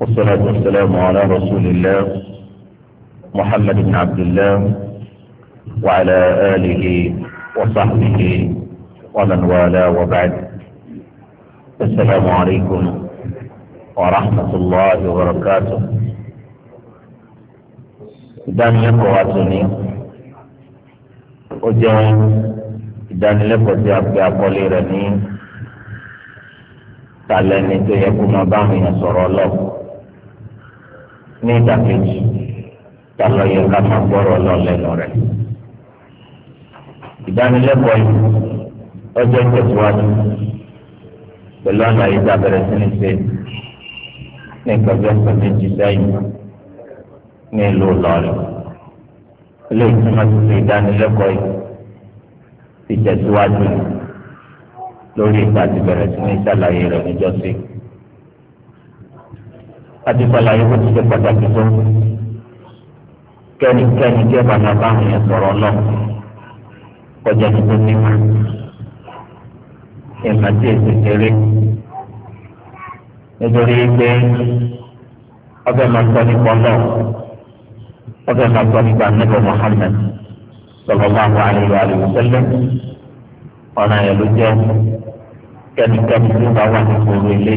والصلاة والسلام على رسول الله محمد بن عبد الله وعلى آله وصحبه ومن والاه وبعد السلام عليكم ورحمة الله وبركاته ìdánilẹ́kọ̀ọ́ wa tún ní ó jẹ́ ìdánilẹ́kọ̀ọ́ tí a pè àkọlé rẹ̀ ní talẹ́ni tó yẹ kó máa bá àwọn sọ̀rọ̀ ọlọ́pàá ní ìdàkejì tàlọ́ yẹ ká máa gbọ́rọ̀ lọ́lẹ́nu rẹ̀. ìdánilẹ́kọ̀ọ́ yìí ọjọ́ ìtẹ̀síwájú pẹ̀lú ọ̀nà ìdàbẹ̀rẹ̀ sí ní ṣe ní ìkọjọ́ sọ méjì sẹ́yìn ní ìlú Ìlọrin. ilé ìtumọ̀ ti fi ìdánilẹ́kọ̀ọ́ yìí ìtẹ̀síwájú lórí ìgbà tí sí ní ìṣàlàyé rẹ̀ níjọ́sí àti sàlàyé bó ti ṣe pàtàkì tó kẹ́nikẹ́ni kí ẹ bá máa bá àwọn yẹn sọ̀rọ̀ lọ kọjá ní tó ní ma ẹ̀ máa nítorí pé ọbẹ̀ máa sọ nípa náà ọbẹ̀ máa sọ nípa nípa Muhammad sallallahu alaihi wa sallam ọ̀nà yẹn ló jẹ́ kẹ́nikẹ́ni tó bá wà ní ìṣòro ilé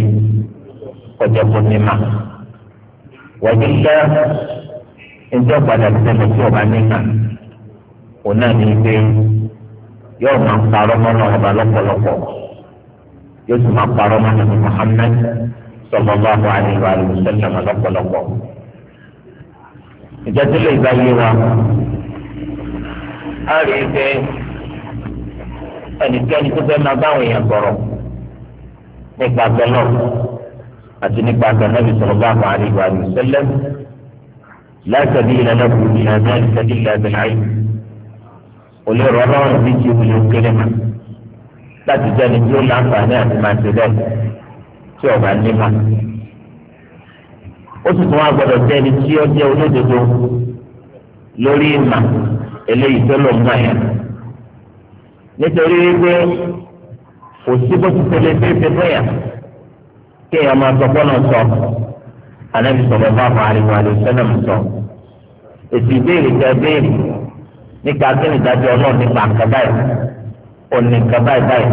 kọjá tó ní wọ́n yẹ ẹjọ́ padà sẹ́nu tí ọba nígbà òun náà ní pé yóò máa parọ́ mọ́ náà ọba lọ́pọ̀lọpọ̀ yóò sì máa parọ́ mọ́ náà Muhammad sallallahu alaihi wa sallam lọ́pọ̀lọpọ̀. ìjọ́sílẹ̀ ìgbàlè wa a rí i pé ẹnikẹ́ni tó fẹ́ máa báwọn èèyàn sọ̀rọ̀ nípa bẹ́ẹ̀ náà àti nípa àtànàbì sallallahu alaihi wa sallam la sabila lahu ila dhalika illa bil-ilm olè rọlọ́ bí ti wuli kéré ma láti jẹ́ni tí ó láǹfààní àti máa ti bẹ́ẹ̀ tí ọba ní ma ó sì tún wá gbọdọ̀ jẹ́ni tí ó jẹ́ olódodo lórí ìmà eléyìí tó lọ mọ yẹn nítorí pé kò sí bó ti tẹ̀lé tó ti bẹ́ẹ̀ kí èèyàn máa sọ bọ́lọ̀ sọ anabi sọ̀rọ̀ bá fà àríwá àlè sẹ́lẹ̀m sọ èsì ìbéèrè tẹ béèrè nípa kíni ìdájọ́ ọlọ́run nípa nǹkan báyìí òní nǹkan báyìí báyìí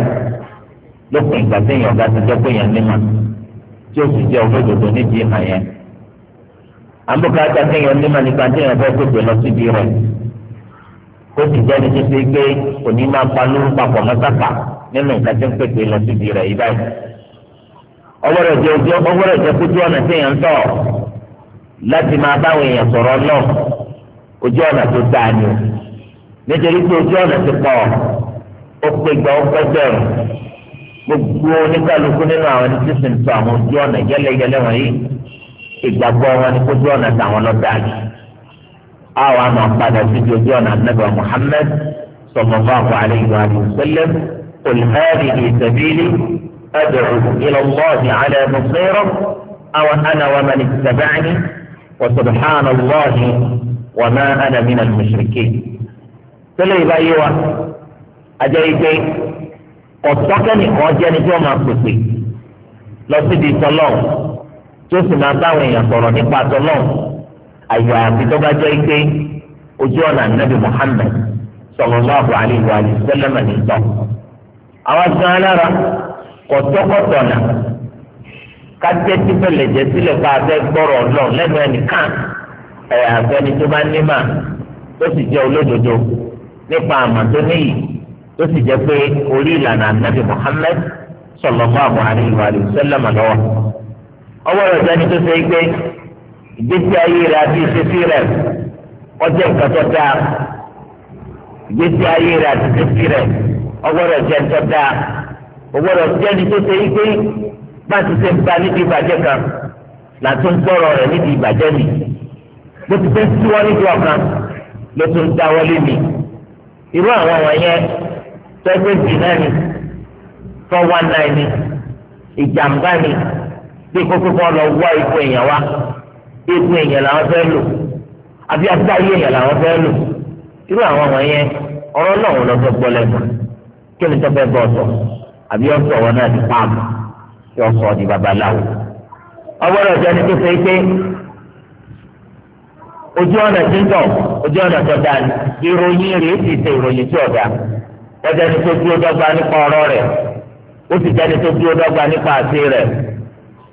lópin ìgbà tí èèyàn ọ̀gá ti jẹ́ pé èèyàn ní mà tí ó sì jẹ́ olódodo nídìí ìmọ̀ yẹn àbúkà ajá tí èèyàn ní mà nípa tí èèyàn fẹ́ gbèsè lọ síbi rẹ̀ ó sì jẹ́ ní títí pé òní máa pa lórúkọ àpọ̀ mọ́sáfà nínú nǹkan tí ń lọ síbi rẹ̀ yìí báyìí ọgbọ́dọ̀ jẹ ojú ọgbọ́dọ̀ jẹ kójú ọ̀nà tí èèyàn ń tọ̀ láti máa báwọn èèyàn sọ̀rọ̀ náà ojú ọ̀nà tó dáa ni nítorí pé ojú ọ̀nà ti pọ̀ ó pé gba ọgbẹ́gbẹ̀rún gbogbo oníkàlùkù nínú àwọn ẹni tí sìn tó àwọn ojú ọ̀nà yẹ́lẹ́yẹ́lẹ́ wọ̀nyí ìgbàgbọ́ wọn ni kójú ọ̀nà táwọn lọ dáa ni àwọn àmọ́ padà síbi ojú ọ̀nà anábà Muhammad sallallahu أدعو إلى الله على بصيرة أو أنا ومن اتبعني وسبحان الله وما أنا من المشركين tẹ́lẹ̀ ìbáyé wa ajẹ́ ike ọ̀tọ́kẹ́nì kan jẹ́ ni tí wọ́n máa pèpè lọ sí di tọ́lọ́ọ̀ tí ó sì máa báwọn èèyàn sọ̀rọ̀ nípa tọ́lọ́ọ̀ àyà àti tó bá jẹ́ ike ojú ọ̀nà nàbì Muhammad sallallahu alaihi wa sallam ní sọ. àwa gan alára kọtọkọtọna kátẹ́tí fẹlẹ̀ jẹ́ sílẹ̀ fún abẹ́ gbọ́rọ̀ lọ lẹ́nu ẹnìkan ẹ̀ àfẹ́ni tó bá ní mà tó sì jẹ́ olódodo nípa àmà tó níyì tó sì jẹ́ pé orí ìlànà ànábì Muhammad sallallahu alaihi wa sallam lọ́wọ́. ọwọ́ rẹ̀ sẹ́ni tó ṣe é pé ayé rẹ̀ àti ìṣesí rẹ̀ ọjọ́ nǹkan tó dáa ayé rẹ̀ àti ìṣesí rẹ̀ ọwọ́ rẹ̀ jẹ́ tó dáa ògbọ́dọ̀ jẹ́ni tó ṣe ike bá ti ṣe ń ba níbi ìbàjẹ́ kan láti ń gbọ́rọ̀ rẹ̀ níbi ìbàjẹ́ mi bó ti fẹ́ sí wọn níbi ọ̀kan ló tún dá wọlé mi irú àwọn wọ̀nyẹn tẹ́gbẹ́ bì náà ni four one nine ni ìjàmbá ni bí kókó kan lọ wá ipò èèyàn wá ipò èèyàn làwọn fẹ́ lò àbí agbáyé èèyàn làwọn fẹ́ lò irú àwọn wọ̀nyẹn ọ̀rọ̀ náà wọn lọ fẹ́ gbọ́ lẹ́nu kí ni tọ́ fẹ́ bọ́ ọ̀tọ̀ àbí ọ̀sọ̀ wọn náà ti pààmù tí ọ̀sọ̀ di babaláwo. ọgbọ́dọ̀ jẹ́ ní pípé pé ojú ọ̀nà tí ń tọ̀ ojú ọ̀nà tó dáa ni ìròyìn rèé ti ṣe ìròyìn tí ọ̀dà ọjà ni tó dúró dọ́gba nípa ọ̀rọ̀ rẹ̀ ó sì jẹ́ni tó dúró dọ́gba nípa àti rẹ̀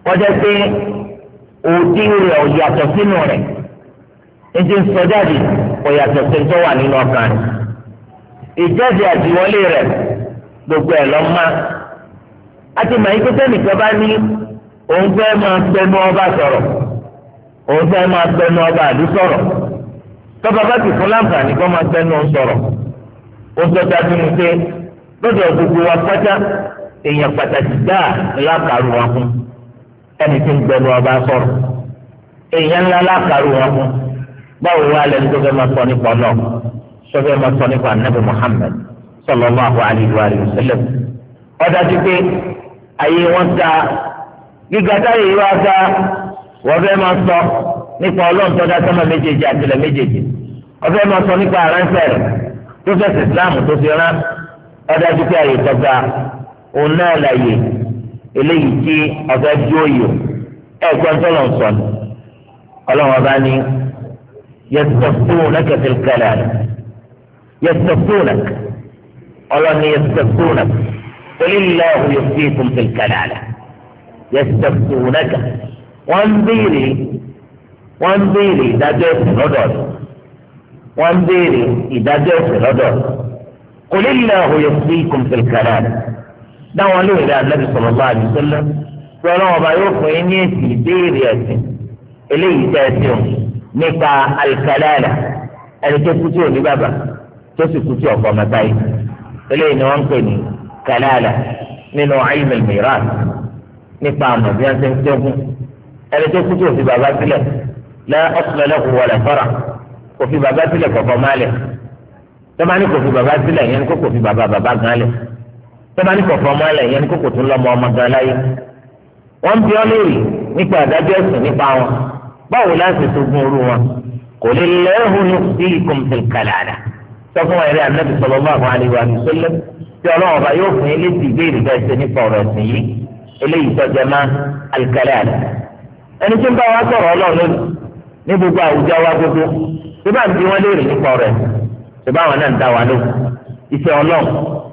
kọjá pé òdi rẹ̀ ò sínú rẹ̀ ẹjẹ ń sọ sí tó wà nínú ọkàn rẹ̀ ìjẹ́jẹ́ rẹ̀ gbogbo ẹ̀ lọ mọ́ a ti mọ̀ ikú sẹ́nìkan bá ní òun fẹ́ máa ọba sọ̀rọ̀ òun fẹ́ máa gbẹnu ọba àdú sọ̀rọ̀ tọ́ba bá ti fún láǹfààní máa sọ̀rọ̀ lọ́dọ̀ gbogbo wa pátá èèyàn pàtàkì lákàrú wa fún ẹni tí ń ọba sọ̀rọ̀ èèyàn sallallahu alaihi wa sallam ọdájú pé ayé wọn ta gíga táyé yìí wá ta wọ́n fẹ́ máa sọ nípa ọlọ́run tó dá sọ́mọ méjèèjì àtìlẹ̀ méjèèjì wọ́n fẹ́ máa sọ nípa aránsẹ́ rẹ̀ tó fẹ́sẹ̀ islam tó fi rán ọdájú pé ayé tọ́ga òun náà láàyè eléyìí tí ọ̀fẹ́ dúóyò ẹ̀gbọ́n tó lọ sọ ni ọlọ́run ọba ni yẹtọ̀ fún lẹ́kẹ̀tẹ̀ kẹlẹ́ yẹtọ̀ fún lẹ́kẹ̀tẹ̀ ọlọ́ni yẹsẹ̀kúnà olílẹ̀ ọ̀hún yóò fi ìkùnfẹ̀lì kàlàlà yẹsẹ̀kúnà kà wọ́n ń béèrè wọ́n ń béèrè ìdájọ́ ẹ̀sìn lọ́dọ̀ rẹ̀ wọ́n ń béèrè ìdájọ́ ẹ̀sìn lọ́dọ̀ rẹ̀ olílẹ̀ ọ̀hún yóò fi ìkùnfẹ̀lì kàlàlà dáwọn lóore rẹ̀ anábì sọ̀rọ̀ bá àdìsọ́lá pé ọlọ́wọ́n bá yóò fún yín ní èsì ìbéèrè ẹ̀sìn eléyìí tẹ́ ẹ òun nípa àlìkàlàlà ẹni tó kú tí ò ní bàbá tó sì kú tí ọ̀fọ̀ mọ́tá yìí eléyìí ni wọ́n ń pè ní kàlàlà nínú ilm al-miras nípa àmọ̀ bí wọ́n ti ń tẹ́gùn ẹni tó kú tí òfin bàbá sílẹ̀ lẹ́ ọ̀sùnlẹ̀ kò wọlé fọ́ra òfin bàbá sílẹ̀ kọ̀ọ̀kan má lẹ̀ tọ́mání kò fi bàbá sílẹ̀ yẹn kó kò fi bàbá bàbá gan lẹ̀ tọ́mání kọ̀ọ̀kan má lẹ̀ yẹn kó kò tún lọ́mọ ọmọ gan láyé wọ́n bí ọ́ léèrè nípa àdájọ́ ẹ̀sìn nípa wọn báwo láti tó gún orú wọn kò lè lẹ́hùn ní ìkùnfin kàlàlà sọ fún ẹ̀rí ànábì sọ̀rọ̀ bá àwọn àlewà ní sọ́lẹ̀ tí ọlọ́run ọba yóò fún eléyìí ìbéèrè bẹ́ẹ̀ ṣe nípa ọ̀rọ̀ ẹ̀sìn yìí eléyìí tọ́jà má àlùkálẹ̀ àlẹ́ ẹni tí ń bá wa sọ̀rọ̀ ọlọ́run ní gbogbo àwùjọ wa gbogbo tó bá ń bí wọn léèrè nípa ọ̀rọ̀ ẹ̀sìn tó bá wọn náà ń dá wa lóhùn iṣẹ́ ọlọ́run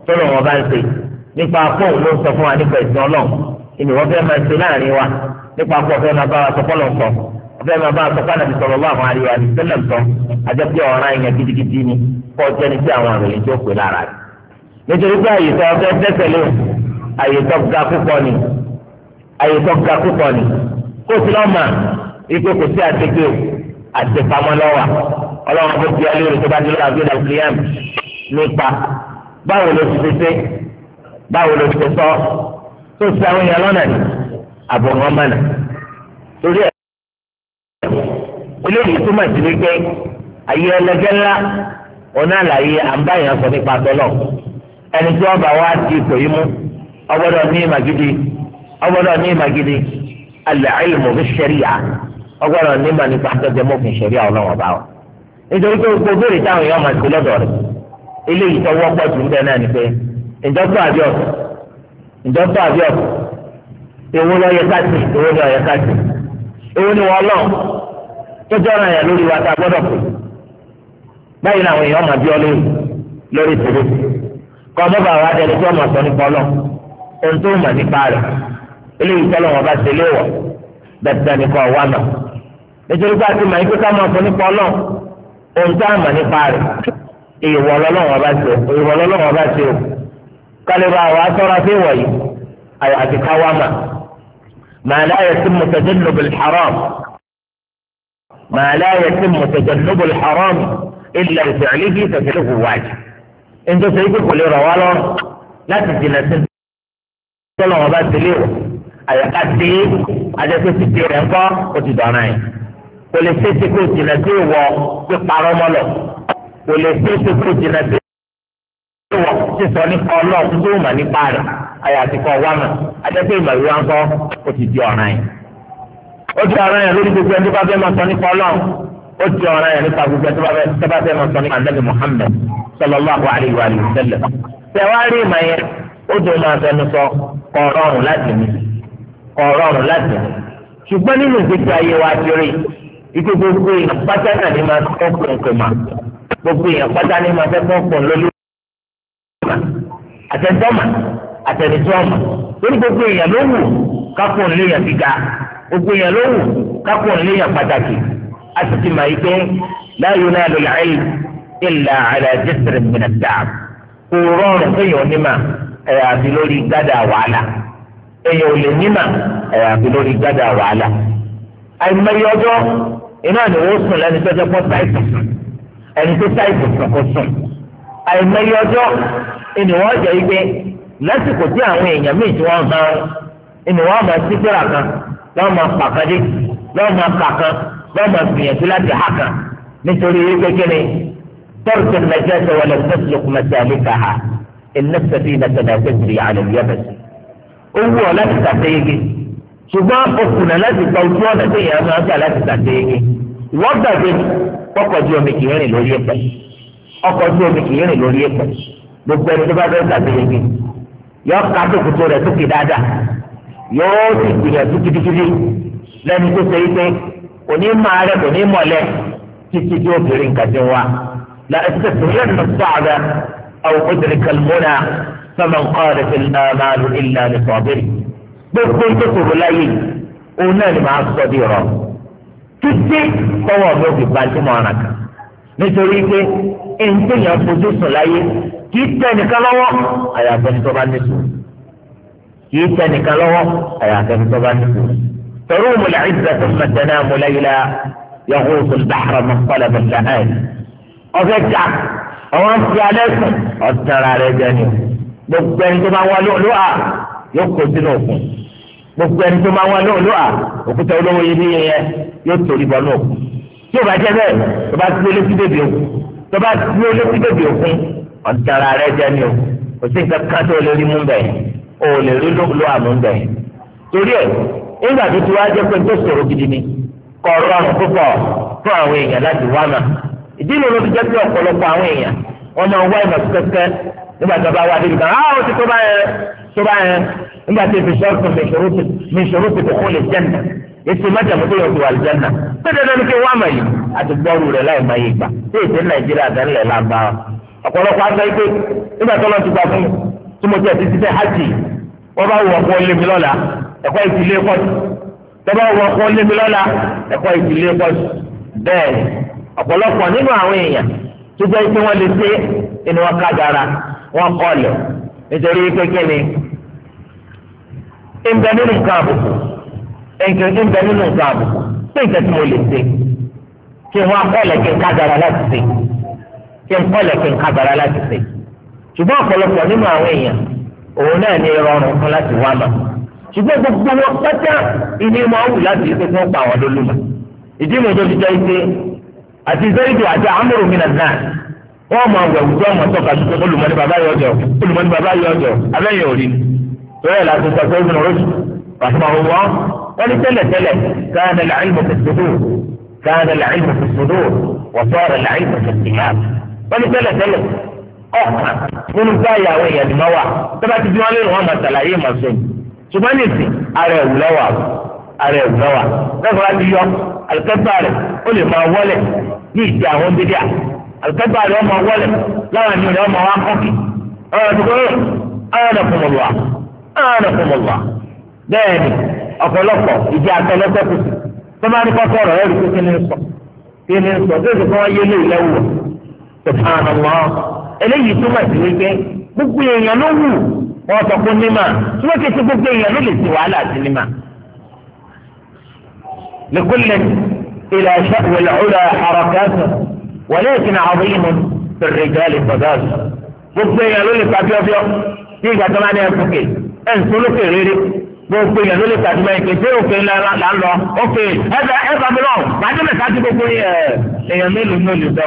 tọ́lọ̀ wọn bá ń ṣe nípa fóun ló ń sọ fún wa nípa ẹ̀sìn kọ́ jẹ́ni tí àwọn àròyìn tó pè lára rẹ̀ nítorí pé àyè tó ọfẹ́ tẹ́sẹ̀lé àyè tó ga púpọ̀ ni àyè tó ga púpọ̀ ni kó tí lọ́ọ́ mà ikú kò sí àtẹ́kẹ́ àtẹ́pamọ́ lọ́wà ọlọ́run kò fi ọlẹ́rìí tó bá ti lọ́ọ́ àgbélà kílíàmù nípa báwo ló ti ṣe báwo ló ti sọ tó ṣe àwọn èèyàn lọ́nà ni àbọ̀ wọn mọ̀nà torí ẹ̀ eléyìí túmọ̀ sí wípé àyè ẹlẹgẹ́ ńlá ọ̀nà àlàyé à ń bá èèyàn sọ nípa tọ́lọ̀ ẹni tí wọ́n bá wá di ipò yìí mú ọgbọ́dọ̀ ní ìmàgídí ọgbọ́dọ̀ ní ìmàgídí al-ilmu bish-sharia ọgbọ́dọ̀ ní ìmà nípa tọ́jọ́ mọ́kùn ṣẹ̀ríà ọlọ́wọ́n bá wa. nítorí pé gbogbo béèrè táwọn èèyàn máa ti lọ́dọ̀ rẹ̀ ilé ìtọ́wọ́ pọ̀ jù ń bẹ náà ni pé ìjọ́tọ̀ àbíọ̀tọ̀ ìjọ́tọ̀ àbíọ̀tọ̀ èwo ló yẹ ká tì èwo yẹ ká tì ni wọ́n lọ́ọ̀ tó jọ́ràn yẹn lórí wa tá a gbọ́dọ̀ pè é báyìí làwọn èèyàn máa bí ọ lórí lórí tèrè kọ́ mọ́bà wa dẹni tí wọ́n máa sọ nípa ọlọ́ ohun tó mọ̀ nípa rẹ̀ eléyìí tọ́lọ̀ wọn bá ṣe léwọ̀ dandan ni kọ́ ọ wá nà nítorí pé àti màá ká máa sọ nípa ọlọ́ ohun tó àmọ̀ nípa rẹ̀ ìwọ ọlọ́wọ́n bá ṣe ìwọ ọlọ́wọ́n bá ṣe o kálíbà wa sọ́ra sí ìwọ̀ yìí àti káwá mà màá láyé ilà ìfẹ̀lẹ́ bí ìfẹ̀lẹ́ kò wájú ẹnjọ́sọ yìí kò lè rọ̀ wá lọ láti jìnnà sí tọ́lọ̀ wọn bá ti lé wọ̀ àyàká sí adẹ́sẹ̀ ti di rẹ̀ ńkọ́ ó ti dọ̀nà yìí kò lè ṣe ti kó jìnnà sí ìwọ pé parọ́ mọ́lọ̀ kò lè ṣe ti kó jìnnà sí ìwọ ti sọ nípa ọlọ́run tó mà nípa rẹ̀ àyàfi kọ́ wá mà adẹ́sẹ̀ ìmọ̀ ìwé ńkọ́ ó ti di ọ̀ràn ó ti ọ̀rọ̀ yẹn nípa gbogbo ẹ̀ tó bá fẹ́ mọ̀ sọ nípa ànábì Muhammad sallallahu alayhi wa sallam tẹ̀wárí ìmọ̀ yẹn ó dùn máa fẹnu sọ kọ̀ọ̀rọ̀rùn láti mi kọ̀ọ̀rọ̀rùn láti mi ṣùgbọ́n nínú ìgbésí ayé wa kiri ike gbogbo èèyàn pátá náà ni máa fẹ́ kó nǹkan mà gbogbo èèyàn pátá ni máa fẹ́ kó nǹkan lórí àtẹ̀tọ́mà àtẹ̀tọ́mà lórí gbogbo èèyàn ló kápò níléyàn asisi ma yi pé láàyò náà lò láàyè ìlà àlà jẹsẹrẹ mìíràn dáa kò rọrùn kéèyàn onímà ẹ̀yà àfi lórí gádà wàhálà èèyàn ò lè nímà ẹ̀yà àfi lórí gádà wàhálà àìmọye ọjọ́ iná ni wọ́n sùn lẹ́ni tó jẹ́ pọ́ táìpù sùn ẹni tó táìpù sùn kò sùn àìmọye ọjọ́ ni wọ́n jẹ́ igbe lásìkò tí àwọn èèyàn míì tí wọ́n gan ni wọ́n máa sí gbéra kan lọ́wọ́ máa pàkàdé lọ́wọ́ máa kà kan bọ́ọ̀ máa gbìyànjú láti hà kan nítorí wípé kíni tọ́rọ̀tì nàìjíríà wọlé tẹ́sílùkù mẹ́tẹ́ẹ̀lì káha ìnẹ́sẹ̀bí nàìjíríà tẹ́sílì àlẹ́ yẹ́bẹ̀sì. ó wù ọ́ láti sàtẹ́yẹgẹ ṣùgbọ́n òkùnà láti gba ojú ọ̀nà tó yẹn máa gbà láti sàtẹ́yẹgẹ. ìwọ́n gbàgbé ọkọ̀ ojú omi kì í rìn lórí ẹ̀pẹ̀ ọkọ̀ omi kì í rìn lórí ẹ̀pẹ̀ gbogbo ẹni tó bá fẹ́ sàtẹ́yẹgẹ kò ní máa rẹ kò ní mọ̀lẹ́ títí tí obìnrin kan ti wá la ẹsẹ̀ tó yẹ lọ sọ̀rọ̀ àwọn obìnrin kan múna sọmọ nǹkan rẹ̀ fi máa lu ilà ní sọ̀bìrì gbogbo tó kúrò láyé òun náà ni màá sọ di rọ títí tọwọ́ mi ò fi ba tí mo ràn kàn nítorí pé ẹni tó fojú sùn láyé kì í tẹ nìkan lọ́wọ́ àyàfẹ́ ní bá ní sùn kì í tẹ nìkan lọ́wọ́ àyàfẹ́ ní bá ní sùn. تروم العزة ثم تنام ليلا يغوص البحر من طلب اللهان أفجع أو أنت عليكم أترى على جانب gbogbo ẹni tó máa wá lóòlóà yóò kó sínú òkun gbogbo ẹni tó máa wá lóòlóà òkúta olówó yìí ní yẹn yóò torí bọ́ náà tí o bá jẹ bẹ́ẹ̀ tó bá gbé létí bèbè òkun tó bá gbé létí bèbè òkun ọ̀dàrà rẹ jẹ ni o kò sí nǹkan kan tó lè rí mú bẹ́ẹ̀ o lè rí lóòlóà mú bẹ́ẹ̀ torí ẹ̀ nígbà tó ti wá jẹ́ pé tó sọ̀rọ̀ gidi ni kọ̀ rọrùn púpọ̀ fún àwọn èèyàn láti wá mà ìdí ìlú olóbi jẹ́ pé ọ̀pọ̀lọpọ̀ àwọn èèyàn wọ́n máa wá ìmọ̀ kẹ́kẹ́ nígbà tó bá wá débi kan áwọn ah, ti tó bá yẹn tó bá yẹn nígbà tó fi sọ́ọ̀tún mi ṣòro ti kókó lè jẹ́ nà èsì mẹ́tẹ̀mú tó yọ ti wà lè jẹ́ nà tó dandan kí wọ́n àmọ̀ yìí àti gbọ́rù rẹ̀ láì máa yé gbà tó nàìjíríà dán lẹ̀ lába ọ̀pọ̀lọpọ̀ àgbà yìí nígbà tó lọ́ọ́ ti gbà fún mi tí mo ti ẹ̀ ti ti fẹ́ hajj wọ́n bá wọ̀ ọ́ ẹ̀kọ́ ìtìlẹ̀ pọ̀ jù tọ́ba wọ ọkọ lébi lọ́la ẹ̀kọ́ ìtìlẹ̀ pọ̀ jù bẹ́ẹ̀ ọ̀pọ̀lọpọ̀ nínú àwọn èèyàn tó jẹ́ pé wọ́n lè ṣe inú wọn ká dára wọn kọ́ lẹ̀ nítorí pé kí ni ń bẹ nínú nǹkan àbùkù ń bẹ nínú nǹkan àbùkù pé nǹkan tí mo lè ṣe kí wọn kọ́ lẹ̀ kí n ká dára láti ṣe kí n kọ́ lẹ̀ kí n ká dára láti ṣe ṣùgbọ́n ọ̀pọ̀lọpọ̀ nínú àwọn èèyàn òun náà ní rọrùn fún láti wá náà ṣùgbọ́n gbogbo wọn pátá ìní máa wù láti ṣe fún pa àwọn lólùmọ̀ ìdí mi tó fi jẹ́ ike àti zayidu àti amúrò mi nàdá wọn máa wẹ̀ wùdú ọmọ tó kàdú pé olùmọ̀ ní bàbá yọjọ olùmọ̀ ní bàbá yọjọ abẹ́yẹ òrí lórí láti sọ pé ìbùnú rọ́ṣù pàṣẹ wọn wọn ní tẹ́lẹ̀ tẹ́lẹ̀ káàdà làálùmọ̀ fẹ̀sọ̀dọ̀ ní tẹ́lẹ̀ tẹ́lẹ̀ ọ̀kan nínú báyà àwọn èèyàn ni máa ṣùgbọ́n nìsín ara ẹ̀wù lọ́wọ́ ara ẹ̀wù lọ́wọ́ lọ́sọ̀rọ̀ àti yọ àlùkẹ́bà rẹ̀ ó lè máa wọlé ní ìdí àwọn bídíà àlùkẹ́bà rẹ̀ ó máa wọlé láwọn ẹ̀mí rẹ̀ ó máa wá kọ́kì ọ̀rọ̀ àdúgbò ààrẹ̀kùnmọ̀lùwà ààrẹ̀kùnmọ̀lùwà bẹ́ẹ̀ ni ọ̀pọ̀lọpọ̀ ìdí àtọlọ́tọ̀ kù tó bá ní kọ́kọ́ ọ̀rọ̀ ẹ̀rí kó kíni sọ kíni sọ tó sì kọ́ wáyé lé ìlẹ́wù subhanallah eléyìí túmọ̀ wọ́n sọ fún mímà tí wọ́n ti ti gbogbo èèyàn ló lè ti wàhálà sí mímà. لكل إلى شأو العلا حركات ولكن عظيم في الرجال صداس gbogbo èèyàn ló lè tàbí ọbẹ̀ bí ìgbà tó máa ní kè é ń tó lókè rírí gbogbo èèyàn ló lè tàbí ẹ̀kẹ́ kété òkè ńlá là ń lọ òkè ẹ̀fà ẹ̀fà mi lọ màdé mẹ́ta ti gbogbo èèyàn mélòó ní olùdó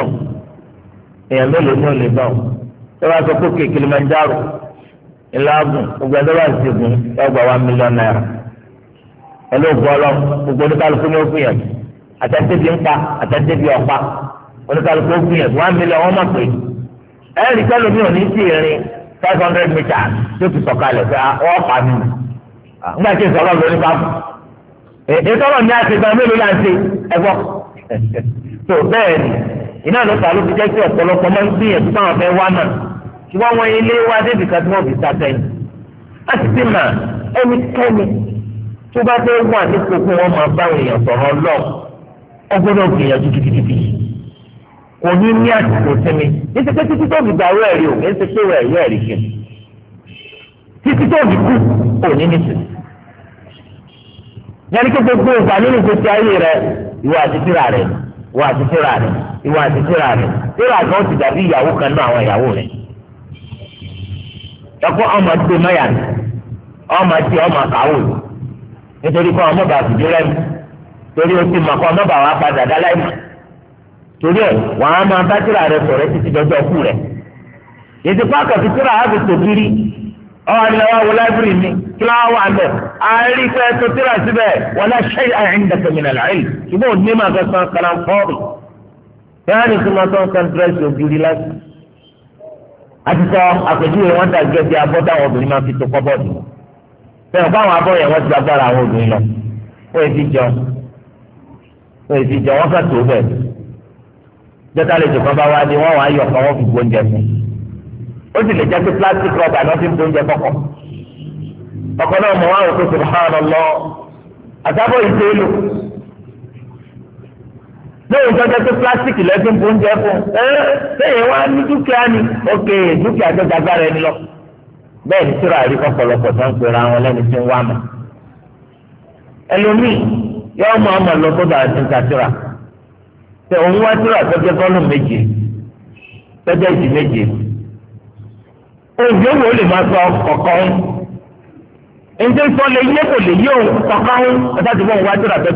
èèyàn mélòó ní olùdó tó bá sọ pé kékeré máa ń Kilimanjaro ńláàgùn gbogbo ẹjọ́ bá ti gùn ẹgbàá wa mílíọ̀n náírà pẹ̀lú ògùn ọlọ́ gbogbo oníkàlùkù ní òkú yẹn àtẹ̀tẹ̀bi ńpa àtẹ̀tẹ̀bi ọ̀pa oníkàlùkù òkú yẹn wá mílíọ̀n wọn mọ̀ pé ẹ̀rì kẹ́lò mi ò ní sí ìrìn five hundred meters tó ti sọ̀kalẹ̀ pé ah, ọ̀pá mi ah, nígbà tí ìsọ̀rọ̀ lórí bá bù ìtọ́rọ̀ ní àṣegbà mélòó la ń ṣe ẹ̀gbọ́n tó bẹ́ẹ̀ ni iná ló fà ló fi jẹ́ kí ọ̀pọ̀lọpọ̀ máa ń gbìyànjú táwọn fẹ́ wá náà ṣùgbọ́n wọn ilé wa débi kan tí wọ́n fi sàtẹ́yìn a sì ti mà ẹnikẹ́ni tó bá fẹ́ wà ní kókó wọn máa bá èèyàn sọ̀rọ̀ lọ ọgbọ́dọ̀ gbìyànjú gidigidi kò ní ní àsìkò sinmi ní ti pé títí tó fi gbà wẹ́ẹ̀rí o ní ti pé wẹ́ẹ̀rí ẹ̀rí kì títí tó fi kú kò ní ní sinmi yẹn kí gbogbo ìgbà nínú gbèsè ayé rẹ ìwà àti tíra rẹ ìwà àti tíra rẹ ìwà àti tíra rẹ tíra gan ti dàbí ìyàwó kan náà àwọn rẹ. ẹkọ ọmọ tó mẹyà ọmọ tí ọmọ kàwé nítorí kọ ọmọ bàbá fìdí rẹ̀ torí o ti mọ̀ kọ́ ọmọ bàbá padà dáláì mọ̀ torí ẹ̀ wọ́n á máa bá tíra rẹ̀ sọ̀rọ̀ títí dọ́jọ́ kú rẹ̀ ètò pákó fi tíra àbí tòkiri ọ̀hún ni wọ́n wọ láìbírì mi kí wọ́n àárí pé tó tíra síbẹ̀ wọ́n lẹ́ ṣe àyìn dàkẹ́mìnà láì ṣùgbọ́n òní máa fẹ́ ògiri àti sọ àpèjúwe wọn dà gẹ́gẹ́ bí abọ́ táwọn obìnrin máa fi tó kọ́ bọ́ọ̀dù bẹ́ẹ̀ báwọn abọ́ yẹn wọ́n ti agbára àwọn obìnrin lọ wọ́n èsì jọ wọ́n èsì jọ wọ́n kà tó bẹ́ẹ̀ jọ́tà lè tó kọ́ bá wá ní wọ́n wàá yọ̀ kọ́ wọ́n fi gbóúnjẹ fún ó sì lè jẹ́ pé plastic rubber náà fi gbóúnjẹ kọ́kọ́ ọkọ náà mọ̀ wá òkú subhanallah àtàbọ̀ ìṣèlú lóyún jọjọ pé pílásìkì lẹ́sìn bó ń fún ẹ ṣéyìn wá ní dúkìá ni òkè dúkìá tó dágbára ẹni lọ bẹ́ẹ̀ ní tíra àrí kọ́pọ̀lọpọ̀ tó ń pera wọn lẹ́ni tí ń wá ẹlòmíì yọ ọmọ ọmọ lọ ta tẹ òun wá méje méje òjò wo lè máa sọ ǹjẹ́ sọ lè yé kò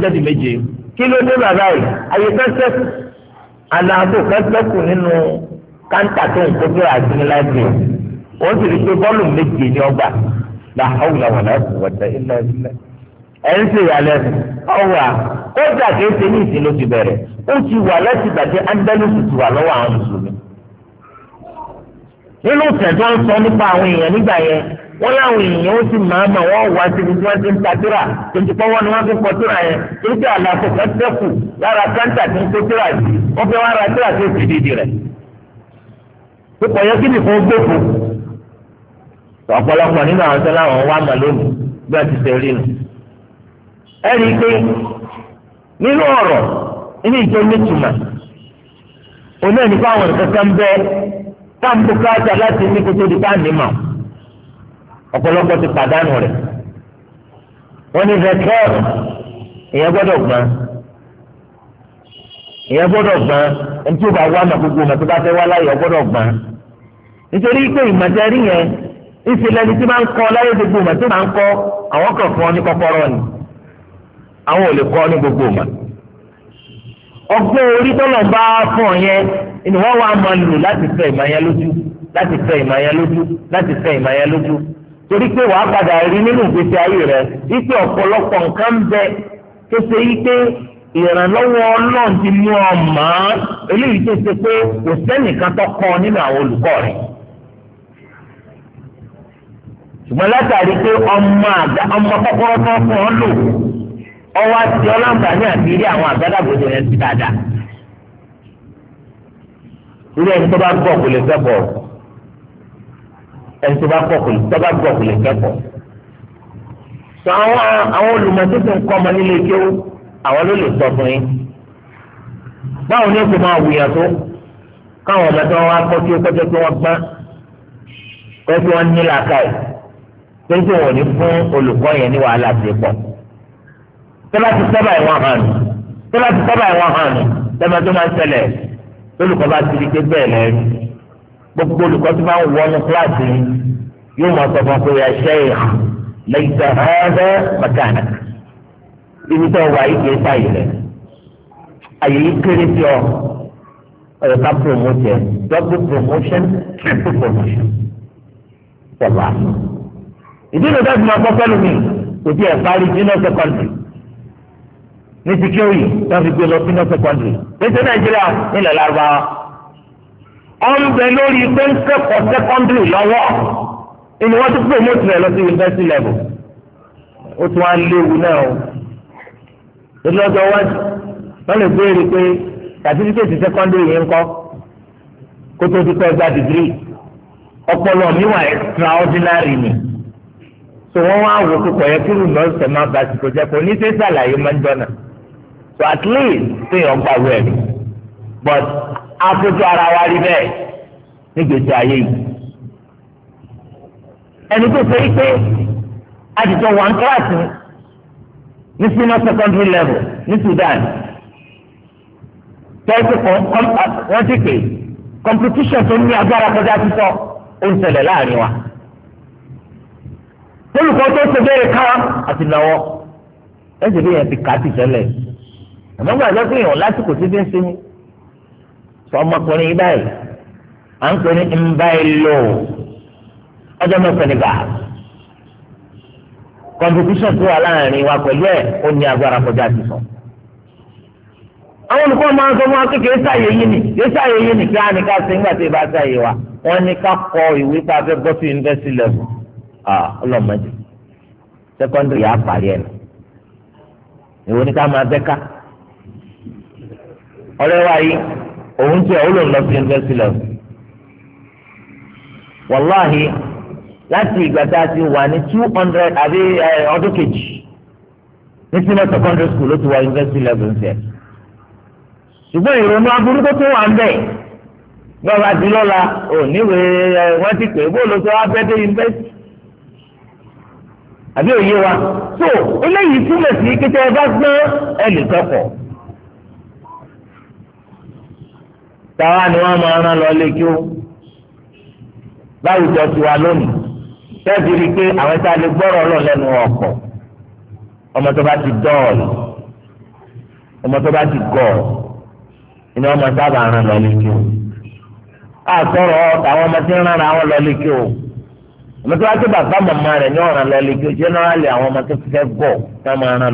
lè yé òun kí ló dé bàbá yìí àyè kẹsẹ aláàbò kẹsẹ kù nínú káńtà tó ń kojú àdínní láti sì rí pé bọ́ọ̀lù méje ní ọgbà la hawla wala ẹ̀ ń ọ̀wà kódà ní ìsìn ló ti bẹ̀rẹ̀ ó ti wà láti ti wà lọ́wọ́ àwọn mùsùlùmí nínú ìtẹ̀tọ́ ń sọ nípa àwọn èèyàn wọ́n láwọn èèyàn ó sì máa ma wọ́n wá síbi tí wọ́n ti ń ta tíra tuntun pọ́n wọn ni wọ́n fi pọ̀ tíra yẹn títí àlàfo lára tí ń tíra yìí ra tíra tó ti pípọ̀ yẹ kí fún ọ̀pọ̀lọpọ̀ nínú àwọn wọn wá mà lónìí bí wọ́n ti pé nínú ọ̀rọ̀ inú ọ̀pọ̀lọpọ̀ ti pàdánù rẹ̀ wọ́n ní vetrol èèyàn gbọ́dọ̀ gbọ́n èèyàn gbọ́dọ̀ gbọ́n ẹni tí ó bá wá ọmọ gbogbo ọmọ tó bá fẹ́ wá láyé ọ gbọ́dọ̀ gbọ́n nítorí pé ìmọ̀tẹ́rì yẹn ìṣẹ̀lẹ̀ ni tí máa ń kọ́ láyé gbogbo ọmọ tó máa ń kọ́ àwọn kan fún ọ ní kọ́kọ́rọ́ ni àwọn ò lè kọ́ ní gbogbo ọmọ ọgbọ́n orí tọ́lọ̀ bá fún ọ yẹn ni wọ́n wá máa lò láti fẹ́ ìmọ̀ yẹn lójú láti fẹ́ ìmọ̀ yẹn lójú láti fẹ́ ìmọ̀ yẹn lójú torí pé wàá padà rí nínú ìgbésí ayé rẹ wípé ọ̀pọ̀lọpọ̀ nǹkan bẹ tó ṣe wípé ìrànlọ́wọ́ ọlọ́run ti mú ọ mọ́ eléyìí tó ṣe pé kò sẹ́nìkan tó kọ́ nínú àwọn olùkọ́ rẹ̀ ṣùgbọ́n látàrí pé ọmọ àgbà ọ lò ọwọ́ àti àti àwọn ti dáadáa. irú ẹni tó ẹni tó bá pọ̀ kò lè tó bá pọ̀ kò lè kẹ́kọ̀ọ́. sọ àwọn àwọn olùmọ̀tòtò nǹkan ọmọ nílé kéwú àwọn ló lè sọ fún yín. báwo ni èkó máa wùyà tó káwọn ọmọ tó wọn akọ tí ó kọjọ tó wọn gbọ́n kọjọ tó wọn ní làákàyè tó tó wọn ní fún olùkọ́ yẹn ní wàhálà ti pọ̀. tó bá ti sábà ìwọ̀n hàn nù tó ti sábà ìwọ̀n hàn nù tó tó máa ń ṣẹlẹ̀ olùkọ́ bá ti di pé bẹ́ẹ̀ lẹ́yìn gbogbo olùkọ́ tó bá ń wọnú kíláàsì yóò máa sọ fún pé ẹ̀ṣẹ́ ìhà lẹ́yìn tó ẹ̀ẹ́dẹ́ mẹkánik ibi tó wà yìí kìí sáyé rẹ̀ àyè yìí kéré sí ọ ọ̀yọ̀ ká promote ẹ̀ double promotion triple promotion pọ̀lá ìdí ìlú dájú máa kọ́kọ́ lómi kò tí ẹ̀ parí junior secondary ní ti kéwì tó fi gbé lọ senior secondary lẹ́sẹ̀ nàìjíríà nílẹ̀ lárúbáwá ọ̀nbẹ lórí pé ń kẹ́kọ̀ọ́ sẹ́kọ́ndìrì lọ́wọ́ ìní wọ́n ti pè ní òtún ẹ̀ lọ sí yunifásitì level ó tún á léwu náà o lọ́jọ́ wájú wọ́n lè béèrè pé sàtífíkẹ́tì sẹ́kọ́ndìrì yìí ń kọ́ kó tó ti kọ́ ẹgbàá dìgírì ọpọlọ mi extraordinary ni so wọ́n wá wò kókò yẹ kí lùmọ̀ ọ̀sẹ̀ máa bá ti kọjá pé oníṣẹ́ sàlàyé máa ń dọ́nà so at least ṣèyàn gbàgbé ẹ̀ but afojú ara wa rí bẹ́ẹ̀ nígbèsè ayé yìí ẹni tó ṣe pé àtijọ́ one class ní senior secondary level ní Sudan tẹ́sí kan wọ́n ti pè competition tó ní agbára kọjá títọ́ ó ń ṣẹlẹ̀ láàrin wa olùkọ́ tó ṣe bẹ́ẹ̀ ká àti náwó ẹ̀sìn bí yẹn ti kà á ti ṣẹlẹ̀ àmọ́ gbàgbọ́ pé lásìkò tí fi ń sinmi. tọmọkùnrin yìí báyìí à ń pè ní nbáìlò ọjọ́ mẹ́fẹ́ ní báà competition tó wà láàrin wa pẹ̀lú ẹ̀ ó ní agbára kọjá ti sọ. àwọn olùkọ́ máa ń sọ fún wa sáyé ni kékeré sáyé yìí ni kí á ní ká tí ì bá sáyé wa wọ́n ní ká kọ ìwé fẹ́ òun tí òun lò lọ sí university level wàláhì láti ìgbà tá a ti wà ní two hundred àbí ọdún kejì ní senior secondary school ló ti wà university level ń fẹ́ ṣùgbọ́n ìrònú aburú tó tún wà ń bẹ̀ lọ́la di lọ́la ò níwèé wọ́n ti pè é bó ló sọ wá fẹ́ dé yunifásitì àbí òye wa tó eléyìí túmọ̀ sí kété ẹ bá gbọ́ ẹ lè kẹ́kọ̀ọ́ táwa ni máa rán lọ lónìí rí i pé àwọn tá a lè gbọ́rọ̀ lẹ́nu ọmọ tó bá ti dọ́ọ̀lù ọmọ tó bá ti gọ̀ ni ọmọ sábà rán lọ lé kí ó àtọ̀rọ̀ ọmọ tí ń rán àwọn lọ lé ọmọ tó bá ti bàbá màmá rẹ̀ lọ jẹ́nẹ́rálì àwọn ọmọ tó fẹ́ máa rán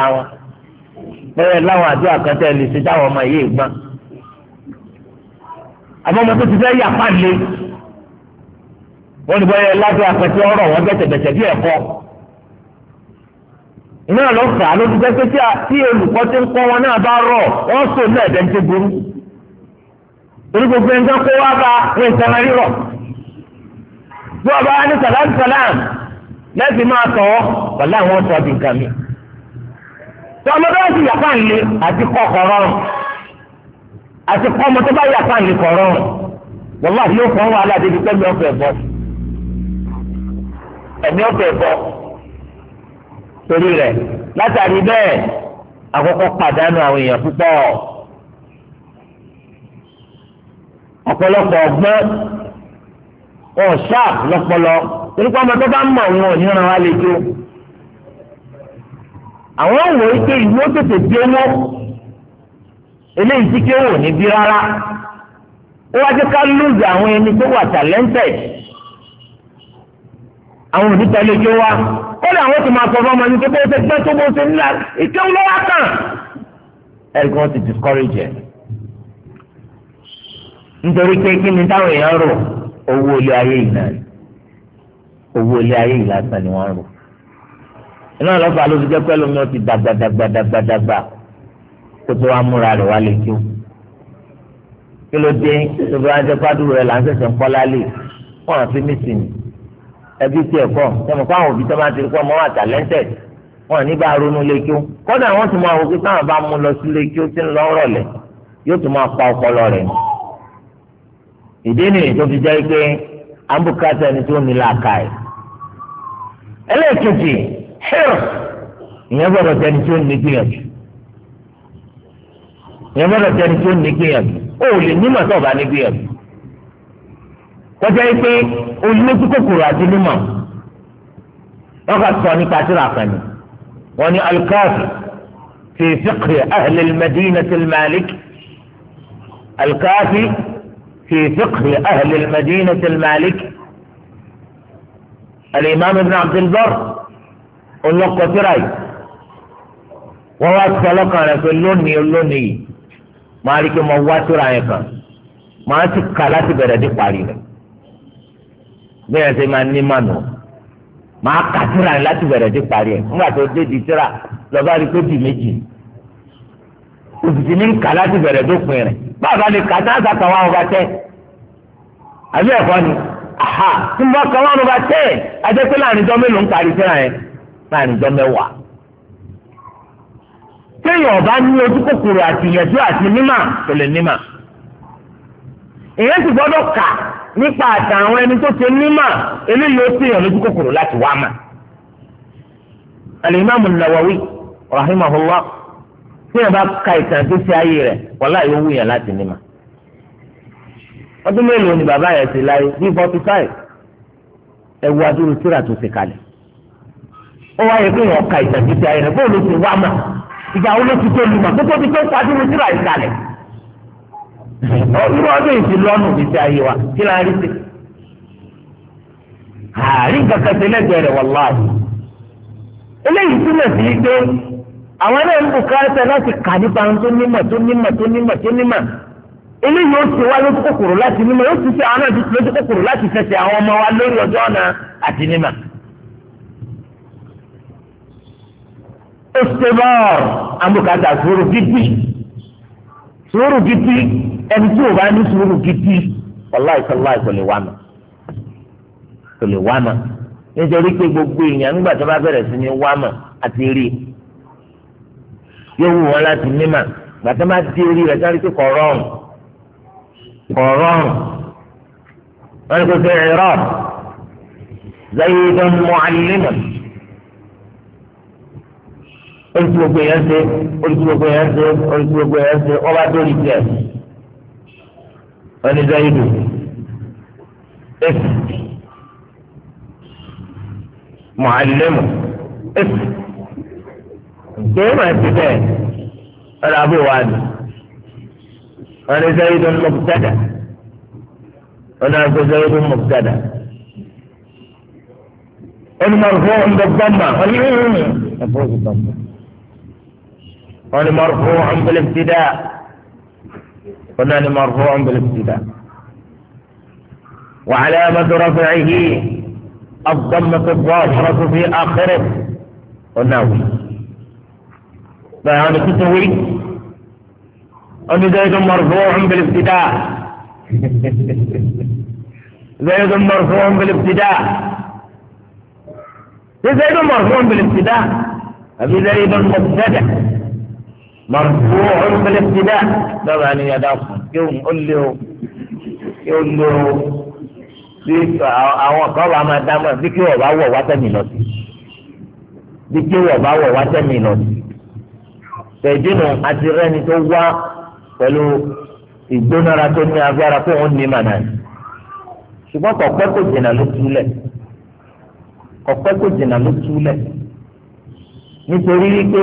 lọ bẹ́ẹ̀ láwọn àdúrà kan tẹ́ lè ṣe táwọn ọmọ yìí gbọ́n. àmọ́ ọmọ tó ti fẹ́ yà pa wọ́n ní bẹ́ẹ̀ lábẹ́ apẹ̀tẹ́ ọ̀rọ̀ wọn bẹ̀tẹ̀bẹ̀tẹ̀ bí iná ló fà á tí ti ń wọn náà bá sọ ti burú. torí gbogbo kó wá bá nǹkan bí ní máa tí ọmọ bá ti yàtọ̀ àlè àti kọ́ kọ̀rọ̀ àti kọ́ ọmọ tó bá yàtọ̀ àlè kọ̀rọ̀ bàbá yóò kọ́ wàhálà débi pẹ́ẹ́mí ọ̀fẹ́ bọ́ ẹ̀mí ọ̀fẹ́ bọ́ torí rẹ̀ látàrí bẹ́ẹ̀ àkọ́kọ́ pàdánù àwọn èèyàn púpọ̀ ọ̀pọ̀lọpọ̀ ọgbọ́n ọ̀ṣáà lọ́pọlọ torí pé ọmọ tó bá ń mọ̀ wọn ò ní ràn wá lè jó àwọn wò ó pé ìwé tètè bí owó eléyìí tí kí ó wò ní bí rárá ó wá jẹ́ ká lóògì àwọn ẹni tó wà talented àwọn òdìtẹ̀lẹ̀ kí ó wá kódà àwọn tó máa sọ fún ọmọ ẹni tó bó tó bó ṣe ńlá ìkéwù lọ́wọ́ kàn ẹ̀gbọ́n ti discourage ẹ̀ nítorí pé kí ni táwọn èèyàn rò owó ilé ayé ìlànà owó ilé ayé ìlànà ni wọ́n rò iná ọlọ́pàá ló fi jẹ́ pẹ́ lómi ó ti dàgbà dàgbà dàgbà dàgbà kó tó wá múra rẹ̀ wá lè jó kí ló dé tó fi wá jẹ́ pàdúrà rẹ̀ là ń sẹ̀sẹ̀ ń kọ́ lálẹ́ fún àwọn fínísì ni ẹbí tiẹ̀ kọ́ sọmọ fún àwọn òbí tó máa ti rí kọ́ ọmọ wa talented wọn ní bá ronú lè jó kọ́dà wọn tún máa wò pé táwọn bá mú lọ sí lè jó tí ń lọ rọ̀lẹ́ yóò tún máa pa ọpọlọ rẹ̀ ìdí nìyí tó fi jẹ́ pé àbùkátà ẹni tó ní làákàyè ẹlẹ́ẹ̀kejì حرف ينظر تنسون نكياج ينظر تنسون نكياج قول إني ما صوب عن نكياج وجايك قول نسكو كرات نما وقد صاني كاتر عقاني واني الكافي في فقه أهل المدينة المالك الكافي في فقه أهل المدينة المالك الإمام ابن عبد البر ọlọ́kọ tíra yìí wọ́n wá sọ rẹ̀ pé lónìí yìí máa rí mo wá yẹn kan máa ti kà láti bẹ̀rẹ̀ dé parí rẹ̀ bẹ́ẹ̀ ṣe máa ní mànù máa kà tíra yẹn láti bẹ̀rẹ̀ dé parí ẹ̀ nígbà tó dé di tíra lọ́ba rí pé bì méjì òtítì ní kà láti bẹ̀rẹ̀ dópin rẹ̀ báwa lè kà wá ọba tẹ́ àbí ẹ̀kọ́ ni aha tí mo bá wá ọba tẹ́ ẹ̀ pé láàrin láàrin jọ mẹ́wàá. téèyàn ọba ní ojú kòkòrò àtìyànjú àti mímà kò lè mímà. èèyàn sì gbọ́dọ̀ kà nípa àtàwọn ẹni tó ṣe mímà eléyìí ó téèyàn lójú kòkòrò láti wá mà. alimami nawawi rahimahullah téèyàn bá ka ìtàn tó ṣe ayé rẹ̀ wàhálà yóò wúyàn láti mímà. ọdún mélòó ni bàbá yẹn ti láyé bí forty five ẹ adúrú tíra tó ṣe kalẹ̀ ó wáyé pé yẹn ka ìtàgídí ayé rẹ bóòlù ti wá mà ti tó tó tó mi síra ọdún yìí ti ayé wa kí la rí sí àárín kankan ti lẹ́gbẹ̀ẹ́ rẹ̀ wàláhì eléyìí túmọ̀ sí i pé àwọn náà ń bùkátà láti kà nípa tó nímọ̀ tó nímọ̀ tó nímọ̀ tó nímọ̀ eléyìí ó ti wá lójú kòkòrò láti nímọ̀ ó ti ṣe àwọn náà lójú kòkòrò láti fẹsẹ̀ àwọn ọmọ wa istibar amúkàtà sùúrù gidi sùúrù gidi ẹni tí o bá ní sùúrù gidi wàláì sàláì kò lè wà mọ́ kò lè wà mọ́ nítorí pé gbogbo èèyàn nígbà tó bá bẹ̀rẹ̀ sí ní wà mọ́ àti rí yóò wù wọn láti mímà gbàtà má di orí rẹ̀ sáré pé kò rọrùn wọn kò sẹ ẹ̀rọ zayidun mu'alliman oríṣi gbogbo yẹn ṣe oríṣi gbogbo yẹn ṣe oríṣi gbogbo yẹn ṣe ọba tó rí tiẹ̀ onídàá ìlú ẹsì mọ̀álẹ́mù ẹsì gbẹ́rù máa ti bẹ́ẹ̀ ọ̀rọ̀ abó wa ni onídàá ìlú mọ̀kútàdà onídàá ìlú mọ̀kútàdà onímọ̀ fún ọ̀ndọ̀gbọ́mà onímọ̀ fún ọ̀ndọ̀gbọ́mà. wọ́n مرفوع بالابتداء قلنا ibtida wọ́n وعلامة رفعه الضمة الظاهرة في آخره قلنا وناوي فيعني كتوي أن زيد مرفوع بالابتداء زيد مرفوع بالابتداء زيد مرفوع بالابتداء أبي زيد مبتدأ mọ̀tò ọ̀nbẹ̀lẹ̀sídà lọ́ba ni yàda kù kí ó lé o kí ó lé o bí àwọn kan bá máa dá mọ́ bí kí wọ́n bá wọ̀ wá tẹ̀mí lọ sí bí kí wọ́n bá wọ̀ wá tẹ̀mí lọ sí. tẹ̀dínú àti rẹ́ni tó wá pẹ̀lú ìgbónára tó ní agbára kó wọ́n ní màná yìí. ṣùgbọ́n kọ̀pẹ́ kò jìnnà ló túlẹ̀ kọ̀pẹ́ kò jìnnà ló túlẹ̀ nítorí wípé.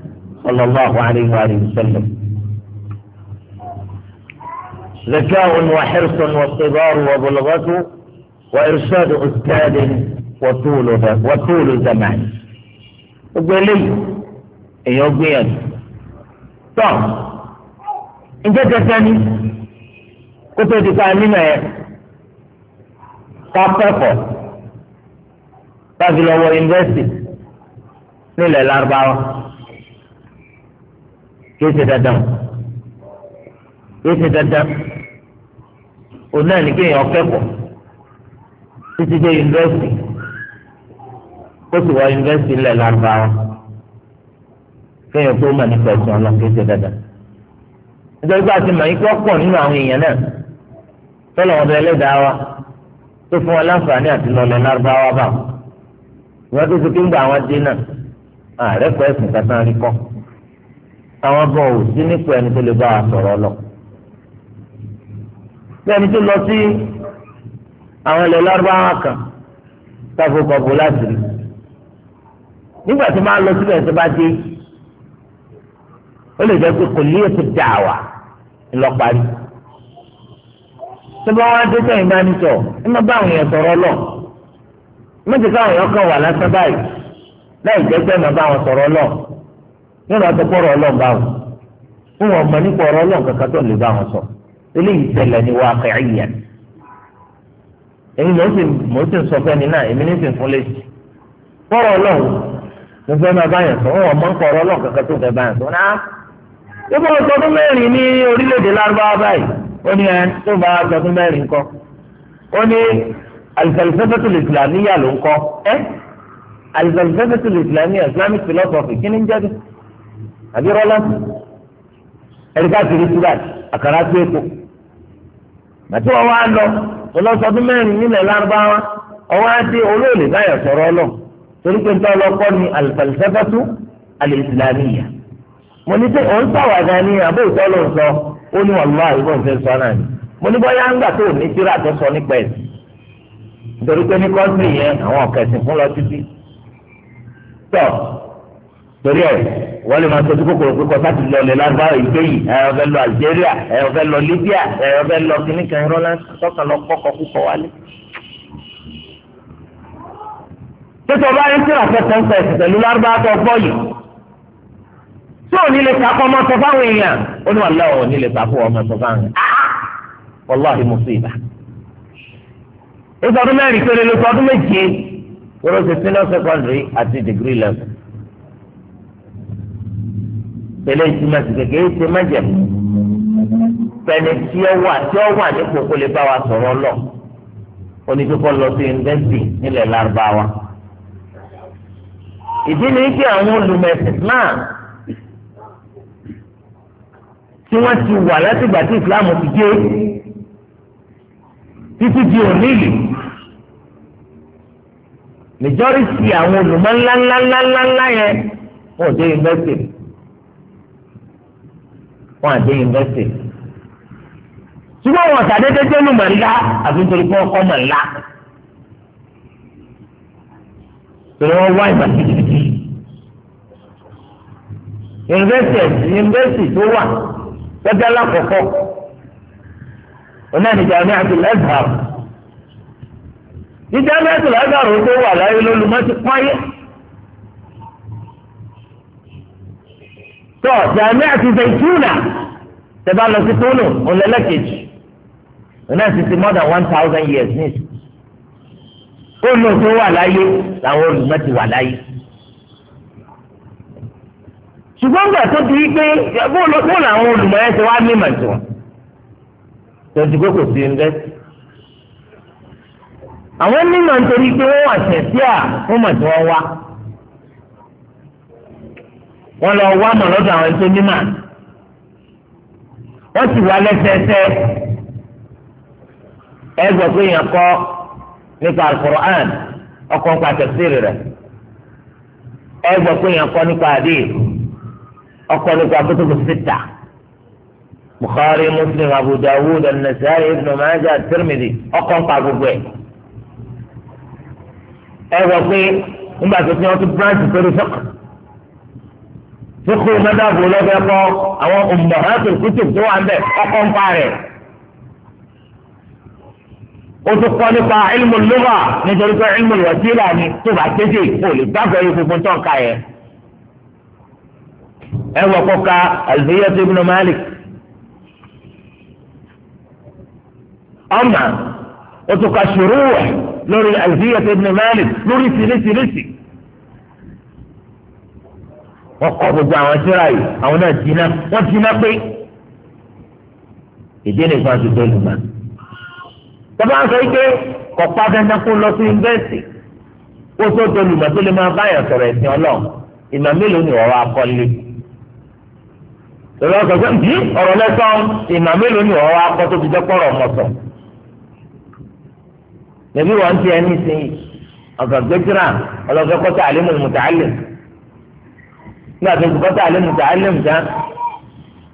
صلى الله عليه وآله وسلم ذكاء وحرص وصبار وبلغة وإرشاد أستاذ وطول وطول زمان يقول لي يقول إيه لي طب إن جد ثاني كنت أدفع لنا طب تقو طب لو إنجازي نلا الأربعة kìí ṣe dandan kìí ṣe dandan òun náà ní kéèyàn kẹ́kọ̀ọ́ títí dé yunifásitì kó sì wọ yunifásitì ńlẹ̀ lárúbáwá kéèyàn tó mọ̀ nípa ẹ̀sùn ọlọ́run kìí ṣe dandan nítorí pé àti màáyí kọ́ pọ̀ nínú àwọn èèyàn náà tọ́lọ̀ ọ̀dọ̀ ẹlẹ́dàá wa tó fún wọn láǹfààní àti lọ́lẹ̀ lárúbáwá báwọn ìwádìí tó ti ń gba àwọn dé náà ààrẹ kọ́ ẹ̀sùn kàtàkì kọ́ àwọn gan ò sí nípò ẹni tó lè bá a sọ̀rọ̀ lọ. bí ẹni tó lọ sí àwọn ilẹ̀ lárúbáwá kan sáfòkọ̀ bò láti rí nígbà tí máa lọ síbẹ̀ tó bá dé ó lè jẹ́ pé kò ní ètò dàwà ńlọparí tó bá wá dé sẹ́yìn bá ní sọ ẹ má bá àwọn èèyàn sọ̀rọ̀ lọ méjì káwọn èèyàn kan wà lásán báyìí láì jẹ́ pé ẹ má bá wọn sọ̀rọ̀ lọ nínú àtọ́kọ́ ọ̀rọ̀ ọlọ́run bá wọn fún wọn mọ nípa ọ̀rọ̀ ọlọ́run kankan tó lè bá wọn sọ eléyìí ṣẹlẹ̀ ní wàá kẹ́yìyà èmi mò ń sì mò ń sì sọ fẹ́ni náà èmi ní sì fún létí kọ́rọ̀ ọlọ́run mo fẹ́ máa báyàn sọ wọn mọ nípa ọ̀rọ̀ ọlọ́run kankan tó fẹ́ báyàn sọ náà ibo ọdún mẹ́rin ní orílẹ̀-èdè lárúbáwá báyìí ó ní ẹ tó bá ọdún mẹ́rin kọ́ ó ní alifalisafatu àbí rọ́lá ẹ̀ríkà kiri túbà àkàrà tó èkó màtí wọn wá lọ ọlọ́sọdún mẹ́rin nílẹ̀ lárúbáwá ọwọ́ àti olóòlè báyọ̀ sọ̀rọ̀ ọlọ́ torí pé nítorí ọlọ́kọ́ ni alifalisafatu alìsìlámìyà mo ní pé òun sàwádà ní abẹ́ ìtọ́ ló ń sọ ó ní wàlúwà ìbọn fẹ́ sọ náà ni mo ní bọ́yá ń gbà tó ní tíra tó sọ nípa ẹ̀sìn nítorí pé ní kọ́ńtì yẹn àwọn ọ̀kẹ́sìn fún lọ títí tọ́ torí ẹ̀ wọ́n lè máa tọ́jú kòkòrò pé kọ́sá ti lọlẹ̀ lágbára ìgbéyìí ẹ ọ̀fẹ́ lọ Algeria ẹ ọ̀fẹ́ lọ Libya ẹ ọ̀fẹ́ lọ kìnnìkan ẹ̀rọ lọ́sọ̀kan lọ kọ́kọ́ kúkọ́ wálé. tètè ọba yẹn tí ràfẹ́ tẹ́ńtẹ́ pẹ̀lú lárúbáwá tó gbọ́ yìí tí ò ní lè sàkó ọmọ sọ fáwọn èèyàn ó ní wàhálà ò ní lè sàkó ọmọ sọ fáwọn ah, ah, wàláhì eléyìí túmọ̀ sí kékeré ṣe májẹ̀mú fẹ́ni tí ó wà tí ó wà ní kókó lè bá wa sọ̀rọ̀ lọ oníkókó lọ sí yunifásitì nílẹ̀ lárúbáwá. ìdí ni kí àwọn olùmẹ̀sìn náà tí wọ́n ti wà látìgbà tí ìsìláàmù ti dé títí di òní yìí majority àwọn olùmọ̀ ńláńláńláńlá yẹn wọ́n dé yunifásitì wọn àdé yunifásitì ṣùgbọ́n wọn ṣàdédé dénú màlá àfi nítorí pé wọn kọ́ màlá tòló wọn wá ìgbà kìkìkì yunifásitì yunifásitì tó wà lọ́jọ́ alákọ̀ọ́kọ́ onáà ní Jami'atul Azhar ní Jami'atul Azhar tó wà láyé lólùmọ́ ti pọ́yé. tọ́ jàmí àti zaituna tẹ́bá lọ sí tónù ọ̀lẹ́lẹ́kejì ọ̀nà sì ti more than one thousand years ní ìsìn tónù tó wà láyé làwọn olùmọ̀ ti wà láyé ṣùgbọ́n gbà tó di pé bó làwọn olùmọ̀ yẹn ti wá ní màtí wọn tẹ̀sí pé kò sí invest àwọn onímọ̀ nítorí pé wọ́n wà ṣẹ̀ sí à fún màtí wọn wá wọ́n lọ wá mọ̀ lọ́dọ̀ àwọn tó ní mà wọ́n sì wá lẹ́sẹẹsẹ ẹ gbọ́ pé èèyàn kọ́ nípa alukur'an ọkọ̀ nípa tẹ̀síìrì rẹ̀ ẹ gbọ́ pé èèyàn kọ́ nípa àdé ọkọ̀ nípa kutubu sita Bukhari Muslim Abu Dawud An-Nasa'i Ibn Majah Tirmidhi ọkọ̀ nípa gbogbo ẹ̀ ẹ gbọ́ pé nígbà tó ti wọ́n ti branch pẹ̀lú sọ́kàn fíkú mẹ́tàbù lọ́fẹ́ kọ́ àwọn ummahatul kutub tó wà bẹ́ẹ̀ ọkọ̀ ń pa rẹ̀. ó tún kọ́ nípa ilmu lugha nítorí pé ilmu wasila ni tó bá kéde kó lè gbàgbọ́ yìí funfun tó ń ka yẹ. ẹ wọ kó ka Alfiyyah ibn Malik. ọmọ ó tún ka Shuruh lórí Alfiyyah ibn Malik lórí sírísírísì. ọkọ kọ́ gbogbo àwọn síra yìí àwọn náà jiná wọ́n jiná pé ìdí nìkan ti dé sọ ike kọ́ dandan kó lọ sí yunifásitì kó tó dé lùmọ̀ tó lè máa báyàn sọ̀rọ̀ ẹ̀sìn ọlọ́run ìmọ̀ mélòó ni ọ̀rọ̀ akọ́lé. ìrọ̀ sọ̀tọ̀ ní ọ̀rọ̀ lẹ́sàn-án ìmọ̀ mélòó ni ọ̀rọ̀ akọ́ tó ti jẹ́ pọ̀rọ̀ lẹ́bí wọn ti ẹni nígbà tó kọ́ tá àlẹ́mù tá àlẹ́mù tá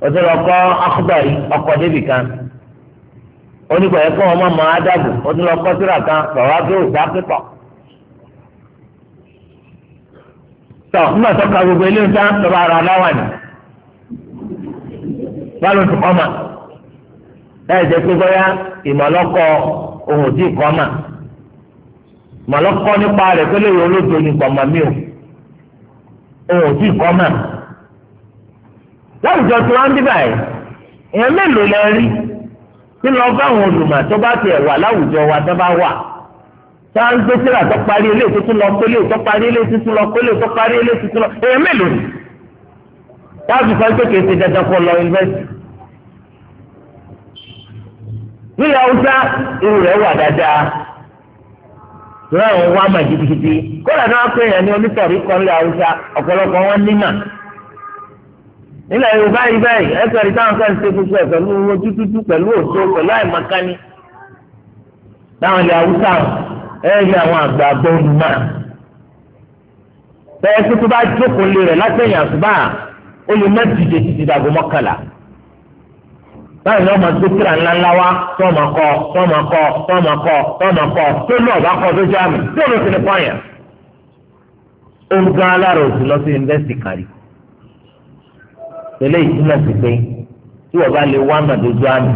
ọtí lọ kọ́ akúbàrí ọkọ̀ débì kan onígbà yẹn kọ́ wọn máa máa dàgbò ọtí lọ kọ́ síra kan bàbá tó dá pípọ̀. tọ́ nígbà tó ka gbogbo eléyìí tá tọ́ba ara aláwà ni báwo tó kọ́ mà láì jẹ́ pé bóyá ìmọ̀lọ́kọ̀ ohun tí kọ́ mà ìmọ̀lọ́kọ̀ nípa rẹ̀ pé lè yọ olóògbé nípa màmí o òun ò tí ì kọ́ mọ̀. láwùjọ tí wọ́n ń bíbà yìí èèyàn mélòó lẹ rí tí lọ bá àwọn olùmọ̀ tó bá tiẹ̀ wà láwùjọ wa tó bá wà tá a ń gbé síra tó parí ilé tó tún lọ kó lé tó parí ilé tó tún lọ kó lé tó parí ilé tó tún lọ èèyàn mélòó ni. táàbù sọ pé kìí ṣe dandan kó lọ yunifásitì. nílẹ̀ haúsá irú rẹ̀ wà dáadáa torí àwọn wá mà jìbìjìbì kódà náà pé èèyàn ní onítọ̀rí kan lé haúsá ọ̀pọ̀lọpọ̀ wọn nímà nílẹ̀ yorùbá yìí báyìí ẹsẹ̀ rí táwọn kan ṣe gbogbo ẹ̀ pẹ̀lú owó dúdúdú pẹ̀lú òṣó pẹ̀lú àìmọ̀kání táwọn ilẹ̀ haúsá ẹ̀rí àwọn àgbà gbóhùn náà bẹ́ẹ̀ tó tó bá jókòó lé rẹ̀ látẹ̀yìn àṣùbà ó lè má dìde títí dàgbọ́ mọ́kànlá báyìí ni wọ́n máa gbé tíra ńlá ńlá wá tọ́ọ̀mà kọ tọ́ọ̀mà kọ tọ́ọ̀mà kọ tọ́ọ̀mà kọ tó ní ọ̀bá kọ tó já mi tó ló ti ní pọ́nyà. ó ń gán alára òsì lọ sí yunifásitì kárí. tẹ́lẹ̀ ìtumọ̀ sí pé tí wọ́n bá lè wá màdójú àmì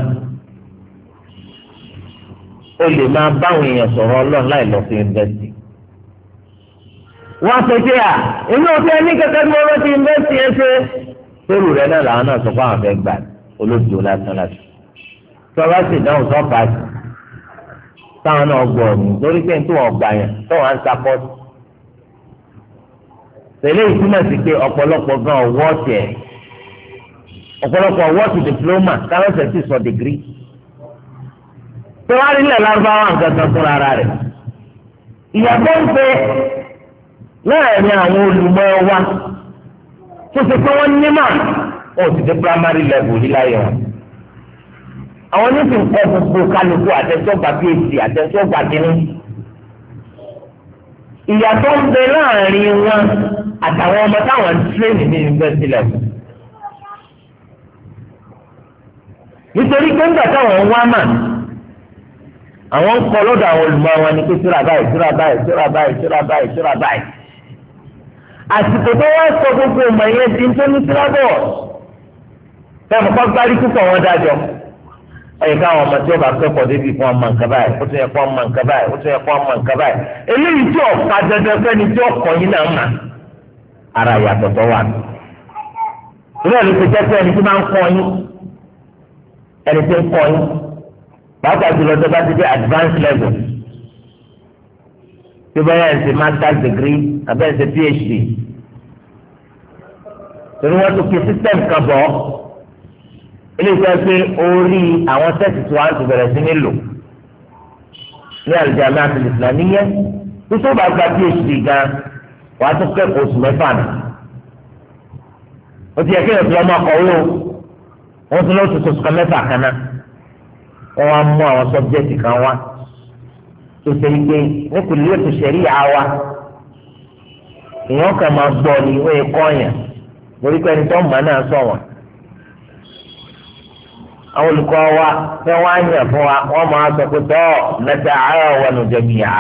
ó lè máa báwọn èèyàn sọ̀rọ̀ ọlọ́run láì lọ sí yunifásitì. wọ́n á sọ pé à èmi ò fẹ́ kẹ́kẹ́ bí wọ́n ti yunifásitì yẹn ṣe. tóru rẹ̀ náà làwọn náà sọ fún àwọn fẹ́ gbà ní olóòjò lásán lásán tọ́ba sì dáhùn sọ́ọ̀pá sí táwọn náà gbọ́ ọ̀mù lórí pé nítorí ọ̀gbà yẹn tọ́wọ́ à ń sapọ́ọ̀tì tẹ̀lé ìtumọ̀ sí pé ọ̀pọ̀lọpọ̀ gan ọ̀wọ́ tẹ̀ ọ̀pọ̀lọpọ̀ ọ̀wọ́ tẹ̀ diploma táwọn sẹ̀ sì sọ dìgírì tọ́wọ́ nílẹ̀ lárúbáwá nǹkan kan fún ara rẹ̀ ìyàtọ̀ ń pẹ́ láàrin àwọn olùmọ̀ wa tó ti pé wọ́n ní mà wọn ò sì dé primary level rí láyé wọn. àwọn oníṣìí nǹkan gbogbo kálukú àtẹ̀sọ́gbà phd àtẹ̀sọ́gbà kínní. ìyàtọ̀ ń bẹ láàrin wọn àtàwọn ọmọ táwọn ń tírèèdì ní yunifásitì level. nítorí pé nígbà táwọn ń wá mà àwọn ń kọ lọ́dọ̀ àwọn olùmọ̀ wọn ni pé síra báyìí síra báyìí síra báyìí síra báyìí síra báyìí àsìkò tó wá sọ gbogbo ọmọ yẹn di ń tó ní síra bọ̀ọ̀ bẹ́ẹ̀ mo kọ́ gbárí púpọ̀ wọn dájọ́ ẹ̀yìn káwọn ọmọ tí ó bá kẹ́kọ̀ọ́ débi fún ọmọ nǹkan báyìí ó tún yẹ fún ọmọ nǹkan báyìí ó tún yẹ fún ọmọ nǹkan báyìí eléyìí tí ọ̀pá dandan fẹ́ni tí ọkọ̀ yín náà mà ara ìyàtọ̀ tó wà ní. ìlú ẹ̀ ti jẹ́ ẹni tí máa ń kọ́ yín ẹni tí ń kọ́ yín pàápàá jùlọ tó bá ti dé advanced level tí báyà ń ṣe master's degree àbẹ́ ń ṣe phd. torí wọ́n tún kí system kan bọ̀ ọ́ eléyìí tó ṣe orí àwọn sẹ́ẹ̀tì tí wọ́n ti bẹ̀rẹ̀ sí ní lò ní àlùjáde àti ìsìlámíyẹ tó tó bá gba phd gan wà á tún kẹ́kọ̀ọ́ oṣù mẹ́fà nà ó ti yẹ kí ẹ̀sùn ọmọ akọ̀wé o wọ́n tún lọ́ọ́ tuntun kan mẹ́fà kan náà wọ́n wá mú àwọn sọ́bjẹ́tì kan wá tó ṣe gbé ní kùlíyà tó ṣẹ̀rí àwa ìyẹn kan máa gbọ́ ni ó yẹ kọ́ yẹn lórí pé ẹni tó mọ̀ náà sọ̀wọ́n. àwọn olùkọ́ wa fẹ́ wá yàn fún wa wọ́n máa sọ pé tọ́ mẹ́ta àárọ̀ wọn ò jẹ̀bi à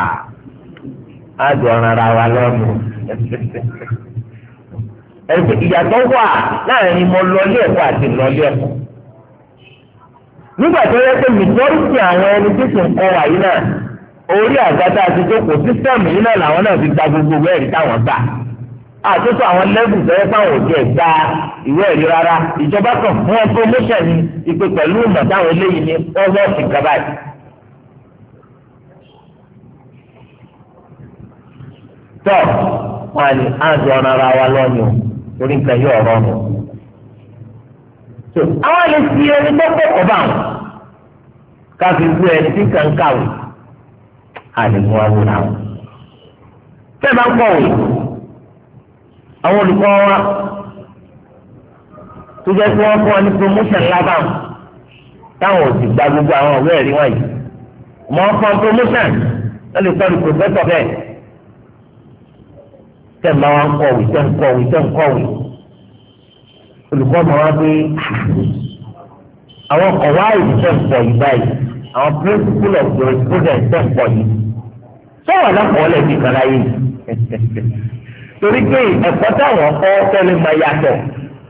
á jọ rárá wa lọ́nu. ìyàtọ̀ wà láàrin mo lọlé ẹ̀kọ́ àti lọlé ẹ̀kọ́. nígbà tó yẹ pé mìtọ́rìsì àwọn ẹni ń kọ́ náà orí àgbàdo gbogbo ẹ̀rí táwọn gbà. àtúntò àwọn lẹ́gùn bẹ́ẹ̀ fáwọn òde ẹ̀gbá ìwé ẹ̀rí rárá ìjọba kan fún wọn promotion ni ìpè pẹ̀lú ìmọ̀ táwọn eléyìí ni wọ́n kaba yìí. tọ́ wọn ni ń ara wa nǹkan yóò rọrùn. àwọn lè fi ẹni kọ́ bá wọn gbé ẹni àwọn olùkọ́ wa tó jẹ́ pé wọ́n fún ọ ní promotion lábà táwọn ò sì gba gbogbo àwọn ọ̀rẹ́ ẹ̀rí wọ̀nyí mọ̀ ọ́ fún promotion wọ́n lè kọ́ni professor bẹ́ẹ̀ tẹ̀ máa wá ń kọ̀wé tẹ̀ ń kọ̀wé tẹ̀ ń kọ̀wé olùkọ́ máa wá pé àwọn ọ̀wá ìlú tẹ̀ ń pọ̀ yìí báyìí àwọn principle of jurisprudence tẹ̀ ń pọ̀ yìí sọ̀rọ̀ alákọ̀ọ́lẹ̀ ti kàlàyé yìí. torí pé ẹ̀kọ́ táwọn kọ́ tẹ́lẹ̀ máa yàtọ̀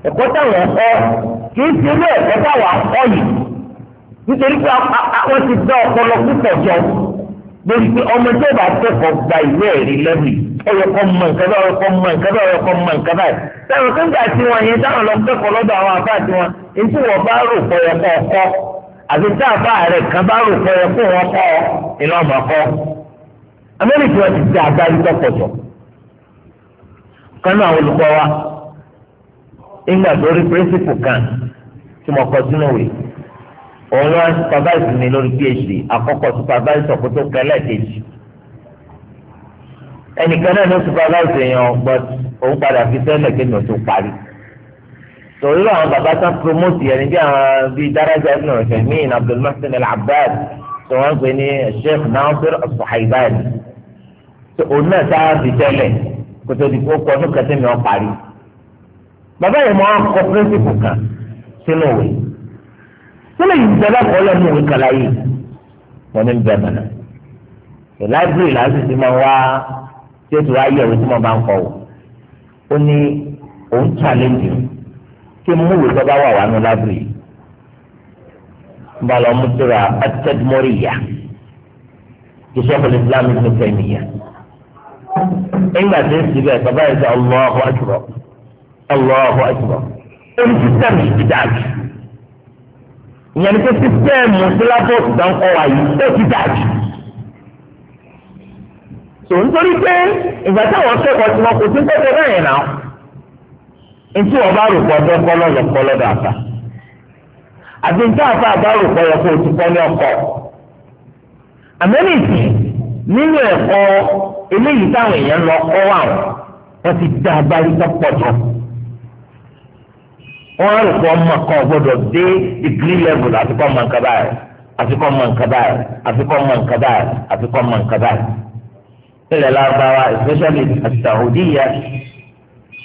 ẹ̀kọ́ táwọn kọ́ kì í ṣe ilé ẹ̀kọ́ jọ lórí pé ọmọ tó gba ìwé ẹ̀rí lẹ́nu ọyọ kọ́ mọ nǹkan bá ọyọ kọ́ mọ nǹkan bá ọyọ kọ́ mọ nǹkan gbà wọn yẹn táwọn lọ kẹ́kọ̀ọ́ lọ́dọ̀ àwọn àbá kánú àwọn olùkọ́ wa nígbà tó rí píríncípù kan tí mo kọ sínú ìwé òun ló ń supervise mi lórí phd àkọ́kọ́ supervise kó tó kẹlẹ kejì ẹnìkan náà ló supervise èèyàn but òun padà fi sẹ́lẹ̀ kí ni o tó parí torí àwọn bàbá tán promote yẹn níbi àwọn bíi daraja ibn ọ̀sẹ̀mín abdulmasin al-abbad tó wọ́n pè ní sheikh nasir as-suhaibani tó òun náà sáà fi tẹ́lẹ̀ kótó di kó kọ́ ọdún kẹsẹ́ mi ọ̀ parí bàbá yìí mọ akọ pírẹ́sìpù kan sínú òwe sílẹ̀ yìí bẹ́ẹ̀ bá kọ́ lẹ́nu òwe kàlá yìí wọ́n ní bẹ́ẹ̀ mọ̀nà láìbírì láti ti máa wá tí ó ti wá yẹ̀wò tí mo bá ń kọ́ wò ó ní òun challenge kí mú ìwé tó bá wà wà ní láìbírì balọ̀ mú tura atẹ́dmọ́rì yá ìṣọ́kùnrin Islam ní Tẹ̀míyà. nígbà tí ń síbẹ̀ baba yìí sọ Allahu Akbar Allahu Akbar orí sísẹ́mù ti dàbí ìyẹn ní pé sísẹ́mù sílábọ̀sì tó wa yìí ó ti dàbí. tò nítorí pé ìgbà táwọn kẹ́kọ̀ọ́ tí wọn kò sí kẹ́kọ̀ọ́ náà náà ntí wọn bá rò pọ̀ ọdún kọ́lọ́ yọ kọ́lọ́ dà fà àti ntí àfa àbá rò pọ̀ ní ọkọ̀ àmẹ́nìtì nínú ẹ̀kọ́ eléyìí táwọn èèyàn lọ kọ́ àwọn wọ́n ti dá abáyé tó pọ̀ jù wọ́n á rò pé ọmọ kan gbọ́dọ̀ dé degree level àti kọ́ ọmọ nǹkan báyìí àti kọ́ ọmọ nǹkan báyìí àti kọ́ ọmọ nǹkan báyìí àti kọ́ ọmọ nǹkan báyìí. ilẹ̀ lárúbáwá especially àti sàwùdí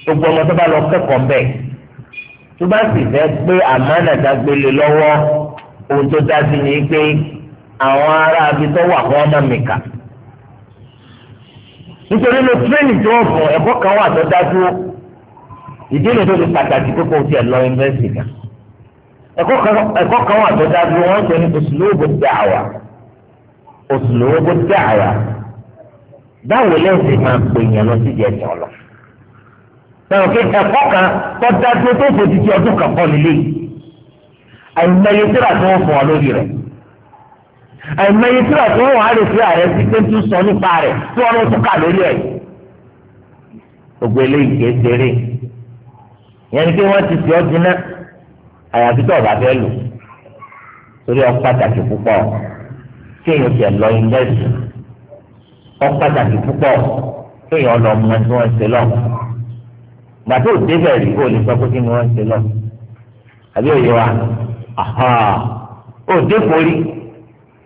gbogbo ọmọ tó bá lọ kẹ́kọ̀ọ́ bẹ́ẹ̀ tó bá sì fẹ́ pé àmánàdá gbélé lọ́wọ́ ohun tó dájú ni pé àwọn ará abitọ́ wà fún ọmọ mìkà nítorí ló training tí wọ́n fún ẹ̀kọ́ kan wà tó dájú ìdílé tó ti pàtàkì pé kò tiẹ̀ lọ yunifásitì kan ẹ̀kọ́ kan wà tó dájú wọ́n jẹ́ ní uslubu da'wa uslubu da'wa báwo lẹ́sìn máa pè yẹn lọ sí ìjẹ́ ìtàn lọ. báwo kí ẹ̀kọ́ kan tó dájú tó fòtítì ọdún kan kọ́ nílé àìmọye síra tó ń fún ọ lórí rẹ̀ àìmọye tí wàá tí wọn wàá lè fi ààrẹ sí pé tún sọ nípa rẹ̀ tí wọn lọ tún kà lórí ẹ̀. gbogbo eléyìí ṣeré ìyẹn ni pé wọn ti fi ọ jiná àyàfi tó ọba fẹ́ lò torí ọ pàtàkì púpọ̀ kéèyàn tiẹ̀ lọ yunifásitì ọ pàtàkì púpọ̀ kéèyàn lọ mọ tí wọn ṣe lọ gbàtí òde bẹ̀rẹ̀ kó o lè sọ pé kí ni wọn ṣe lọ àbí òye wa òde forí.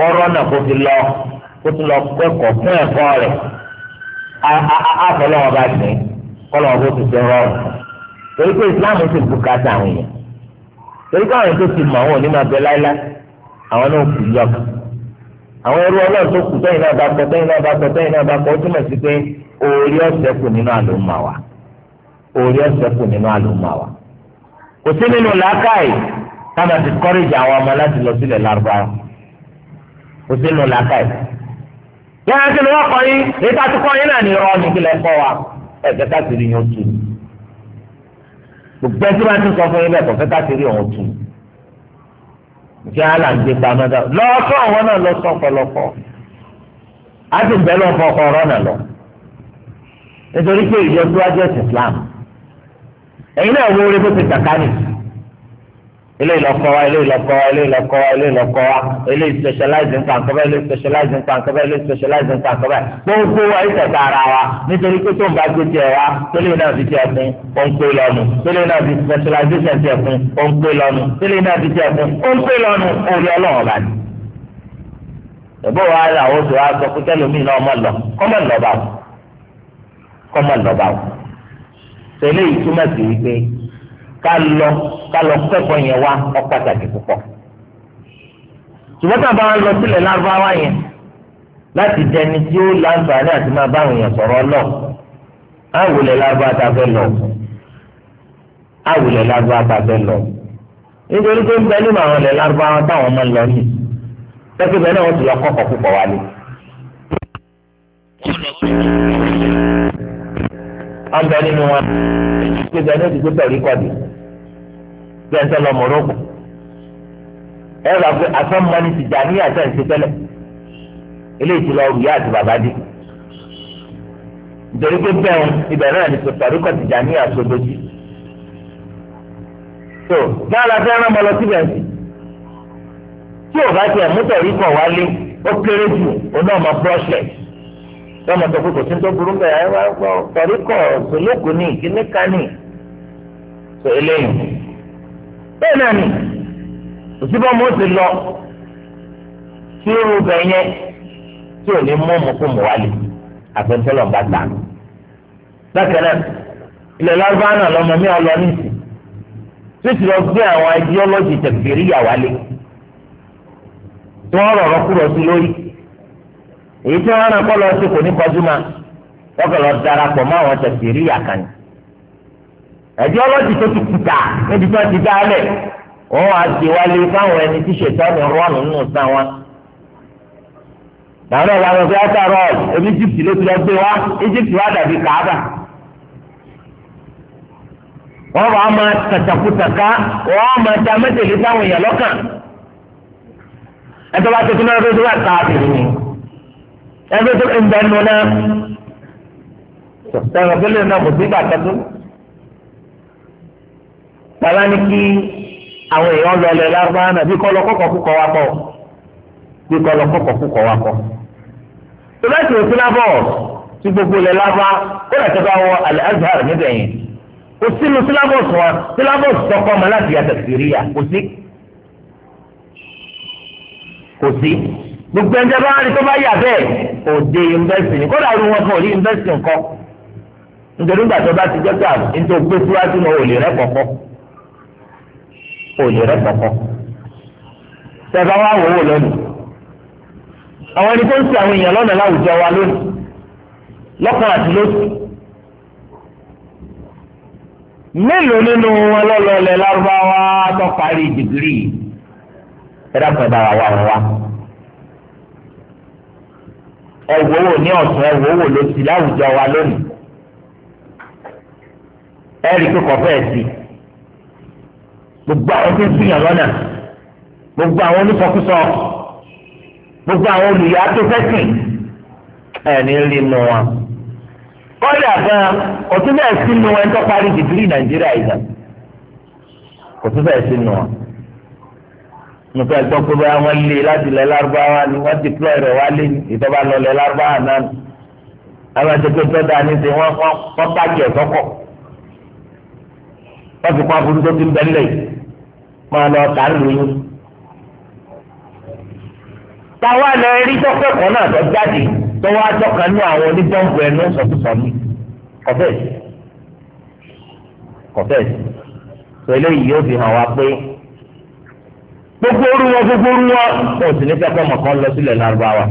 kọ́rọ́ náà kó lọ kó fi lọ kẹ́kọ̀ọ́ fún ẹ̀kọ́ rẹ̀ ti rọrùn torí pé islam ti àwọn torí pé àwọn tó ti àwọn láíláí àwọn náà kù àwọn tó kù náà bá kọ náà bá kọ náà bá kọ ó túmọ̀ sí pé orí ọ̀sẹ̀ kù nínú àlùmọ̀ wa orí ọ̀sẹ̀ kù nínú àlùmọ̀ wa kò sínú làákà yìí. yàrá kí ni wọ́n kọ́ yín èyí tá a ti kọ́ yín náà ní irọ́ ní wa ẹ̀fẹ́ káṣírí yín ó tù ní. gbogbo ẹtí bá ti sọ fún yín bẹ́ẹ̀ kọ́ fẹ́ káṣírí ọ̀hún tù ní. ìṣe àlà ń gbé pamọ́ dá lọ́sọ̀ àwọn náà lọ sọ pọ̀lọpọ̀ á sì bẹ́ẹ̀ lọ fọ ọkọ̀ ọ̀rọ̀ náà lọ. nítorí pé ìjọ tó Islam ẹ̀yin náà wọ́n rí bó ti eléyìí lọ kọ́ wa eléyìí lọ kọ́ wa eléyìí lọ kọ́ wa eléyìí lọ kọ́ wa eléyìí specialize nǹkan kọ́bẹ́ eléyìí specialize nǹkan kọ́bẹ́ eléyìí specialize nǹkan kọ́bẹ́ gbogbo wa yìí tẹ̀ka ara wa nítorí pé tó ń bá gbé tiẹ̀ wa tẹ́lẹ̀ náà fi tiẹ̀ fún ó ń pè lọ́nu tẹ́lẹ̀ náà fi specialization tiẹ̀ fún ó ń pè lọ́nu tẹ́lẹ̀ náà fi tiẹ̀ fún ó ń pè lọ́nu orí ọlọ́run bá ní. ẹ̀bọ́ wa là ó sọ aṣọ fún tẹ́lómìn náà lọ kálọ̀ kẹ́kọ̀ọ́ yẹn wá ó pàtàkì púpọ̀ ṣùgbọ́n tábà wọn lọ sílẹ̀ lárúbáwá yẹn láti dẹni tí ó láǹfààní àti máa bá àwọn èèyàn sọ̀rọ̀ lọ àwòlẹ̀ lárúbáwá tá a fẹ́ lọ àwòlẹ̀ lárúbáwá tá a fẹ́ lọ nítorí pé ń bẹ nínú àwọn ilẹ̀ lárúbáwá táwọn máa ń lọ yìí tẹ́kẹ́ bẹ́ẹ̀ náà wọ́n ti lọ kọ́kọ́ púpọ̀ wálé. ọ̀bẹ nínú wọn ìgbésẹ̀ ní ìdíje pẹ̀lú ìkọ́dé bẹ́ẹ̀ sẹ́ lọ Morocco ẹ rà pé asọ́mọ́ni ti dà ní àṣà ìṣẹ́tẹ́lẹ̀ eléyìí ti lọ rù yá àti bàbá dé nítorí pé bẹ́ẹ̀ ibẹ̀ náà ni sọ̀tàríkọ̀ ti dà ní àṣọdọ́jú tó dára fẹ́ràn mọ́ lọ síbẹ̀ sí tí ò bá tiẹ̀ mú tẹ̀ríkọ̀ wálé ó kéré jù ó náà mọ brọ́ṣẹ̀ lọ́mọ tó kó kò sí tó burú bẹ́ẹ̀ ẹ wá gbọ́ tẹ̀ríkọ̀ sọ̀lókùn ní ìkíní eléyìí bẹ́ẹ̀ náà ni òsínbọ́n mo ti lọ sí irú bẹ́ẹ̀ yẹn tí ò ní mú mọ̀kúmọ̀ wálé àfẹnusọ́lọ̀ bá gbà. bákan náà ilẹ̀ lárúbáwá náà lọ́mọ mi ọlọ níìsì tó ti lọ gbé àwọn ideology tẹ̀gbẹ̀rì yà wálé tí wọ́n rọ̀rọ̀ kúrò sí lórí èyí tí wọ́n rán kọ́ lọ sí kò ní kọjú ma wọ́n kọ́ lọ darapọ̀ mọ́ àwọn tẹ̀gbẹ̀rì yà kan ẹ̀díọ́lọ́jì tó ti kùtà níbi tó ti dálẹ̀ wọ́n wá sí wálé fáwọn ẹni tí ṣètọ́nù rọ́ọ̀nù nù sá wọn. làwọn ọ̀la lọ sí átàrọ̀ ẹ̀mí Egypt ló ti lọ gbé wá Egypt wá dàbí kàábà. wọ́n wá máa tàtàkùtàká wọ́n máa ta mẹ́tẹ̀lẹ́ fáwọn èèyàn lọ́kàn. ẹ̀tọ́ bá tuntun náà lọ́dún wà káàbìrì ni ẹ̀fẹ́ tó ń bẹ́ẹ̀ nù náà. sọ̀tàn ọ̀gbẹ́lẹ̀ náà bàbá ní kí àwọn èèyàn lọlẹ̀ lárúbáwá náà bí kọ́lọ́ kọ́kọ́ kúkọ́ wa pọ̀ bí kọ́lọ́ kọ́kọ́ kúkọ́ wa pọ̀. tòmátì òsín lábọ̀ tí gbogbo lẹ̀ lábá ó lè tẹ́ bá wọ alẹ́ azhar níbẹ̀ yẹn kò sínú sílábọ̀sì wọn sílábọ̀sì tọkọ ọmọ láti yàtọ̀ síríà kò sí kò sí gbogbo ẹ̀ńtẹ́ bá rí tó bá yà bẹ́ẹ̀ kò dé yunifásitì ní kódà irú wọn kan ò yunifásitì nǹkan nítorí gbàtọ́ bá ti jẹ́ pé àwọn ní tó gbé síwájú náà ò lè rẹ́ kọ̀ọ̀kan ò lè rẹ kọ̀kọ́. Tẹ̀bá wá wò wò lónìí. Àwọn ẹni tó ń ṣì àwọn èèyàn lọ́nà láwùjọ wa lónìí. Lọ́kàn àti lóṣù. Mélòó nínú wọn lọ́lọ́lẹ̀ lárúbáwá tó parí dìgírì? Ẹ dákun ẹ̀dá wa wà wọ́n wá. Ẹ wò wò ní ọ̀sán ẹ wò wò lóṣù láwùjọ wa lónìí. Ẹ rí i sí i gbogbo àwọn tó ń sùnyàn lọ́nà gbogbo àwọn onífọkúsọ gbogbo àwọn olùyà tó fẹ́sìn ẹni rí nu wọn. kọ́dà gan kò tún bẹ́ẹ̀ sí nu wọn tó parí dìgírì nàìjíríà yìí gan kò tún bẹ́ẹ̀ sí nu wọn. mo fẹ́ gbọ́ pé báyà wọ́n lé láti ilẹ̀ lárúbáwá ni wọ́n dìplọ́ rẹ̀ wá lé ìtọ́ba lọ ilẹ̀ lárúbáwá náà nù. àwọn àjẹpẹ́ tó dáa ní ti wọ́n bàjẹ́ sọ́kọ̀ wọ́n fi kún aburú tó ti ń bẹ́ẹ̀ lẹ́yìn máa lọ tà ń lóyún. táwa lọ rí dọ́kítọ̀ kan náà tó jáde tó wá dọ́kà nú àwọn oníbọ̀ǹbù ẹnu sọ̀túnṣọ̀mí kọ̀fẹ́sì kọ̀fẹ́sì tó eléyìí yóò fi hàn wá pé gbogbo orú wọn gbogbo orú wọn kò sì ní fẹ́ kọ́ ọmọ kan lọ sílẹ̀ lárúbáwá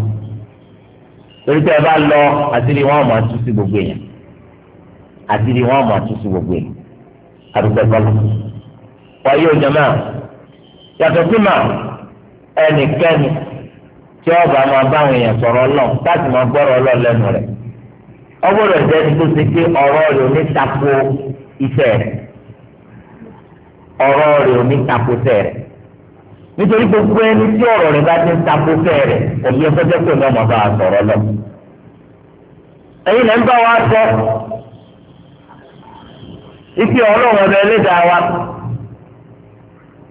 torí tẹ́ ẹ bá lọ àtìrí wọn mọ̀ àtúnṣe gbogbo èèyàn àtìrí wọn mọ̀ àtúnṣe gbogbo èèyàn àdúgbò ẹ̀kọ́ lọ wáyé òjàmá yàtọ̀ sí mà ẹnikẹ́ni tí ọba máa bá àwọn èèyàn sọ̀rọ̀ ọlọ́run láti máa gbọ́rọ̀ ọlọ́run lẹ́nu rẹ̀ ọgbọ́dọ̀ jẹ́ ẹni tó ti pé ọ̀rọ̀ rẹ̀ ò ní tako iṣẹ́ rẹ̀ ọ̀rọ̀ rẹ̀ ò ní tako iṣẹ́ rẹ̀ nítorí gbogbo ẹni tí ọ̀rọ̀ rẹ̀ bá ti ń tako iṣẹ́ rẹ̀ òbí ẹgbẹ́ jẹ́ pé ọmọ bá sọ̀rọ̀ lọ. ẹ̀yin lẹ́ bá wa sọ ife ọlọ́run ọ̀dọ̀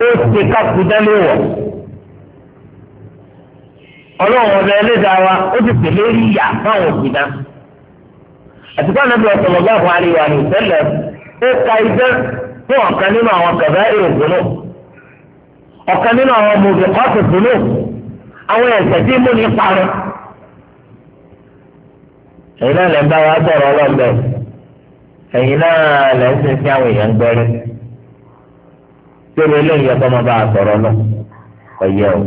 ó ti kápú dálé wọ̀ ọlọ́run ọbẹ̀ ẹlẹ́dàá ó ti pèlè ìyá fáwọn òkúta àtìkọ́ ọ̀sọ̀rọ̀ bá ó ka iṣẹ́ fún ọ̀kan nínú àwọn kẹfẹ́ ọ̀kan nínú àwọn kọ́ọ̀tù àwọn ẹ̀sẹ̀ tí mú ní ẹ̀yin náà lẹ́ ń bá wa ọlọ́ọ̀bẹ ẹ̀yin náà lẹ́ ń sẹ́rù eléyìí ẹ̀kọ́ máa bá a sọ̀rọ̀ lọ ọ̀yẹ́ o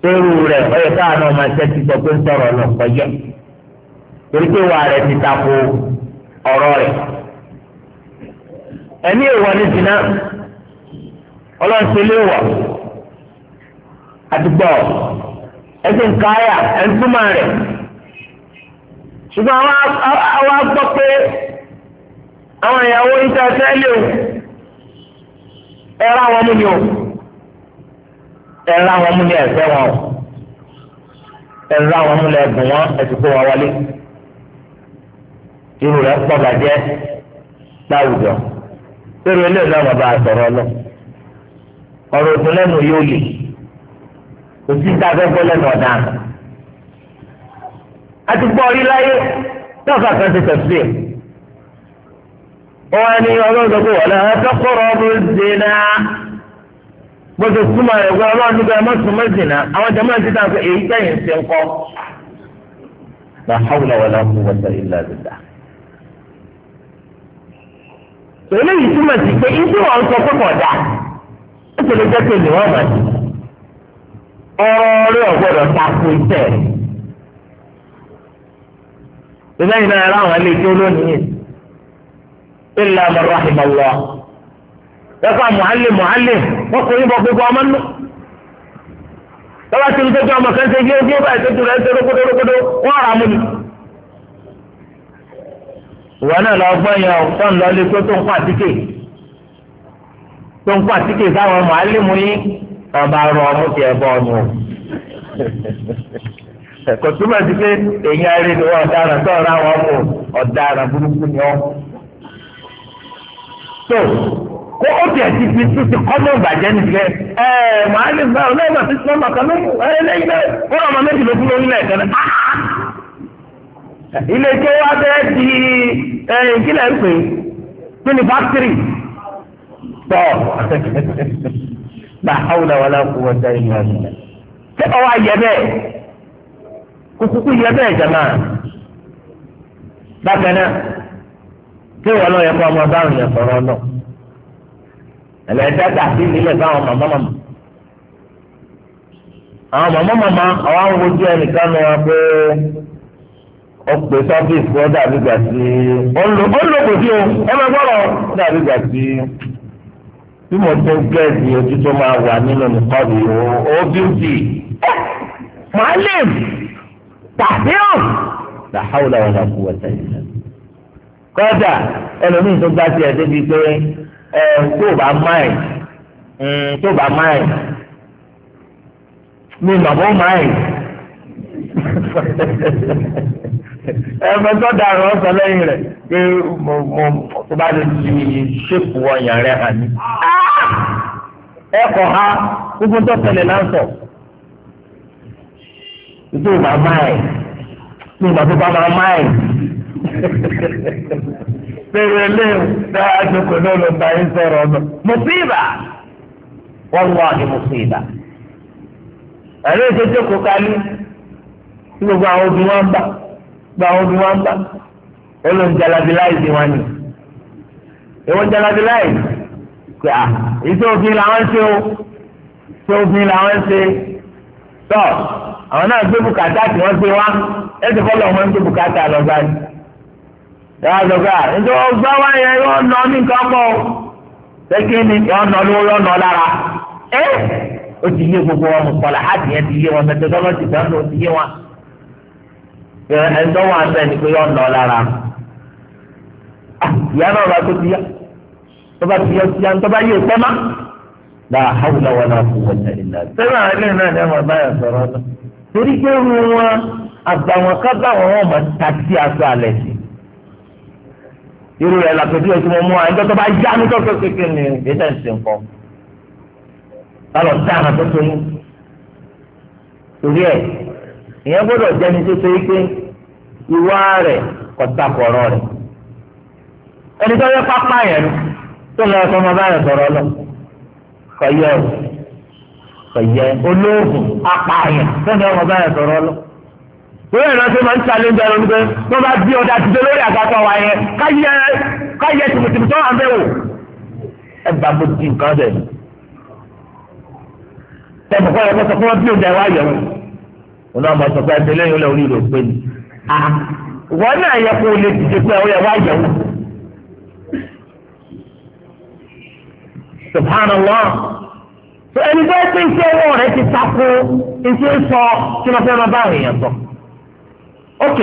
sẹ́rù rẹ̀ ọ̀yẹ́ káàánú ọmọ ẹ̀ṣẹ́ ti sọ pé ń sọ̀rọ̀ lọ ọ̀yẹ́ torí pé wàá rẹ̀ ti tako ọ̀rọ̀ rẹ̀ ẹ̀mí ìwọ ní siná ọlọ́sẹ̀lẹ̀ wọ̀ àdúgbò ẹ̀sìn káyà ẹ̀ńtúmọ̀ rẹ̀ ṣùgbọ́n àwọn àgbọ̀ pé àwọn ìyàwó ìta fẹ́ lé o. ẹ̀rọ àwọn mú ni o ẹ̀rọ àwọn mú ni ẹ̀fẹ́ wọn o ẹ̀rọ àwọn ni ẹ̀bùn wọn ẹ̀sìnkú wọn wọlé irú rẹ̀ pọ̀ bàjẹ́ láwùjọ lórí eléyìí náà bàbá àtọ̀rọ̀ lọ ọ̀rọ̀ òtún lẹ́nu yóò lè òtí tá a wọ́n ní ọlọ́dọ̀ pé wọ́n lọ́wọ́ tọ́kọ̀rọ̀ ọdún zina bó súnmọ́ rẹ̀ wọ́n ọlọ́run nígbà ẹ̀ mọ́sùnmọ́ zina àwọn jẹ́mọ́ ẹ̀ ti tàn èyí kẹ́yìn ṣe ń kọ́. la hawla wala quwwata illa billah. pẹ̀lú yìí túmọ̀ sí pé ibi wọn sọ pé ó wọ́n bá ti. ọ̀rọ̀ ilà mọ̀ràhìmọ̀ wọ̀ ẹ̀fọ́ mọ̀hálì mọ̀hálì wọ́n kò ní bọ̀ gbogbo ọmọ nù. tọ́lá ti ń tẹ́jú ọmọ kan ṣe yé bí ó bá ìtọ́jú rẹ̀ ń tẹ́ rókódó rókódó wọ́n rà mú ni. ìwà náà lọ gbọ́n yẹn ọ̀pọ̀ ńlọ lé tó tó ń pa àtíkè tó ń pa àtíkè sáwọn mọ̀hálì mú yín ọba rọ ọmú tiẹ̀ bọ́ ọmọ kò túmọ̀ sí pé èyí arí ni wọ́n ọ̀daràn tó ọ̀rọ̀ àwọn ọmọ ọ̀daràn burúkú ni ọ́ so kó o tẹ̀ ti fi tún ti kọ́mọ̀ ìbàjẹ́ nìkẹ́ ẹ lẹ́yìn kó ọmọ méjì ló ah, ah. ilé tó wá di ìkílẹ̀ ń pè kí ni tọ̀ ṣé ọwọ́ ayẹ bẹ́ẹ̀ yẹ bẹ́ẹ̀ náà. tí wọn lọ yẹ kó ọmọ bá òyìn sọ̀rọ̀ lọ ẹlẹdá dàbí nílẹ̀ báwọn màmá màmá àwọn màmá màmá àwọn awojú ẹnìkan ní wọn pé ó pè sọfíìsì ó dàbí gbà sí ó ń lò kò sí o ẹ máa gbọ́rọ̀ ó dàbí gbà sí bí mo tó gẹ̀ẹ́sì ojú tó máa wà nínú nìkan rí o ó bíútì màálìm tàbí ọ̀ làhàwùlà wọn kò wọ́n sẹ́yìn náà kọ́dà ẹlòmíì tó gbá tiẹ̀ débi pé ẹ tó bá máì mm, tó bá máì mi màmú máì ẹ̀fẹ̀ tó dàrú ọ̀sán lẹ́yìn rẹ̀ pé mo mo tó bá lè fi ṣépù ọyàn rẹ̀ hàn mí. ẹ kọ̀ ha gbogbo tó tẹ̀lé náà sọ. ìtò bá máì tó bá tó bá máì bẹ̀rẹ̀ léwu dáa tó kò ní olùbá yín sọ̀rọ̀ ọ̀nà mùsíbà wallahi mùsíbà. ẹ̀rọ ìṣèjọ́ kò kálí tí gbogbo àwọn obìnrin wọn bá gbogbo àwọn obìnrin wọn bá olóhùn jalabiláìsì wọn ni èwo jalabiláìsì pé à ìṣe òfin làwọn ṣe o ṣe òfin làwọn ṣe tọ́ àwọn náà gbé bùkátà tí wọ́n ṣe wá ẹ̀ ti fọ́ wọn gbé bùkátà lọ́gbàá yìí yàrá sọ̀kà nítorí ọgbà wa yẹn yọ nọ ní nǹkan kọ́ ọ pẹ́kẹ́ ni yọ nọ lówó yọ nọ lára ẹ́ ó ti yé gbogbo wọn mùsọ̀lá á ti yẹn ti yé wọn mẹtẹkọ́lọ́jì dáná ó ti yé wọn ẹ̀ńtọ́ wọn abẹ́ ni pé yọ nọ lára ìyá náà bá tó ti yá tó bá ti yá ti yá tó bá yé ìpẹ́ má la hawla wala quwwata illa billah. sẹ́wọ̀n àwọn ẹlẹ́yìn náà ni wọ́n bá yà sọ̀rọ̀ náà torí pé irun wọn àgbà wọn ká bá wọn wọn máa ta sí aṣọ àlẹ́ sí irú rẹ̀ làpẹ̀jù ẹ̀ tí mo mú wa ẹjọ́ bá já mi tó kékeré ni ètò ẹ̀sìn kọ́ alọ̀ sí àná tó tó yín torí ẹ̀ ìyẹn gbọ́dọ̀ jẹ́ni tó ṣe é pé ìwà rẹ̀ kọ̀tà kọ̀ọ̀rọ̀ rẹ̀ ẹni tó yẹ pápá yẹn tó lọ ẹ̀kọ́ ọmọ báyọ̀ sọ̀rọ̀ lọ kọ̀yẹ́ kọ̀yẹ́ olóògùn apààyàn tó lọ ọmọ báyọ̀ sọ̀rọ̀ lọ torí ẹ̀rọ ṣe máa ń ṣàlẹ̀ ìjọba ẹ̀rọ nígbẹ́ tó bá bí ọ̀dà àtijọ́ lórí àgbàtọ̀ wa yẹn káyẹ tìmùtìmù tó wà ń bẹ̀ wò ẹ bá bó di nǹkan bẹ̀ ni. tẹ̀bù kọ́ ẹ̀kọ́ sọ fún wọn bí ọ̀dà wa yẹ̀ wọ́n wọn náà máa sọ pé ẹgbẹ́ lẹ́yìn olórí rẹ̀ pé ni. Ah, wọn náà yẹ kó lè dìde pé ọ̀yẹ̀ wa yẹ̀ wọ́n. subhanallah ẹni bẹ́ẹ̀ pé iṣẹ́ wọn rẹ̀ ti takò iṣẹ́ sọ kí wọ́n fẹ́ máa bá àwọn èèyàn sọ. ok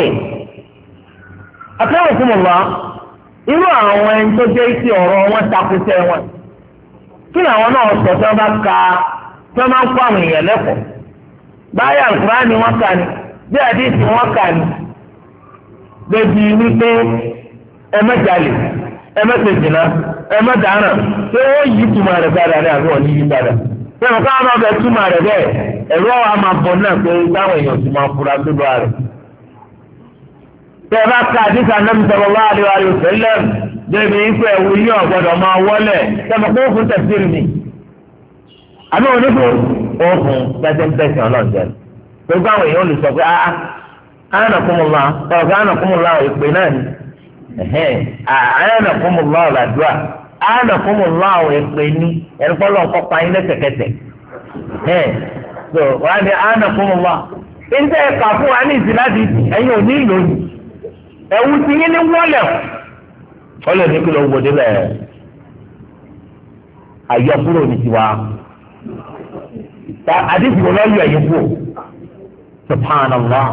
àtàwọn fún mọ̀lá irú àwọn ẹni tó jẹ́ sí ọ̀rọ̀ wọn takùsẹ́ wọn kí ni àwọn náà sọ bá ka tí máa ń kó àwọn èèyàn lẹ́kọ̀ọ́ báyà àlùkùrá ni wọ́n kà ní bí àdéhùn wọ́n kà ní bẹ́ẹ̀bi wípé ẹ mẹ́jalè wọ́n yí túmọ̀ rẹ̀ dáadáa ní àbí wọ́n dáadáa káwọn náà bẹ túmọ̀ rẹ̀ tẹ bá ka àdìsá nàbì sallallahu alaihi wa débi ìfẹ́ ẹ̀wù ọ̀gbọ́dọ̀ máa wọlé tẹmọ kó fún tẹ̀síìrì mi. àbí wọn fún tẹ́tẹ́ tẹ́sán ọlọ́ọ̀jẹ́ gbogbo àwọn èèyàn olùsọ pé ah, ah anakumula ọ̀gá anakumula ìpè náà ni anakumula ọ̀làdúrà anakumula ìpè ní ẹnìkọ́lọ́ nǹkan yín lẹ́sẹ̀kẹsẹ̀ so wọ́n á ní anakumula. ń ẹ̀ka fún wa ní ẹ̀wù ti yín ní wọ́lẹ̀ ọlọ́ọ̀ ní kí ló ń wọlé bẹ́ẹ̀ àyọkúrò ní tiwa àdìsí wọn yọ ẹ̀yìn kú subhanallah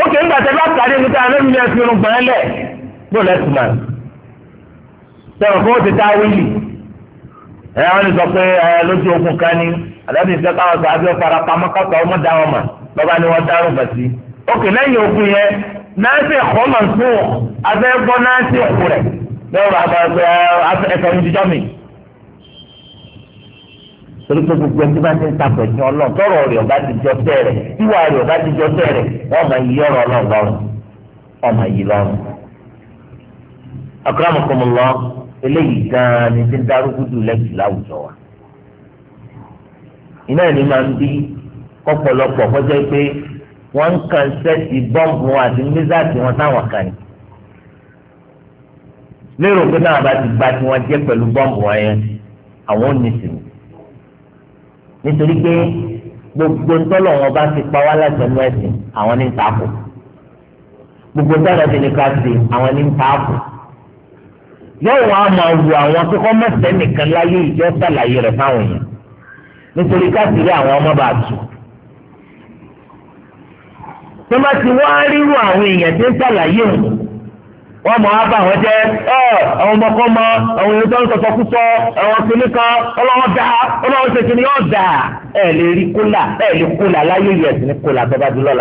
ó kì í gbàtẹ́ bá kàdé níta lórí ilé ní sọ pé lójú kan ní káwọn sọ abẹ́ fara pamọ́ kọ́tọ̀ ọmọdé àwọn mọ̀ bàbá ni wọ́n dárò bàtí lẹ́yìn yẹn n'asẹ̀ kọ́mọ̀ fún ọ abẹ́ gbọ́ n'asẹ̀ kù rẹ̀ lọ́wọ́ abẹ́ ẹ̀fọ́ ìdíjọ́ mi. torí pé gbogbo ẹni bá ti ń ta pẹ̀lú ọlọ́ọ̀ tọrọ rẹ̀ ọba ti jọ tẹ̀rẹ̀ ìwà rẹ̀ ọba ti jọ tẹ̀rẹ̀ wọ́n máa yí ọ̀rọ̀ ọlọ́ọ̀ lọ́rùn wọ́n máa yí lọ́rùn. eléyìí gan ni ti ń darúgúdù lẹ́sìn láwùjọ wa. iná ẹ̀ ní máa ń bí kọ́pọ̀lọpọ̀ kọjá pé wọ́n ń kàn sẹ́ẹ̀tì bọ́ǹbù wọn àti mísàtì wọn táwọn kan ní. lérò pé náà bá ti gba tí wọ́n jẹ́ pẹ̀lú bọ́ǹbù wọn yẹn àwọn ò ní sinmi. nítorí pé gbogbo ntọ́lọ̀ wọn bá ti pa wá láti ẹnu ẹ̀sìn àwọn ní ń takò. gbogbo ntọ́lọ̀ ti ní ká sí àwọn ní ń takò. yóò wá máa wù àwọn akẹ́kọ̀ọ́ mẹ́sẹ̀ẹ́ nìkan láyé ìjọ sàlàyé rẹ̀ fáwọn yẹn nítorí ká sì rí àwọn ọmọ bá tù. tó bá ti wá àwọn èèyàn tó ń ṣàlàyé òun wọ́n mọ̀ á àwọn jẹ́ ẹ àwọn àwọn èèyàn tó ń kúsọ àwọn kan dá ọlọ́wọ́ ṣe kìnnì yóò dà ẹ lè rí kólà ẹ lè kólà láyé yẹ ní kólà dúró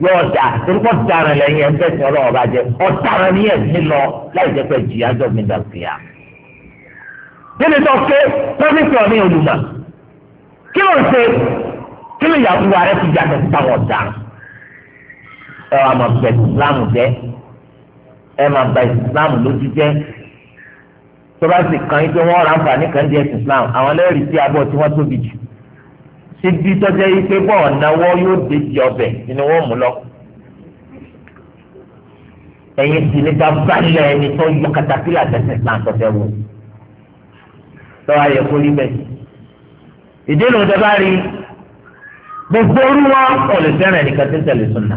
yóò torúkọ ń bá jẹ ni lọ láì pé jìyà jọ mi dà tó ké pọ́fíìsì olùmọ̀ kí ló ń ṣe kí ló ẹ wàá máa bẹ islam jẹ́ ẹ máa bẹ islam lójú jẹ́ tó bá sì kàn yín pé wọ́n ra nǹkan kan di ẹ̀sìn islam àwọn lẹ́rìí sí abọ́ tí wọ́n tóbi jù síbi tọ́jẹ́ yìí pé bọ́ọ̀ náwó yóò dé di ọbẹ̀ ni wọ́n mú lọ ẹ̀yin sì ní ká balẹ̀ ẹni tó yọ katapila tẹ̀sẹ̀ Islam tọ́tẹ̀ wò lọ́wọ́ ayẹ kó rí bẹ́ẹ̀. ìdí nu tẹ bá rí gbogbo orú wọn kò lè fẹ́ràn ẹnìkan tó tẹ̀lé sunna.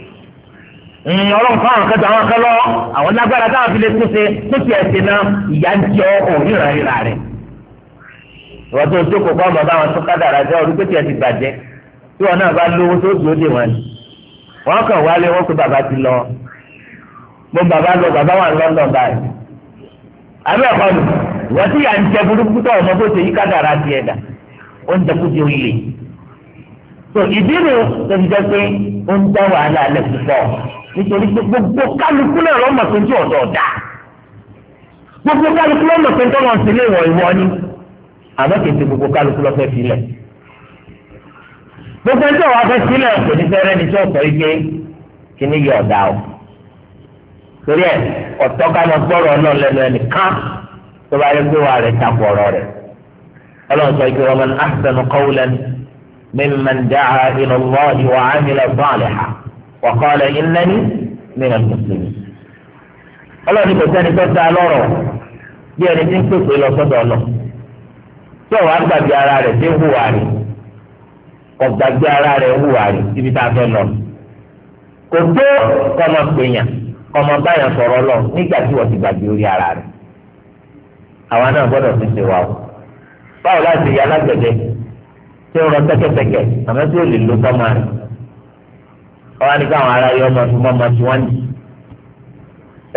ọlọ́run fún àwọn kẹta àwọn kẹlọ́ àwọn lágbára táwọn fi lè tún ṣe tó ti ẹ̀sìn náà ìyá ń jẹ òní ìrànlá rẹ̀. ìwọ́n tó jókòó kọ́ ọmọ báwọn tún kádàrà jẹ́ ọdún ẹ ti bàjẹ́ tí wọn náà bá lówó tó dúró dé wọn. wọn kàn wálé wọn pé bàbá ti lọ mo bàbá lọ bàbá wà ní London báyìí. àbẹ́ nítorí pé gbogbo kálukú náà lọ́ mọ̀ pé tí ọ̀dọ̀ ọ̀dà gbogbo kálukú lọ́ mọ̀ pé tí ọ̀dọ̀ sílé ìwọ̀ ìwọ ni àmọ́ kìí ṣe gbogbo kálukú lọ́ fẹ́ sílẹ̀ gbogbo ẹjọ́ wa fẹ́ sílẹ̀ kò ní fẹ́rẹ́ ní tí ọ̀sọ̀ ike kí ni yọ ọ̀dà o torí ẹ ọ̀tọ́ ká gbọ́rọ̀ náà lẹ́nu ẹnìkan tó bá yẹ pé wà rẹ̀ takò ọ̀rọ̀ rẹ̀ ọlọ́run sọ وقال إنني من المسلمين ọlọ́run kò sẹ́ni tó ta lọ́rọ̀ bí ẹni tí ń pèsè lọ sọ́dọ̀ lọ tí ọ̀wá gbàgbé ara rẹ̀ tí ń hùwà rẹ̀ kò gbàgbé ara rẹ̀ ń hùwà rẹ̀ síbi tá a fẹ́ lọ. kò tó kọ́mọ pèèyàn kọ́mọ báyàn sọ̀rọ̀ lọ nígbà tí wọ́n ti gbàgbé orí ara rẹ̀. àwa náà gbọ́dọ̀ fi ṣe wa o. báwo láti yẹ alágbẹ̀dẹ tí ń rọ tẹ́kẹ́tẹ́kẹ́ àmọ́ tí ò lè lo tọ́mọ rẹ̀ ọwọ́ ní káwọn ará yọ ọmọ fún ọmọ tí wọ́n ní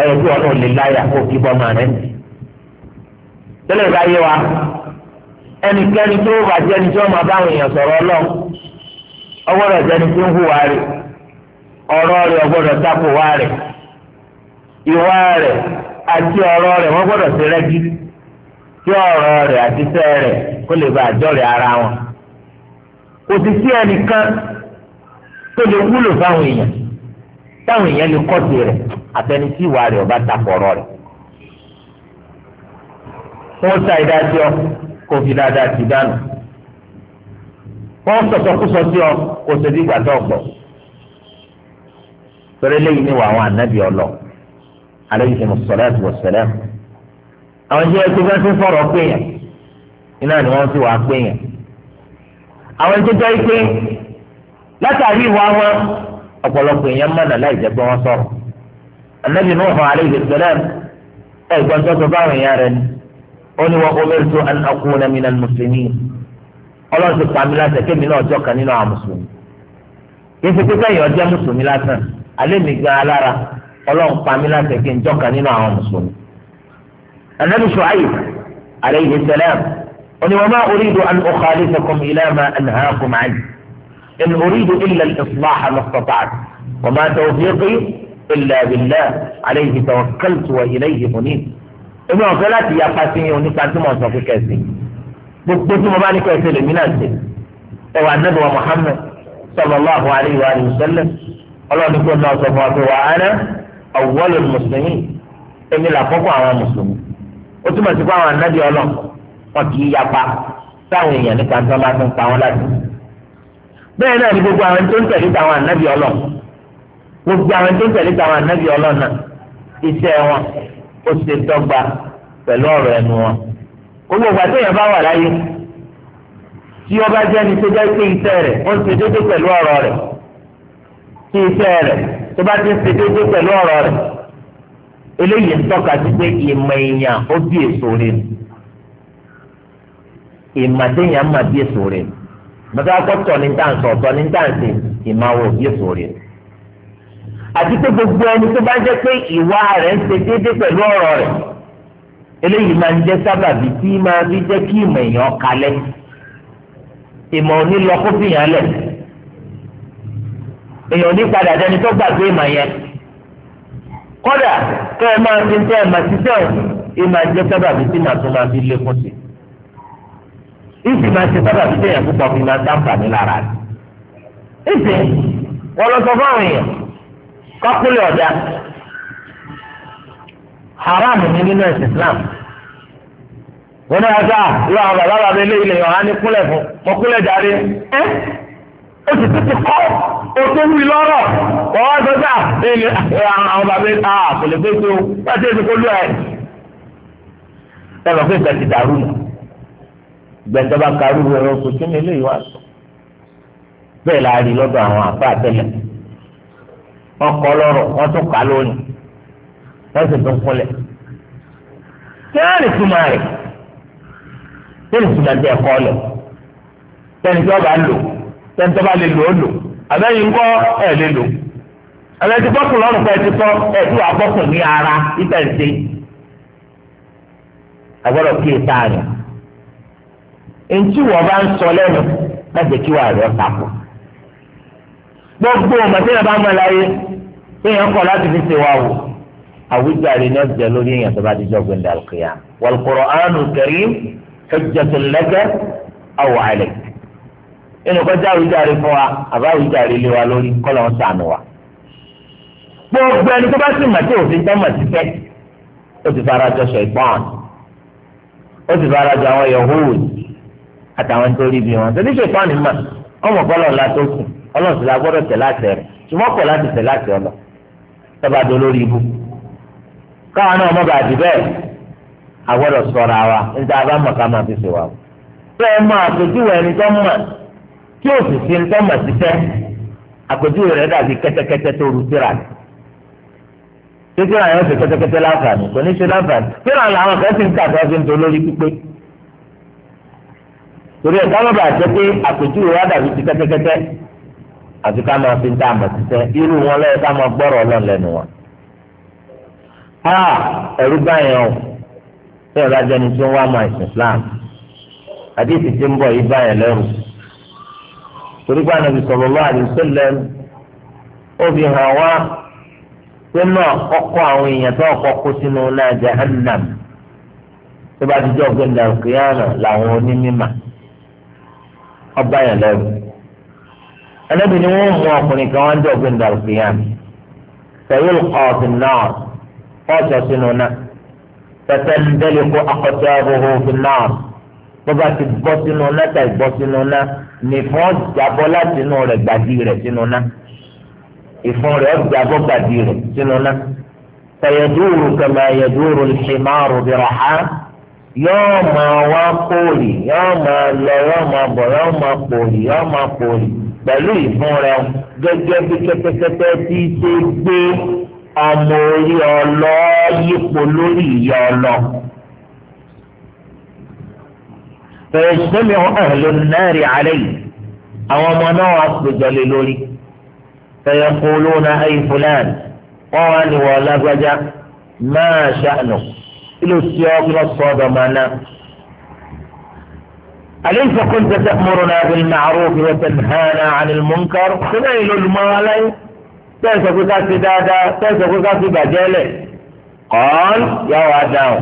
ẹ̀rọ tí wọn náà lè láyà kó kí bọ́ ọmọ rẹ̀ ní. tẹ́lẹ̀ bá yé wa ẹnikẹ́ni tó bàjẹ́ ni tí wọ́n máa bá àwọn èèyàn sọ̀rọ̀ lọ ọwọ́ rẹ̀ tí ń hùwà rẹ̀ ọ̀rọ̀ rẹ̀ ọgbọ́dọ̀ tako wá rẹ̀ ìwà rẹ̀ àti ọ̀rọ̀ rẹ̀ wọ́n gbọ́dọ̀ ṣe rẹ́gí tí ọ̀rọ̀ rẹ̀ àti iṣẹ́ rẹ̀ kó lè bá àjọ rẹ̀ ara wọn. kò sì sí ẹnìkan tó lè wúlò fáwọn èèyàn táwọn èèyàn lè kọ́sì rẹ̀ àtẹni tí ìwà rẹ̀ ọba ta pọ̀rọ̀ rẹ̀. wọ́n sa ìdá sí ọ kò fi dáadáa sí dànù. wọ́n sọ̀sọ̀kúsọ sí ọ kò sì dìgbà tó gbọ̀. torí lẹ́yìn ni wà àwọn ànábì ọlọ alayhi salatu wa salam. àwọn jẹ́ ẹgbẹ́ bá ti fọ̀rọ̀ péyàn iná ni wọ́n ti wà péyàn. àwọn jẹ́jẹ́ látàrí ìwà wọn ọ̀pọ̀lọpọ̀ èèyàn mọ̀nà láì jẹ́ gbọ́n sọ̀rọ̀ anabi nuhu alayhi salam ẹ̀ gbọ́n tó tó báwọn èèyàn rẹ̀ ni ó ní wa umirtu an akuna minal muslimin ọlọ́run ti pàmí láti ẹ̀kẹ́ mi náà ọjọ́ kan nínú àwọn mùsùlùmí kí n ti pípẹ́ yìí ọjọ́ mùsùlùmí lásán alẹ́ mi gan alára ọlọ́run pàmí láti ẹ̀kẹ́ إن أريد إلا الإصلاح ما استطعت وما توفيقي إلا بالله عليه توكلت وإليه منيب èmi ọ̀fẹ́ láti yapa sí yín onípa tí mo sọ pé kẹsì gbogbo tí mo bá ní kẹsì lèmi náà ṣe ẹ wà nẹ́bí wa Muhammad sallallahu alayhi wa sallam ọlọ́run kò náà sọ fún wa pé wà á rẹ ọ̀wọ́lẹ̀ mùsùlùmí èmi làkọ́kọ́ àwọn mùsùlùmí ó túmọ̀ sí pé àwọn anábì ọlọ́ wọn kì í yapa sáwọn èèyàn nípa tí wọ́n bá tún pa wọn láti bẹ́ẹ̀ náà ni gbogbo àwọn tó ń tẹ̀lé tàwọn ànábì ọlọ́run gbogbo àwọn tó ń tẹ̀lé tàwọn ànábì ọlọ́run náà iṣẹ́ wọn ó ṣe dọ́gba pẹ̀lú ọ̀rọ̀ ẹnu wọn. gbogbo ìgbà tó yẹn bá wà láyé tí ọba jẹ́ ni tó jẹ́ pé iṣẹ́ rẹ̀ ó ń ṣe déédé pẹ̀lú ọ̀rọ̀ rẹ̀ tí iṣẹ́ rẹ̀ tó bá ti ń ṣe déédé pẹ̀lú ọ̀rọ̀ rẹ̀ eléyìí ń tọ́ka sí pé ìmọ̀ èèyàn ó bí èso rẹ̀ ìmọ̀ bàtà akọ́tọ̀ ní tàǹsì ọ̀tọ̀ ní tàǹsì ìmáwó òbí sòrè. àti pé gbogbo ẹni tó bá jẹ́ pé ìwà rẹ̀ ń ṣe déédéé pẹ̀lú ọ̀rọ̀ rẹ̀ eléyìí máa ń jẹ́ sábàbí tí máa fi jẹ́ kí ìmọ̀ èèyàn kalẹ̀ ìmọ̀ òní lọ kó fìyàn lẹ̀ èèyàn òní padà dẹni tó gbàgbé ìmọ̀ yẹn kódà kẹ́ ẹ máa fi tẹ́ ẹ ṣiṣẹ́ ìmọ̀ àjẹsábàbí tí màá tún máa fi lékún sí ìsì máa ṣe sábà fi déyàn púpọ̀ fi máa dáǹfà ní lára rẹ̀. ìsì wọn lọ sọ fáwọn èèyàn kọ́kúlẹ̀ ọ̀dà haram ní nínú ẹ̀sìn Islam. wọn náà sá irú àwọn bàbá bàbá ilé ilé yàn á ní kúnlẹ̀ fún mọ́kúnlẹ̀ jáde ẹ́ ó sì tún ti kọ́ òtó wí lọ́rọ̀ wọ́n wá sọ́jà ilé àwọn bàbá ilé kò lè gbé tó wọ́n ti èsì kó lú ẹ̀. ẹ lọ fún ìgbà ti dàrú nù gbẹ̀ntọ́ba karú rẹ̀ oṣù kí ni eléyìí wá sọ bẹ́ẹ̀ la rí lọ́dọ̀ àwọn àfa àtẹlẹ wọ́n kọ́ lọ́rọ̀ wọ́n tún kà lónìí wọ́n sì tún kúnlẹ̀ kí wọ́n lè túmọ̀ rẹ̀ kí lè túmọ̀ tẹ̀ kọ́ lẹ̀ tẹ̀ni tí wọ́n bá lò tẹ̀ni tí wọ́n bá lè lò ó lò àbẹ́yìn kọ́ ẹ̀ lè lò àbẹ́yìn tí bọ́kùn lọ́rùn pẹ̀ ti tọ́ ẹ̀ tí wàá bọ́kùn ní ara ìtẹ̀sí agbọ́dọ̀ kí ìta rẹ̀ ntí wọ́n bá ń sọ lẹ́nu láti kí wàá rẹ̀ papọ̀. gbogbo ọmọ tí yẹn bá mọ láyé tí yẹn kọ̀ láti fi ṣe wá wò àwùjáde náà jẹ lórí èèyàn tó bá ti jọ gbẹndà àlùkìyà wal Qur'anul Karim hujjatun laka aw alayk. inú kọjá àwùjáde fún wa àbá àwùjáde lé wa lórí kọ́lọ̀ ń sànù wa. gbogbo ẹni tó bá sì mà òfin tán mà ti ó ti fara jọ ṣe ìpọ́n ó ti fara jọ àwọn Yahudi àtàwọn tó rí bí wọn tẹ̀lé ṣe fáwọn ìmọ̀ ọmọ bọ́lọ̀ ńlá tó kù ọlọ́run sì la gbọ́dọ̀ tẹ̀ láti rẹ̀ ṣùgbọ́n kọ̀ láti tẹ̀ láti ọlọ tọ́ba do lórí ibu káwọn náà mọ̀ bá di bẹ́ẹ̀ àgbọ́dọ̀ sọ̀rọ̀ àwa níta bá mọ̀ ká máa fi ṣèwà o. bẹ́ẹ̀ mọ àpèjúwe ẹni tó mọ̀ tí ò sì fi tó mọ̀ síṣẹ́ àpèjúwe rẹ̀ dàbí kẹ́tẹ́kẹ́tẹ́ tó ru tíra ni títíra yẹn ó fi kẹ́tẹ́kẹ́tẹ́ láǹfààní kò ní ṣe láǹfààní tíra làwọn kan ti ń tà tó ń do pípé. torí ẹ̀ káwọn bá jẹ́ pé àpèjúwe wa dàbí ti kẹ́tẹ́kẹ́tẹ́ àti ká máa fi ń dá àmọ̀ títẹ́ irú wọn lẹ́yìn ká máa gbọ́rọ̀ lẹ́nu wọn. a ẹ̀rú tí ọ̀rọ̀ ajẹni tí wọ́n wá máa ìsìn Islam àdéhìí bọ̀ lẹ́rù. torí pé ọba yẹn lẹ́rù ẹlẹ́bi ni wọ́n mú ọkùnrin kan wọ́n ń dọ̀gbé ń dàrú fìyàn sẹ́yìn kọ́ọ̀tù náà kọ́ọ̀tù sínú náà tẹ̀tẹ̀ ń dẹ́lẹ̀ kó akọ̀tọ̀ ẹ̀rọ òfin náà bọ́ba ti bọ́ sínú náà tàì bọ́ sínú náà nìfọ́n jábọ́ láti inú rẹ̀ gbàdí rẹ̀ sínú náà ìfún rẹ̀ jábọ́ gbàdí rẹ̀ sínú náà tẹ̀yẹ̀dúró kẹmẹ yóò máa wá pòrì yóò máa lọ yóò máa bọ̀ yóò máa pòrì yóò máa pòrì pẹ̀lú ìfún rẹ gẹ́gẹ́ bí kẹ́tẹ́kẹ́tẹ́ tí ṣe gbé ọmọ orí ọlọ yípo lórí ìyá ọlọ. fẹ̀yẹ̀sẹ̀mi ọ̀hẹ́lò náírì àárẹ̀ yìí àwọn ọmọ náà wàá péjọ lórí. fẹ̀yẹ̀ kúló ayé fúlàn wọ́n wá ní wọ́n lágbájá máa ṣàánú. إلو السياق للصادة معنا أليس كنت تأمرنا بالمعروف وتنهانا عن المنكر خليل المال تنسى قطع سدادة تنسى قطع سبجالة قال يا وعدناه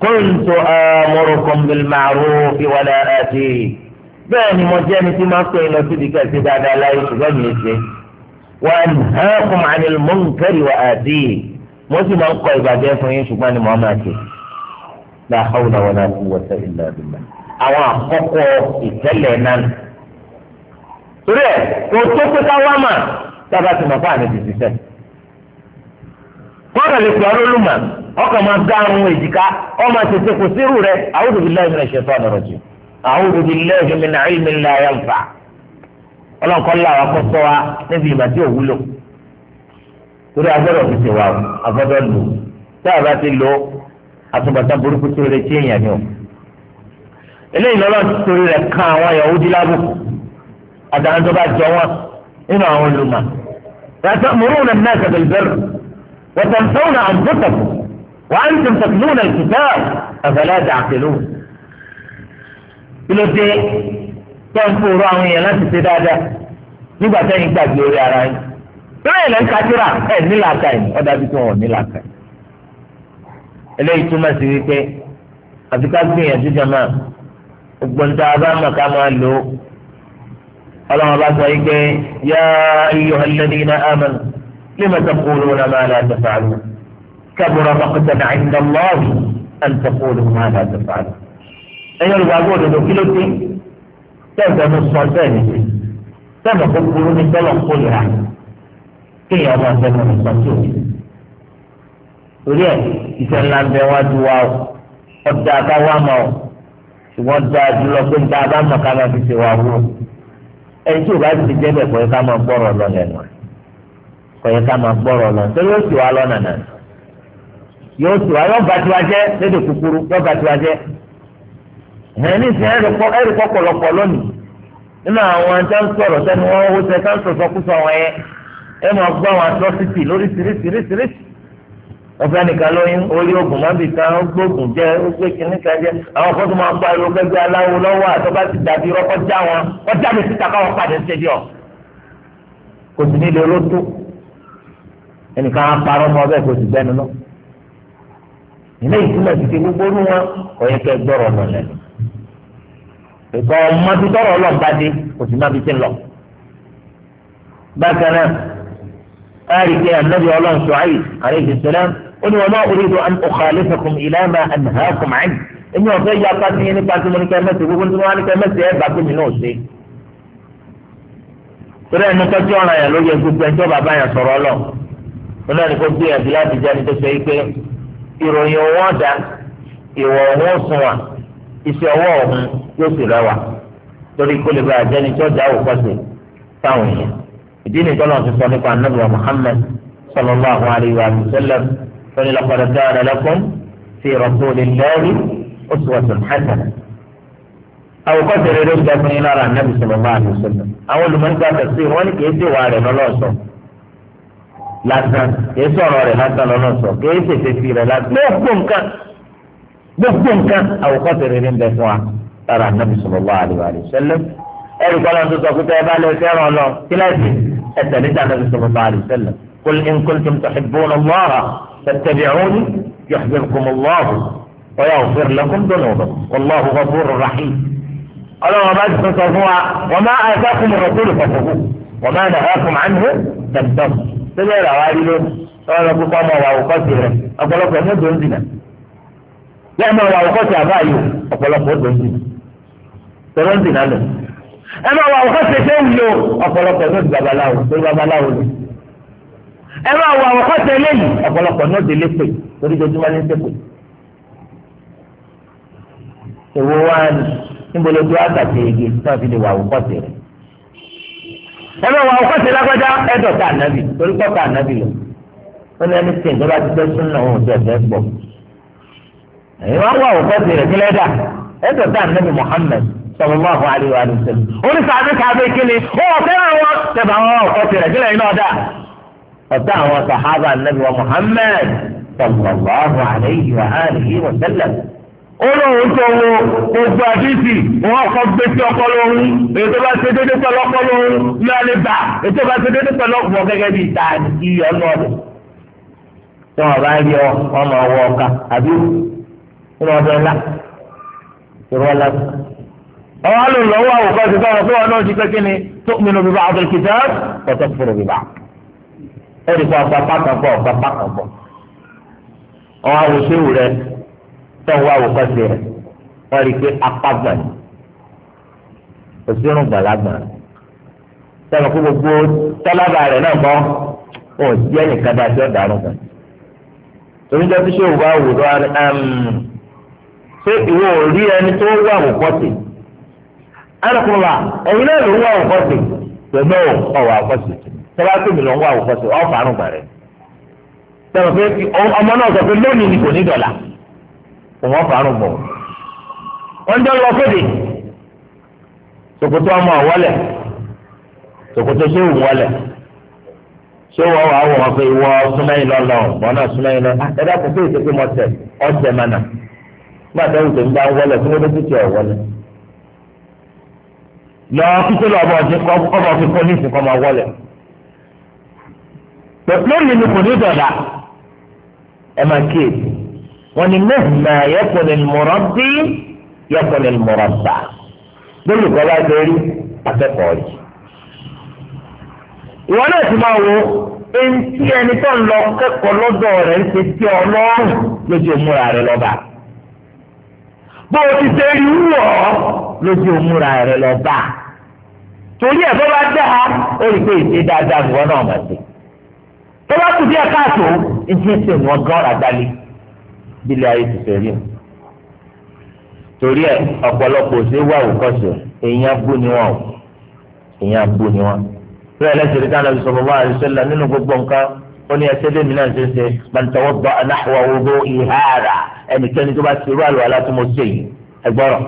كنت آمركم بالمعروف ولا آتي باني مجانة ما قيل في سدك سدادة لا يشغلني وأنهاكم عن المنكر وآتيه mo sì máa ń kọ ìbàjẹ́ fún yín ṣùgbọ́n ni mo máa ṣe la hawla wala quwwata illa billah àwọn àkọ́kọ́ ìtẹ́lẹ̀ náà torí ẹ̀ kò tó pé ká wá mà tábà tí mo fà ní ti ṣiṣẹ́ kọ́ọ̀rọ̀ lè pẹ̀lú olùmọ̀ ọkọ̀ máa dárun èjìká ọmọ tètè kò sírù rẹ a'udhu billahi minash shaitanir rajim a'udhu billahi min ilmin la yanfa ọlọ́nkọ́ làwọn akọ́sọ́ wa níbi ìgbà tí ò wúlò torí agbọ́dọ̀ fi ṣe wà o agbọ́dọ̀ lò tá a bá ti lo àtúbọ̀tán burúkú tó lè tí èèyàn ni o. eléyìí lọ́lọ́ torí rẹ̀ kan àwọn Yahudi lábùkù àtàwọn tó bá jọ wọn nínú àwọn olùmọ̀. yàtọ̀ mòrún náà náà kẹfẹ́ ìbẹ̀rù wọ́tàn sọ́wọ́n náà àǹtọ́tàkù wà á ń tẹ̀ tẹ̀kùnú náà dé tó ń àwọn èèyàn láti ṣe dáadáa nígbà tẹ́yìn gbàgbé orí ara yìí bẹ́ẹ̀ lẹ́ ń katira ẹ̀ nílàkà yìí ọ̀dà bí tí wọn ò nílàkà yìí. eléyìí túmọ̀ sí wípé àfi ká gbìyànjú jama ògbóǹta abáàmà ká máa lò ó ọlọ́run bá sọ yìí pé yá ayyuhal ladhina amanu lima taquluna ma la taf'alun kabura maqtan 'inda Allah an taqulu ma la taf'alun. ẹ̀yin olùgbàgbọ́ òdodo kí ló dé tẹ̀sán ló sọ sẹ́yìn sí sẹ́yìn kó burú ní tọ́lọ̀ kó yẹra kéèyàn máa fẹnu nìkan tó torí ẹ iṣẹ́ ńlá ń bẹ wájú wa o ọdọ àbá wa mọ o ṣùgbọ́n dá a dúró pé níta bá mọ ká máa fi ṣe wà wúrò ẹni tí o bá ti jẹ́ bẹ́ẹ̀ kọ́ yẹ ká máa gbọ́rọ̀ lọ lẹ́nu kọ́ yẹ ká máa gbọ́rọ̀ lọ nítorí ó sì wá lọ́nà náà yóò sì wá yóò bá tiwa jẹ́ lédè kúkúrú yóò bá tiwa jẹ́ ẹ̀ ní ìsìn ẹ̀rì kọ́ pọ̀lọpọ̀ lónìí nínú àwọn tó ẹ máa gbọ́ àwọn atrocity lóríṣiríṣiríṣiríṣi ọ̀fẹ́ nìkan lóyún orí oògùn mọ́bì kan ó gbóògùn jẹ́ ó gbé kínní kan jẹ́ àwọn kan tó máa ń pa irun gbẹgbẹ aláwo lọ́wọ́ àtọ́gbà ti dàbí rọ́kọ́ já wọn wọ́n jáde síta káwọn pàdé ń ṣẹ́jọ́ kò sí nílé olóńtó ẹnìkan á parọ́ mọ́ ọbẹ̀ kò sì gbẹ́nu lọ. ilé ìtumọ̀ ti fi gbogbo orú wọn ọ̀yẹ́ kẹ́ gbọ́rọ̀ lọ lẹ́nu. ìkọ́ ọmọdé tọrọ ọlọ́ọ̀bá kò sì má bi ti lọ. bákan náà آرك النبي الله شعيب عليه السلام قل وما أريد أن أخالفكم إلى ما أنهاكم عنه إني أصيب أقاتني أنك أتمنى كمسي وقلت أنا كمسي أبقى كل نوسي torí ẹni tọ́jú ọ̀ràn yẹn ló yẹ gbogbo ẹni tó bàbá yẹn sọ̀rọ̀ lọ wọn náà ní kó gbìyànjú láti jẹ́ ẹni tó ṣe é pé ìròyìn òun ọ̀dà ìwọ̀ òun òsùnwà iṣẹ́ ọwọ́ òun yóò sì rẹwà torí kó lè bá àjẹni tó dá òkọ́ sí táwọn èèyàn ìdí ni tọ́lọ̀ ti sọ nípa anábìwá muhammed sallallahu alayhi wa sallam fẹ́ni laqad kana lakum fi rasulillahi uswatun hasana. àwòkọ́ tẹ̀lé ló gba fún yín lára anábì sallallahu alayhi wa sallam. àwọn olùmọ̀nígbà tẹ̀sí wọn ni kìí ṣèwà rẹ̀ lọ́lọ́sọ lásán kìí sọ̀rọ̀ rẹ̀ lásán lọ́lọ́sọ kìí ṣèṣèṣì rẹ̀ lásán gbogbo nǹkan gbogbo nǹkan àwòkọ́ tẹ̀lé ló ń bẹ fún wa lára anábì sallallahu alayhi wa sallam. ẹ̀rù kọ́lọ́ tó sọ pé ẹ bá lè fẹ́ràn lọ kíláàsì ẹ̀sẹ̀ níta nàbì sallallahu alaihi wasallam qul in kuntum tuhibbuna Allaha fattabi'uni yuhbibkum Allahu wa yaghfir lakum dhunubakum wallahu ghafurur rahim. ọlọ́run bá ti sọ fún wa wa ma atakum ar-rasulu fakhudhuhu wa ma nahakum anhu fantahu síbẹ̀ rà wá rí lónìí ọlọ́run kó kọ́ ọmọ wa òkọ́ sí rẹ̀ ọ̀pọ̀lọpọ̀ ẹ̀mí ọdún dìnnà lẹ́ẹ̀mọ̀ wa òkọ́ sí àbáyé ọ̀pọ̀lọpọ̀ ọdún dìnnà tọ́lọ́ dìnnà lọ. ẹ máa wà wọ́n ṣe fẹ́ lo ọ̀pọ̀lọpọ̀ náà di babaláwo torí babaláwo ni ẹ máa wà wọ́n ṣe eléyìí ọ̀pọ̀lọpọ̀ náà di lépè torí dojúmọ́ ní sẹ́pẹ̀. èwo wá ní níbo lójú àgbàtì ege náà fi lè wà wọ́n kọ́sì rẹ̀ ẹ máa wà wọ́n kọ́sì lágbájá ẹ̀dọ̀ ká ànábì torí kọ́ ká ànábì lọ ó ní ẹni ti náà fẹ́ sallallahu alaihi wa sallam oníṣàbí kàbí kíni ó ọ̀fẹ́ àwọn tẹ̀bà àwọn ọ̀kọ́ tirẹ̀ kílẹ̀ iná ọ̀dà ọ̀tá àwọn sàhábà nàbí wa Muhammad sallallahu alaihi wa alihi wa sallam olóhùn tó wo gbogbo àdìsí wọn kọ gbé sí ọpọlọ ohun ètò bá ṣe déédéé pẹ̀lú ọpọlọ ohun náà lè bà ètò bá ṣe déédéé pẹ̀lú ọpọlọ gẹ́gẹ́ bíi ìta ìyọ náà tí wọn bá rí ọ wọn máa wọ ọkà àbí wọn ńlá àwọn alòlọ́wọ́ àwòkọ́ ti sọ̀rọ̀ pé wọn náà ti pẹ́ kí ni tó minú bíbá àbẹ̀kìtà ọ̀tọ̀ fúru bíbá ẹ̀rì kọ́ ọ̀pá pàkàn pọ̀ ọ̀pá pàkàn pọ̀ àwọn àwòṣẹ́wò rẹ tọ́wọ́ àwòkọ́ ti rẹ̀ wọ́n rí i pé apágbà ni òsínú gbàlagbà sọ̀rọ̀ pé gbogbo tọ́lábà rẹ̀ náà bọ́ ọ̀ jẹ́ nìkan dá sí ọ̀daràn kan torí jẹ́ tíṣe òwúrọ̀ àwòrán ṣé ìwọ ò ẹni tó wà òkọ́ sí ẹnìkùnlá a, náà ló ń wá òkọ́sì pẹ̀lú ọ̀wà òkọ́sì tọ́lá tó mi lọ ń wá òkọ́sì ọrụ àrùn gbàrẹ́ tọ́lá pé ọmọ náà sọ pé lónìí ọrụ ní dọ̀là òun ọ̀fà àrùn gbọ̀ wọ́n lọ fèdè ọmọ wọn wọn náà ah, kò sí ń bá lọ́wọ́ kí tó lọ́wọ́ ọdún kọ́mọ fi pọ́lísì kọ́mọ wọlé. lórí ni kò ní dọ̀dà ẹ máa kíyèsí wọn ni mẹ́hìnmá yẹ́kùnrin mọ̀rọ̀ bí yẹ́kùnrin mọ̀rọ̀ bá lórí ìkọ́ bá ṣe rí akẹ́kọ̀ọ́ rí. ìwọ náà ti máa wo eŋti ẹni tó ń lọ kẹ́kọ̀ọ́ lọ́dọ̀ rẹ̀ ń ṣe tí ọlọ́run lójú òmùra rẹ̀ lọ́ba bó o ti ṣe rí wọ̀ ọ́ lójú òmùra rẹ lọ bá a torí ẹ̀ bó bá dá a ó rí i pé ìṣe dáadáa ìwọ náà mà sí tó bá kù díẹ̀ káàtó ìṣe ṣe wọn gan àgbálẹ bílẹ ayé ti fẹ rí o torí ẹ̀ ọ̀pọ̀lọpọ̀ ṣe wà òkọṣẹ èèyàn bú ni wọn o èèyàn bú ni wọn. bí ẹlẹ́sìn rí káàdà bí sọ̀rọ̀ bá àrísẹ́ la nínú gbogbo nǹkan ó ní ẹsẹ milan mi náà ṣe ń ṣe bàtàwọ tó bá ti rú àlùwàlá tó mo ṣe yìí ẹgbọràn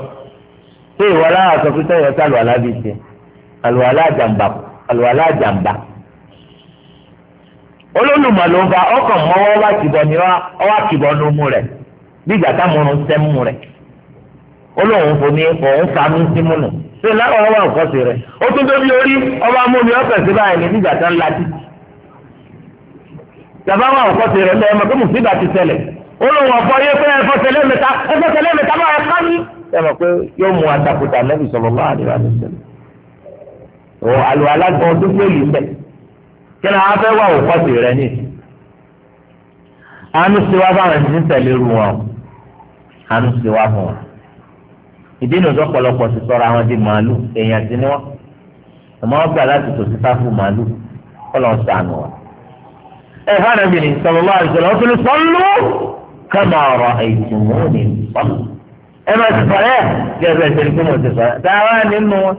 ṣé ìwọ aláwọ sọ pé sẹyìn bi àlùwàlá bíi ṣe àlùwàlá àjàmbá àlùwàlá àjàmbá olólùmọ̀ ló ń fa ọkàn mọ́wọ́ kìbọ̀ ní ọwá kìbọ̀ ní ọmú rẹ̀ bí ìgbà táwọn ọ̀run sẹ́mú rẹ̀ olóhùn fún mi òun fanú nù tún tóbi orí mú mi bàbá wa ọ̀fọ́ ti rẹ̀ lẹ́yìn mọ̀tò mùsùlùmí ti ṣẹlẹ̀ ó lò wọ̀ fọ yé pé ẹ̀fọ́ tẹ̀lé mẹ́ta ẹ̀fọ́ tẹ̀lé mẹ́ta máa ká ní. ẹ mọ̀ pé yóò mú atakuta nẹ́bí sọ̀rọ̀ máa ní wàá ọ̀ àlọ́ alágbọ̀n ọdún fẹ́ẹ̀lì mbẹ̀ kí ni a fẹ́ wà ọ̀fọ́ ti rẹ̀ ní. àánú sí wa bá wọn ní tẹ̀lé ru wọn àánú sí wa fún wọn. ìdí nu sọ̀pọ̀lọpọ̀ ti sọ̀rọ̀ àwọn wọn. àmọ́ màálù ẹ hàn mí sọlọlá àìsàn ọtún ní sọlọ kàmá ọ̀rọ̀ àìsàn mọ ní sọlọ ẹ máa ti sọ̀rọ̀ ẹ kí ẹ bẹ́ẹ̀ tẹ́lẹ̀ kó mo ti sọ̀rọ̀ dáhà nínú wọn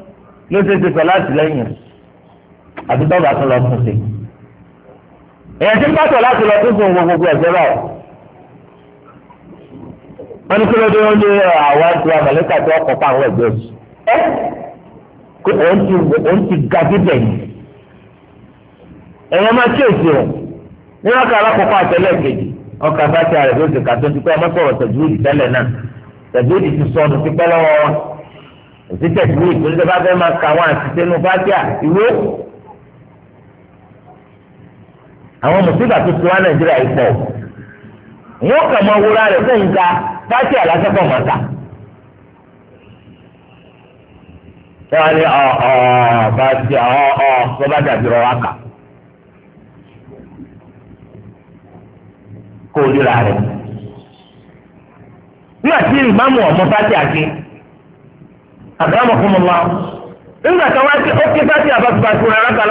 ló ti ti sọ láti lẹ́yìn àti bàbá tó lọ tún sí èyàn ti ń bá sọ láti lọ tún fún gbogbo ẹgbẹ́ báyìí wọn ní kí nínú ọkà alákọ̀ọ́kọ́ àtẹlẹ kejì ọkà bàtà rẹ̀ ló ti kà tó ti pẹ́ ọmọ sọ̀rọ̀ tẹ̀síwìdì tẹ́lẹ̀ náà ti sọnù ti wọn tó ń bá máa kà wọ́n àti ìwé. àwọn mùsùlùmí ti nàìjíríà yìí pọ̀ wọ́n kà máa wúra rẹ̀ fún nǹka bàtà kó o rẹ rẹ̀ nígbà tí ìmáàmù ọmọ bá ti àgé fún mi wá nígbà tí wọ́n ti ó ké bá ti rákà ó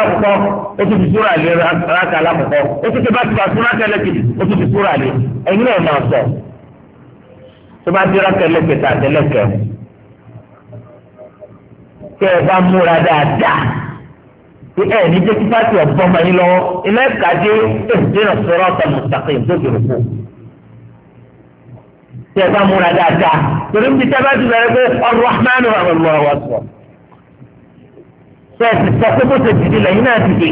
ti fi súra lé rákà lákòókò ó ti ké bá rákà lẹ́kẹ̀ẹ́ ó ti fi súra lé ẹ̀yin náà máa sọ pé ẹ ní jẹ́ kíkà tí ọ̀bọ̀n máa yín lọ́wọ́ iná ẹ̀ka dé ìdènà sọ̀rọ̀ ọ̀tọ̀ mùsàkì ìdókòrò kù. tẹ bá múra dáadáa torí ń bi tẹ bá ti bẹ̀rẹ̀ pé Ar-Rahman àwọn ọmọ wa sọ. tẹ ti sọ pé bó ṣe dìde lẹ́yìn náà dìde.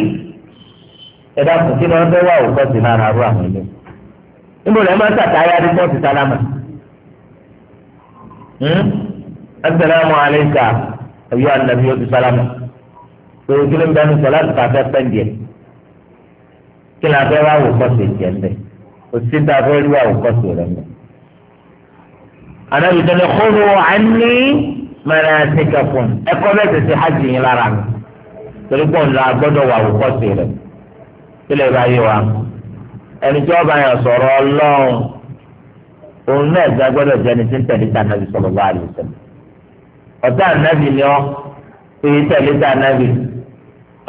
ẹ dá kùn kí ni wọn fẹ́ wá òkú ọ̀sìn náà rárá àwọn ilé. níbo lẹ́yìn máa ń sàtáyà rí bọ́ọ̀sì sálámà. Hmm? asalaamualeykum ayyuhan nabiyyu sálámà pèrè kí ló ń dánú sọ láti pàṣẹ pẹ́ǹdì ẹ̀ kí ni abẹ́ wà wò kọ́sì ìjẹ́ ńbẹ òsì tá a fẹ́ rí wà wò kọ́sì rẹ̀ ńbẹ. ànábì tẹ́lẹ̀ kóró àní mẹ́rin àti kẹfọ́n ẹ̀kọ́ bẹ́ẹ̀ tẹ̀sí hajj yín lára mi torí pọ̀ ńlá gbọ́dọ̀ wà wò rẹ̀ kí lè bá yé wa ẹni tí wọ́n bá yàn sọ̀rọ̀ ọlọ́run òun náà ẹ̀dá gbọ́dọ̀ jẹ́ ẹni tí ń tẹ̀lé tá ànábì sọ̀rọ̀ bá àlùsẹ̀ ọ̀tá ànábì ni ọ́ èyí tẹ̀lé tá ànábì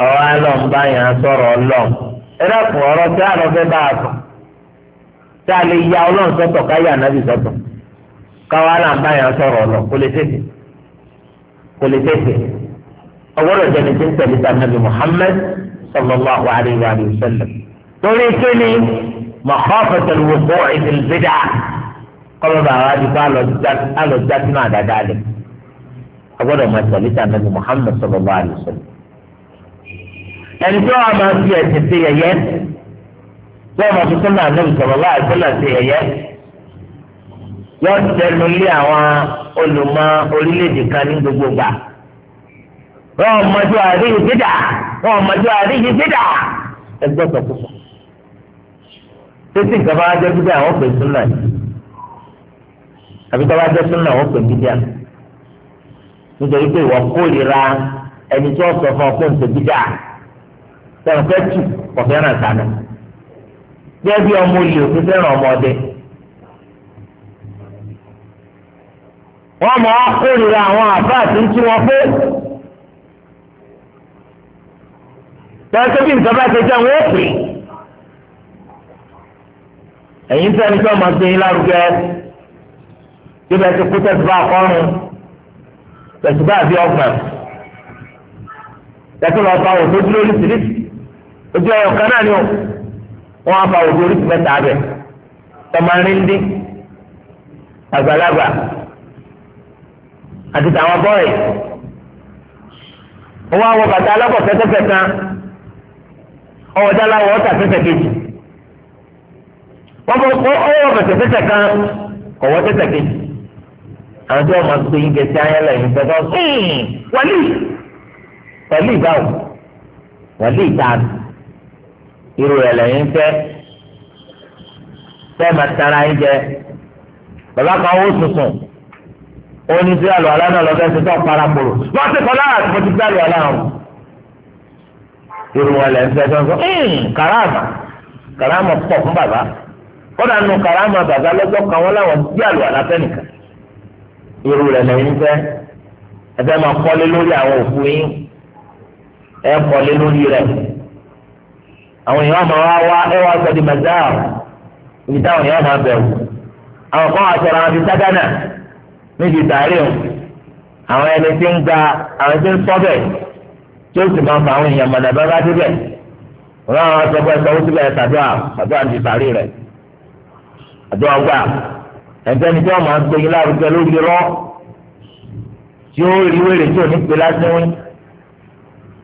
ọ̀rọ̀ alọ́n bá yàn án sọ̀rọ̀ ọlọ́n ẹlẹ́kùn ọ̀rọ̀ tí a lọ fẹ́ bá a sùn tí a lè ya ọlọ́n sọ̀tọ̀ ká yà nábì sọ̀tọ̀ káwa náà bá yàn án sọ̀rọ̀ ọlọ́n kò lè tètè kò lè tètè ọgbọ́dọ̀ jẹni tí ń tẹ̀lé ta nàbì Muhammad sallallahu alayhi wa sallam torí kíni makhafatul wuqu'i fil bid'ah kọ́mọ́ bá ẹni tí wọ́n máa fi ẹ̀sìn ṣe yẹ̀yẹ́ tí wọ́n máa fi sọ́nà ànábì sọ̀rọ̀ láì sọ́nà ṣe yẹ̀yẹ́ yọ tẹnu lé àwọn olùmọ̀ orílẹ̀-èdè kan ní gbogbo gbà wọ́n mọ̀jú àríyí dídà wọ́n mọ̀jú àríyí dídà ẹgbẹ́ sọ̀kúsọ. títí nǹkan bá jẹ́ dídà wọ́n pè súnà yìí àbí tó bá jẹ́ súnà wọ́n pè dídà nítorí pé ìwọ kórìíra ẹni tí sọ fún ọ pé ń pè tẹ̀wọ̀n tù ọ̀fẹ́ ràn sànà jẹ́ bí ọmọ olè òfin fẹ́ràn ọmọ wọ́n mọ̀ á kórìíra àwọn àfáà tí ń tú wọn pé tẹ̀wọ́n tó bí jẹ́ wọ́n pè ẹ̀yin sẹ́ni tí wọ́n máa gbé yín lárugẹ bí bẹ́ẹ̀ ti kú tẹ̀síbá ọkọ́rùn tẹ̀síbá àbí ọgbà tẹ̀síbá ọba òṣèlú lórí tìrìtì ojú ẹyọ kan náà ni o wọn á fa òjò oríṣi mẹ́ta abẹ tọmọrìndín àgbàlagbà àti tàwọn bọ́ọ̀ì wọn á wọ bàtà alábọ̀ pẹ́tẹ́pẹ́ kan ọwọ́ dá láwọ̀ ọ́tà pẹ́tẹ́ kejì wọn bọ ọwọ́ bàtà pẹ́tẹ́ kan ọwọ́ pẹ́tẹ́ kejì àwọn tí wọn máa gbé yín kẹsí ayé lẹ́yìn pẹ̀lú hmm, wàlíì pẹ̀lú ìbáwò wàlíì dáadọ. irú rẹ̀ lẹ́yìn fẹ́ sẹ́ẹ̀mà tara yín jẹ bàbá kan ó sùsùn ó ní sí àlọ́ àlá náà lọ́fẹ́ tó para kpòrò wọ́n ti kọ́ lára àti mo ti gbé karama hmm, karama fún bàbá kódà nù karama bàbá kan kọ́lé lórí àwọn òfin kọ́lé àwọn èèyàn máa wá wá ẹ wá sọ di mazar ibi táwọn èèyàn máa bẹ̀rù àwọn kan wà sọ̀rọ̀ àwọn ti sádánà níbi ìtàrí o àwọn ẹni tí ń ga àwọn tí ń sọ́bẹ̀ tí ó sì máa fa àwọn èèyàn mọ̀nà bá bá síbẹ̀ wọn àwọn sọgbọn ẹsẹ wọn síbẹ̀ ṣàdúrà ṣàdúrà ti ìtàrí rẹ̀ àdúrà gbà ẹ̀ńtẹ́ni tí wọ́n máa ń gbé yín lárugẹ lórí rọ́ tí ó rí wèrè tí ò ní pè lásìwín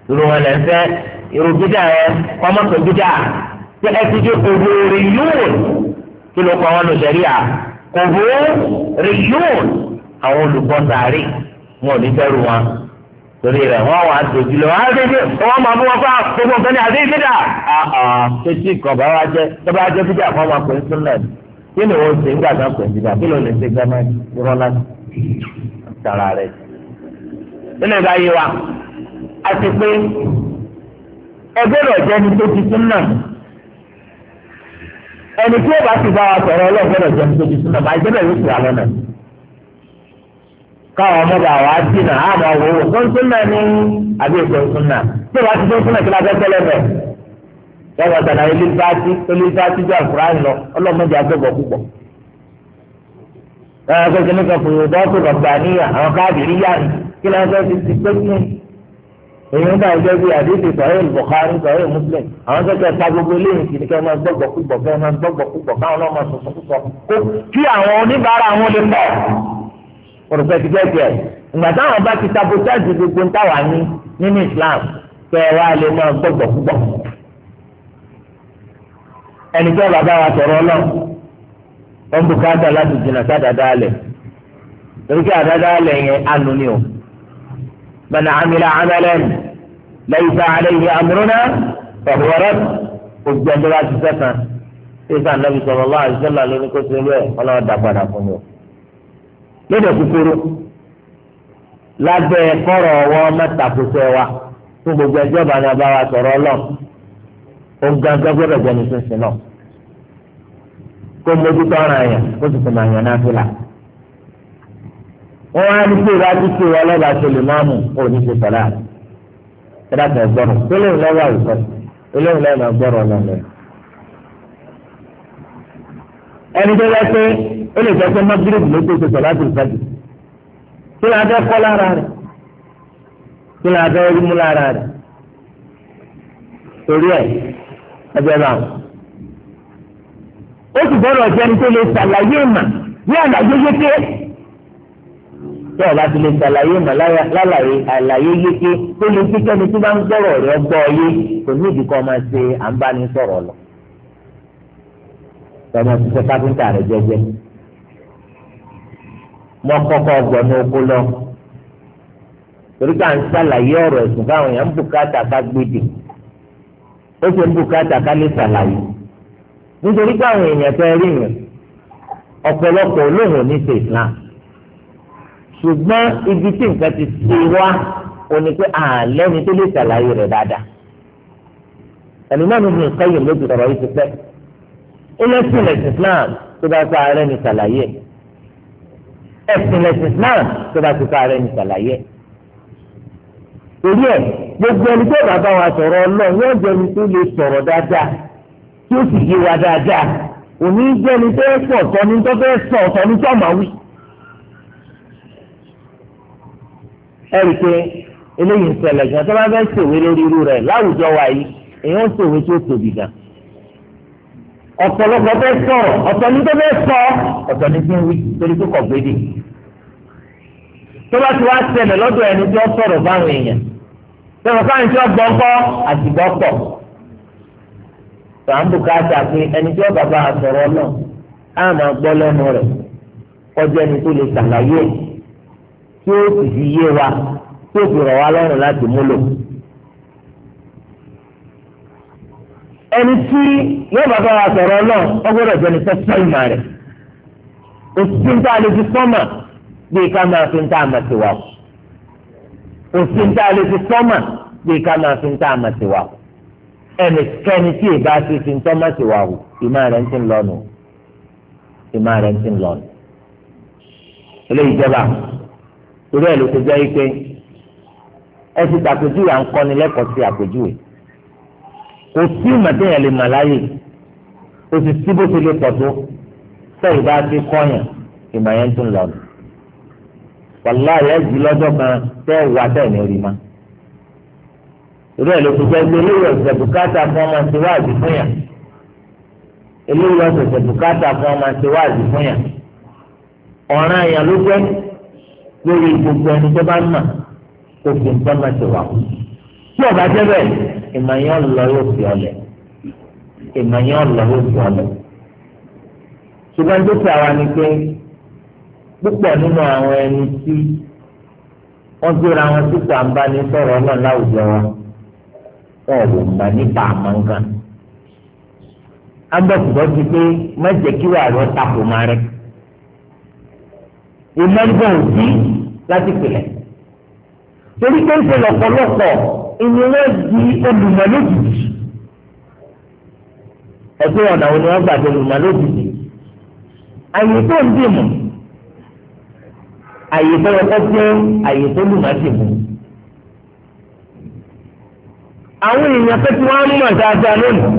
irun ẹ̀ lẹ́sẹ̀ irú bídà yẹn kọ́mọ́tò bídà tí ẹ ti di kòbó rìyún kí ló kọ́ wọn lọ sẹ́ríà kòbó rìyún àwọn olùkọ́ sàárè wọn ò ní bẹ̀rù wọn torí rẹ̀ wọ́n wà á dojú lọ wọ́n á dojú wọ́n máa mú wọn fún àkókò nǹkan ní àdéhùn bídà tètè kan bá wá jẹ tó bá jẹ bídà kan máa pè é sún kí ni wọ́n ṣe ń gbàgbọ́ pè é bídà kí ló lè ṣe gbàmọ́ ìrọ́lá tara rẹ̀ nínú ìgbà yìí wa a ti pé ẹgbẹ́rọ̀ jẹni tó ti súnà ẹni tí ó bá ti bá wa sọ̀rọ̀ ọlọ́gbẹ́rọ̀ jẹni tó ti súnà báyìí jẹ́bẹ̀ yóò sì wà lọ́nà káwọn ọmọ bá wa dínà àmọ́ wò ó tó ń súnà ní àbí èso súnà tí ó bá ti tó ń súnà kí lábẹ́ tẹ́lẹ̀ bẹ̀ lọ́wọ́ tẹ̀lé elizabeth elizabeth jẹ́ àkùrán lọ ọlọ́mọdé agbẹ́bọ̀ púpọ̀ èyí ń bá ẹgbẹ́ bíi àdéhùn sọ̀rọ̀ Bukhari sọ̀rọ̀ Muslim àwọn kẹ́kẹ́ ta gbogbo lẹ́yìn kìíní kẹ́ máa gbọ́gbọ́ púpọ̀ kẹ́ máa gbọ́gbọ́ púpọ̀ káwọn náà máa sọ̀sọ̀ púpọ̀ kó kí àwọn oníbàárà wọn lè pọ̀ òrùkẹ́ ti gẹ́gẹ́ ẹ̀ ìgbà táwọn bá ti sabotage gbogbo ń táwà ní nínú Islam kẹ́ ẹ wá lè máa gbọ́gbọ́ púpọ̀ ẹni من عمل عملا ليس عليه أمرنا فهو رد gbogbo ẹni tó bá ti sẹ́kàn sísá nàbì sọ̀rọ̀ lọ́wọ́ àdìsọ́lá lórí kó ṣe lóye ọlọ́wọ́ dà padà fún mi o. lóde kúkúrú lábẹ́ kọ́rọ̀ ọwọ́ mẹ́tàkùsọ wa fún gbogbo ẹjọ́ bá ní abáwa sọ̀rọ̀ ọlọ́ọ̀ ó gángan gbọ́dọ̀ jẹ́ni sísìn náà kó mójútó ọ̀ràn yẹn kó sì tún àyàn náà fi là wọn wá ní pé ìwádìí pé wọn lọ́ba ṣe lè máa mú òní ṣe sọ̀rọ̀ àti ẹ̀dàkọ̀ gbọ́rọ̀ eléyìí lọ́wọ́ àwùjọ eléyìí lọ́wọ́ gbọ́rọ̀ lọ́nà ẹni tó bá pé ó lè jẹ́ pé mọ́gírìbì ló tó ṣe sọ̀rọ̀ àti ìfàjì kí ni adé kọ́ lára rẹ̀ kí ni adé rí mú lára rẹ̀ torí ẹ̀ ẹgbẹ́ bá wọn. ó sì gbọ́dọ̀ jẹ́ni tó lè ṣàlàyé ìmọ̀ ní àlàyé yéké tó o bá ti lè ṣàlàyé mọ̀ lálàyé àlàyé yéké tó lè fi kẹ́ni tó bá ń sọ̀rọ̀ rẹ gbọ́ yé kò ní ìdí kan máa ṣe à ń bá ní sọ̀rọ̀ lọ. tọmọ ṣiṣẹ́ káfíńtà rẹ jẹ́jẹ́ mọ kọ́kọ́ ọgbọ̀n ní oko lọ torí ká ń ṣàlàyé ọ̀rọ̀ ẹ̀sùn fáwọn èèyàn ń bùkátà ká gbèdè ó ṣe ń bùkátà ká lè ṣàlàyé nítorí káwọn èèyàn fẹ́ rí yẹn ọ̀pọ̀lọpọ̀ olóhùn ní ṣe Islam ṣùgbọ́n ibi tí nǹkan ti ṣe wá o pé àlẹ́ ni tó lè ṣàlàyé rẹ̀ dáadáa ẹni náà ní nǹkan yìí lójú ọ̀rọ̀ yìí ti pẹ́ ẹlẹ́sìn lẹ́sìn Islam tó bá sọ ààrẹ ní ṣàlàyé ẹ̀sìn lẹ́sìn Islam tó bá sọ ààrẹ ní ṣàlàyé torí ẹ gbogbo ẹni tó bàbá wa sọ̀rọ̀ ọlọ́ọ̀ yóò jẹ́ ẹni tó lè sọ̀rọ̀ dáadáa tí ó sì yé wa dáadáa òní jẹ́ ẹni tó pọ̀ ẹ̀rí pé eléyìí ń ṣẹlẹ̀ gan tó bá fẹ́ ṣèwé lórí irú rẹ̀ láwùjọ wa yìí èyí ń ṣèwé tó tóbi gan. ọ̀pọ̀lọpọ̀ fẹ́ sọ̀rọ̀ ní tó fẹ́ sọ ní fún wí torí tó kọ̀ tó bá ti wá lọ́dọ̀ ẹni tí wọ́n sọ̀rọ̀ báwọn èèyàn tí wọ́n gbọ́ àtìgbọ́ pọ̀. sàǹbù pé ẹni tí wọ́n bàbá tí ó sì fi yé wa tí ó fi rọ̀ wá lọ́rùn láti múlò. ẹni tí yóò bá bá wa sọ̀rọ̀ náà ó gbọ́dọ̀ jẹ́ ní sọ́sọ́ ìmọ̀ rẹ̀ òsì ń tá a lè fi sọ́mà bíi ká máa fi ń tá a mà sí wa òsì ń tá a lè fi sọ́mà bíi ká máa fi ń tá a mà sí wa ẹnikẹ́ni tí ì bá ti fi ń tọ́mà sí wa ìmọ̀ rẹ̀ ń ti ń lọ nù ìmọ̀ rẹ̀ ń ti ń lọ nù eléyìí jẹba torí ẹ̀ ló ti jẹ́ pé ẹ ti tàpéjúwe à ń kọ́ni lẹ́kọ̀ọ́ sí àpéjúwe kò sí ìmọ̀tẹ́yìn lè mà láyè kò sì sí bó ti lè pọ̀ tó sẹ́yìn bá ti kọ́yàn ìmọ̀ yẹn tún lọ nù wàlá ẹ̀ jù lọ́jọ́ kan tẹ́ wà tẹ̀ ní orí ma torí ẹ̀ ló ti jẹ́ pé eléyìí ọ̀sẹ̀ bùkátà fún ọmọ ti wá àdì fún yàn eléyìí ọ̀sẹ̀ bùkátà fún ọmọ ti wá àdì fún yàn ọ̀ràn yàn ló jẹ́ lórí gbogbo ẹni tó bá mà kó fi nǹkan máa ṣe wà kú. tí ọba jẹ́ bẹ́ẹ̀ ìmọ̀nyán yóò fi ọlẹ̀ ìmọ̀nyán lọ yóò fi ọlẹ̀. ṣùgbọ́n tó àwa ni pé púpọ̀ nínú àwọn ẹni tí wọ́n gbéra wọn síta ń bá ní sọ̀rọ̀ náà láwùjọ wa wọn ò mọ̀ nípa àmọ́ǹkan. agbẹ́kùbọ́ ti pé má kí wàá lọ tako máa rẹ̀. ìmọ̀ǹkan ò sí láti pèlẹ̀ torí pé ń ṣe lọ́pọ̀lọpọ̀ ìnira di olùmọ̀ lójijì ẹgbẹ́ ọ̀nà òní wọn gbàdé olùmọ̀ lójijì àyè tó ń dìmú àyè tó yẹ kó jẹ́ àyè tó lùmọ̀ dìmú àwọn èèyàn pé tí wọ́n mọ̀ dáadáa lónìí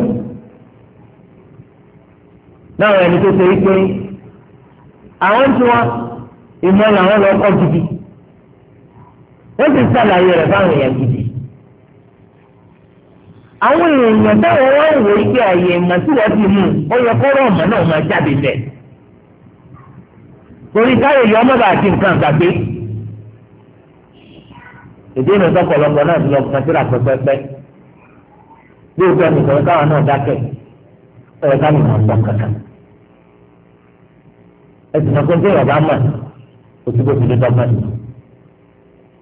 náà ẹni tó ṣe é pé àwọn tí wọ́n ìmọ̀ làwọn lọ kọ́ gidi wọ́n sì sàlàyé rẹ̀ fáwọn èèyàn gidi. àwọn èèyàn táwọn wá wò ó pé àyè ìmọ̀ tí wọ́n ti mú ó yẹ kọ́rọ̀ ọ̀mọ̀ náà máa jáde bẹ̀. torí káyọ̀ yọ ọmọ bá ti nǹkan gbàgbé. èdè ìnà tọkọlọpọ náà ti lọ kàn síra pẹpẹpẹ bí o tọ́ nìkan káwọn náà dákẹ́ ẹ̀ káwọn náà gbọ́ kankan. ẹ̀sìn náà kó ń tẹ̀yọ̀ bá mọ̀ òtún bó ti lè dọ́gbọ́n nìyẹn.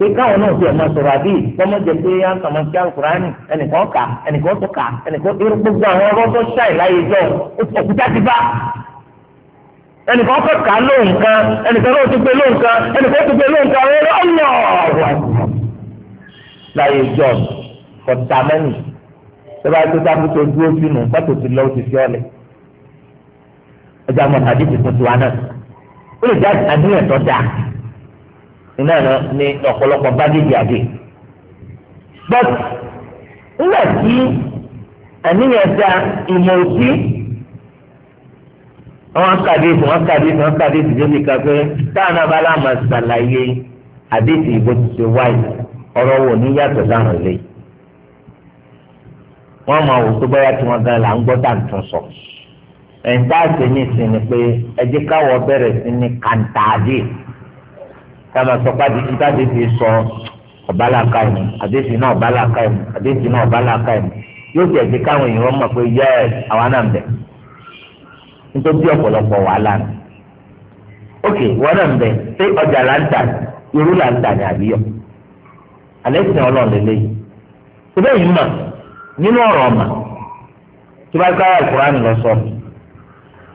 pé káwọn náà fi ọmọ sọ̀rọ̀ àbí kọ́mọ jẹ pé yá ń kàmọ́ sí alukurani ẹnìkan kà ẹnìkan tó kà ẹnìkan tó gbogbo àwọn ọ̀rọ̀ tó ṣàì láyé jọ òkúta ti bá ẹnìkan kọ̀ ká lóhùn kan ẹnìkan náà ti gbé lóhùn kan ẹnìkan ti gbé lóhùn kan ọ̀rọ̀ ọ̀rọ̀ láyé jọ kọ̀tà mẹ́rin tọ́ba tó sáfù tó dúró sínú pátó ti lọ́wọ́ ti fi ọ̀lẹ̀ ẹja mọ̀ tàbí tuntun wa náà ó lè já àníyàn iná ní ọ̀pọ̀lọpọ̀ bágéjì àdé but nígbà tí àníyàn da ìmọ̀ òsì wọn kàdéèsì wọn kàdéèsì wọn kàdéèsì débi kàfé táwọn náà bá láàmà ṣàlàyé àdéèsì ìbò ti ṣe wáyé ọ̀rọ̀ wò ní yàtọ̀ láwọn ilé wọn máa wò tó báyà tí wọn gan là ń gbọ́ tá à ń tún sọ ẹ̀ńtà àṣẹ ní ìsinmi pé ẹ̀jẹ̀ káwọ́ bẹ̀rẹ̀ sí ní kàńtà àdéèsì. táwọn sọpá dìtú táde fi sọ ọ̀bálàkà ẹ̀mí àdéhùn náà ọ̀bálàkà ẹ̀mí àdéhùn náà ọ̀bálàkà ẹ̀mí yóò jẹ́ ti káwọn èèyàn mọ̀ pé yẹ àwa náà ń nítorí wàhálà ni ok wọn náà ń bẹ̀ pé ọjà là ń tà irú là ń tà ní àbíyọ̀ alẹ́ sìn ọlọ́run lélẹ́yìí síbẹ̀ yìí mà nínú ọ̀rọ̀ ọ̀mà tí wọ́n ká alukur'an lọ sọ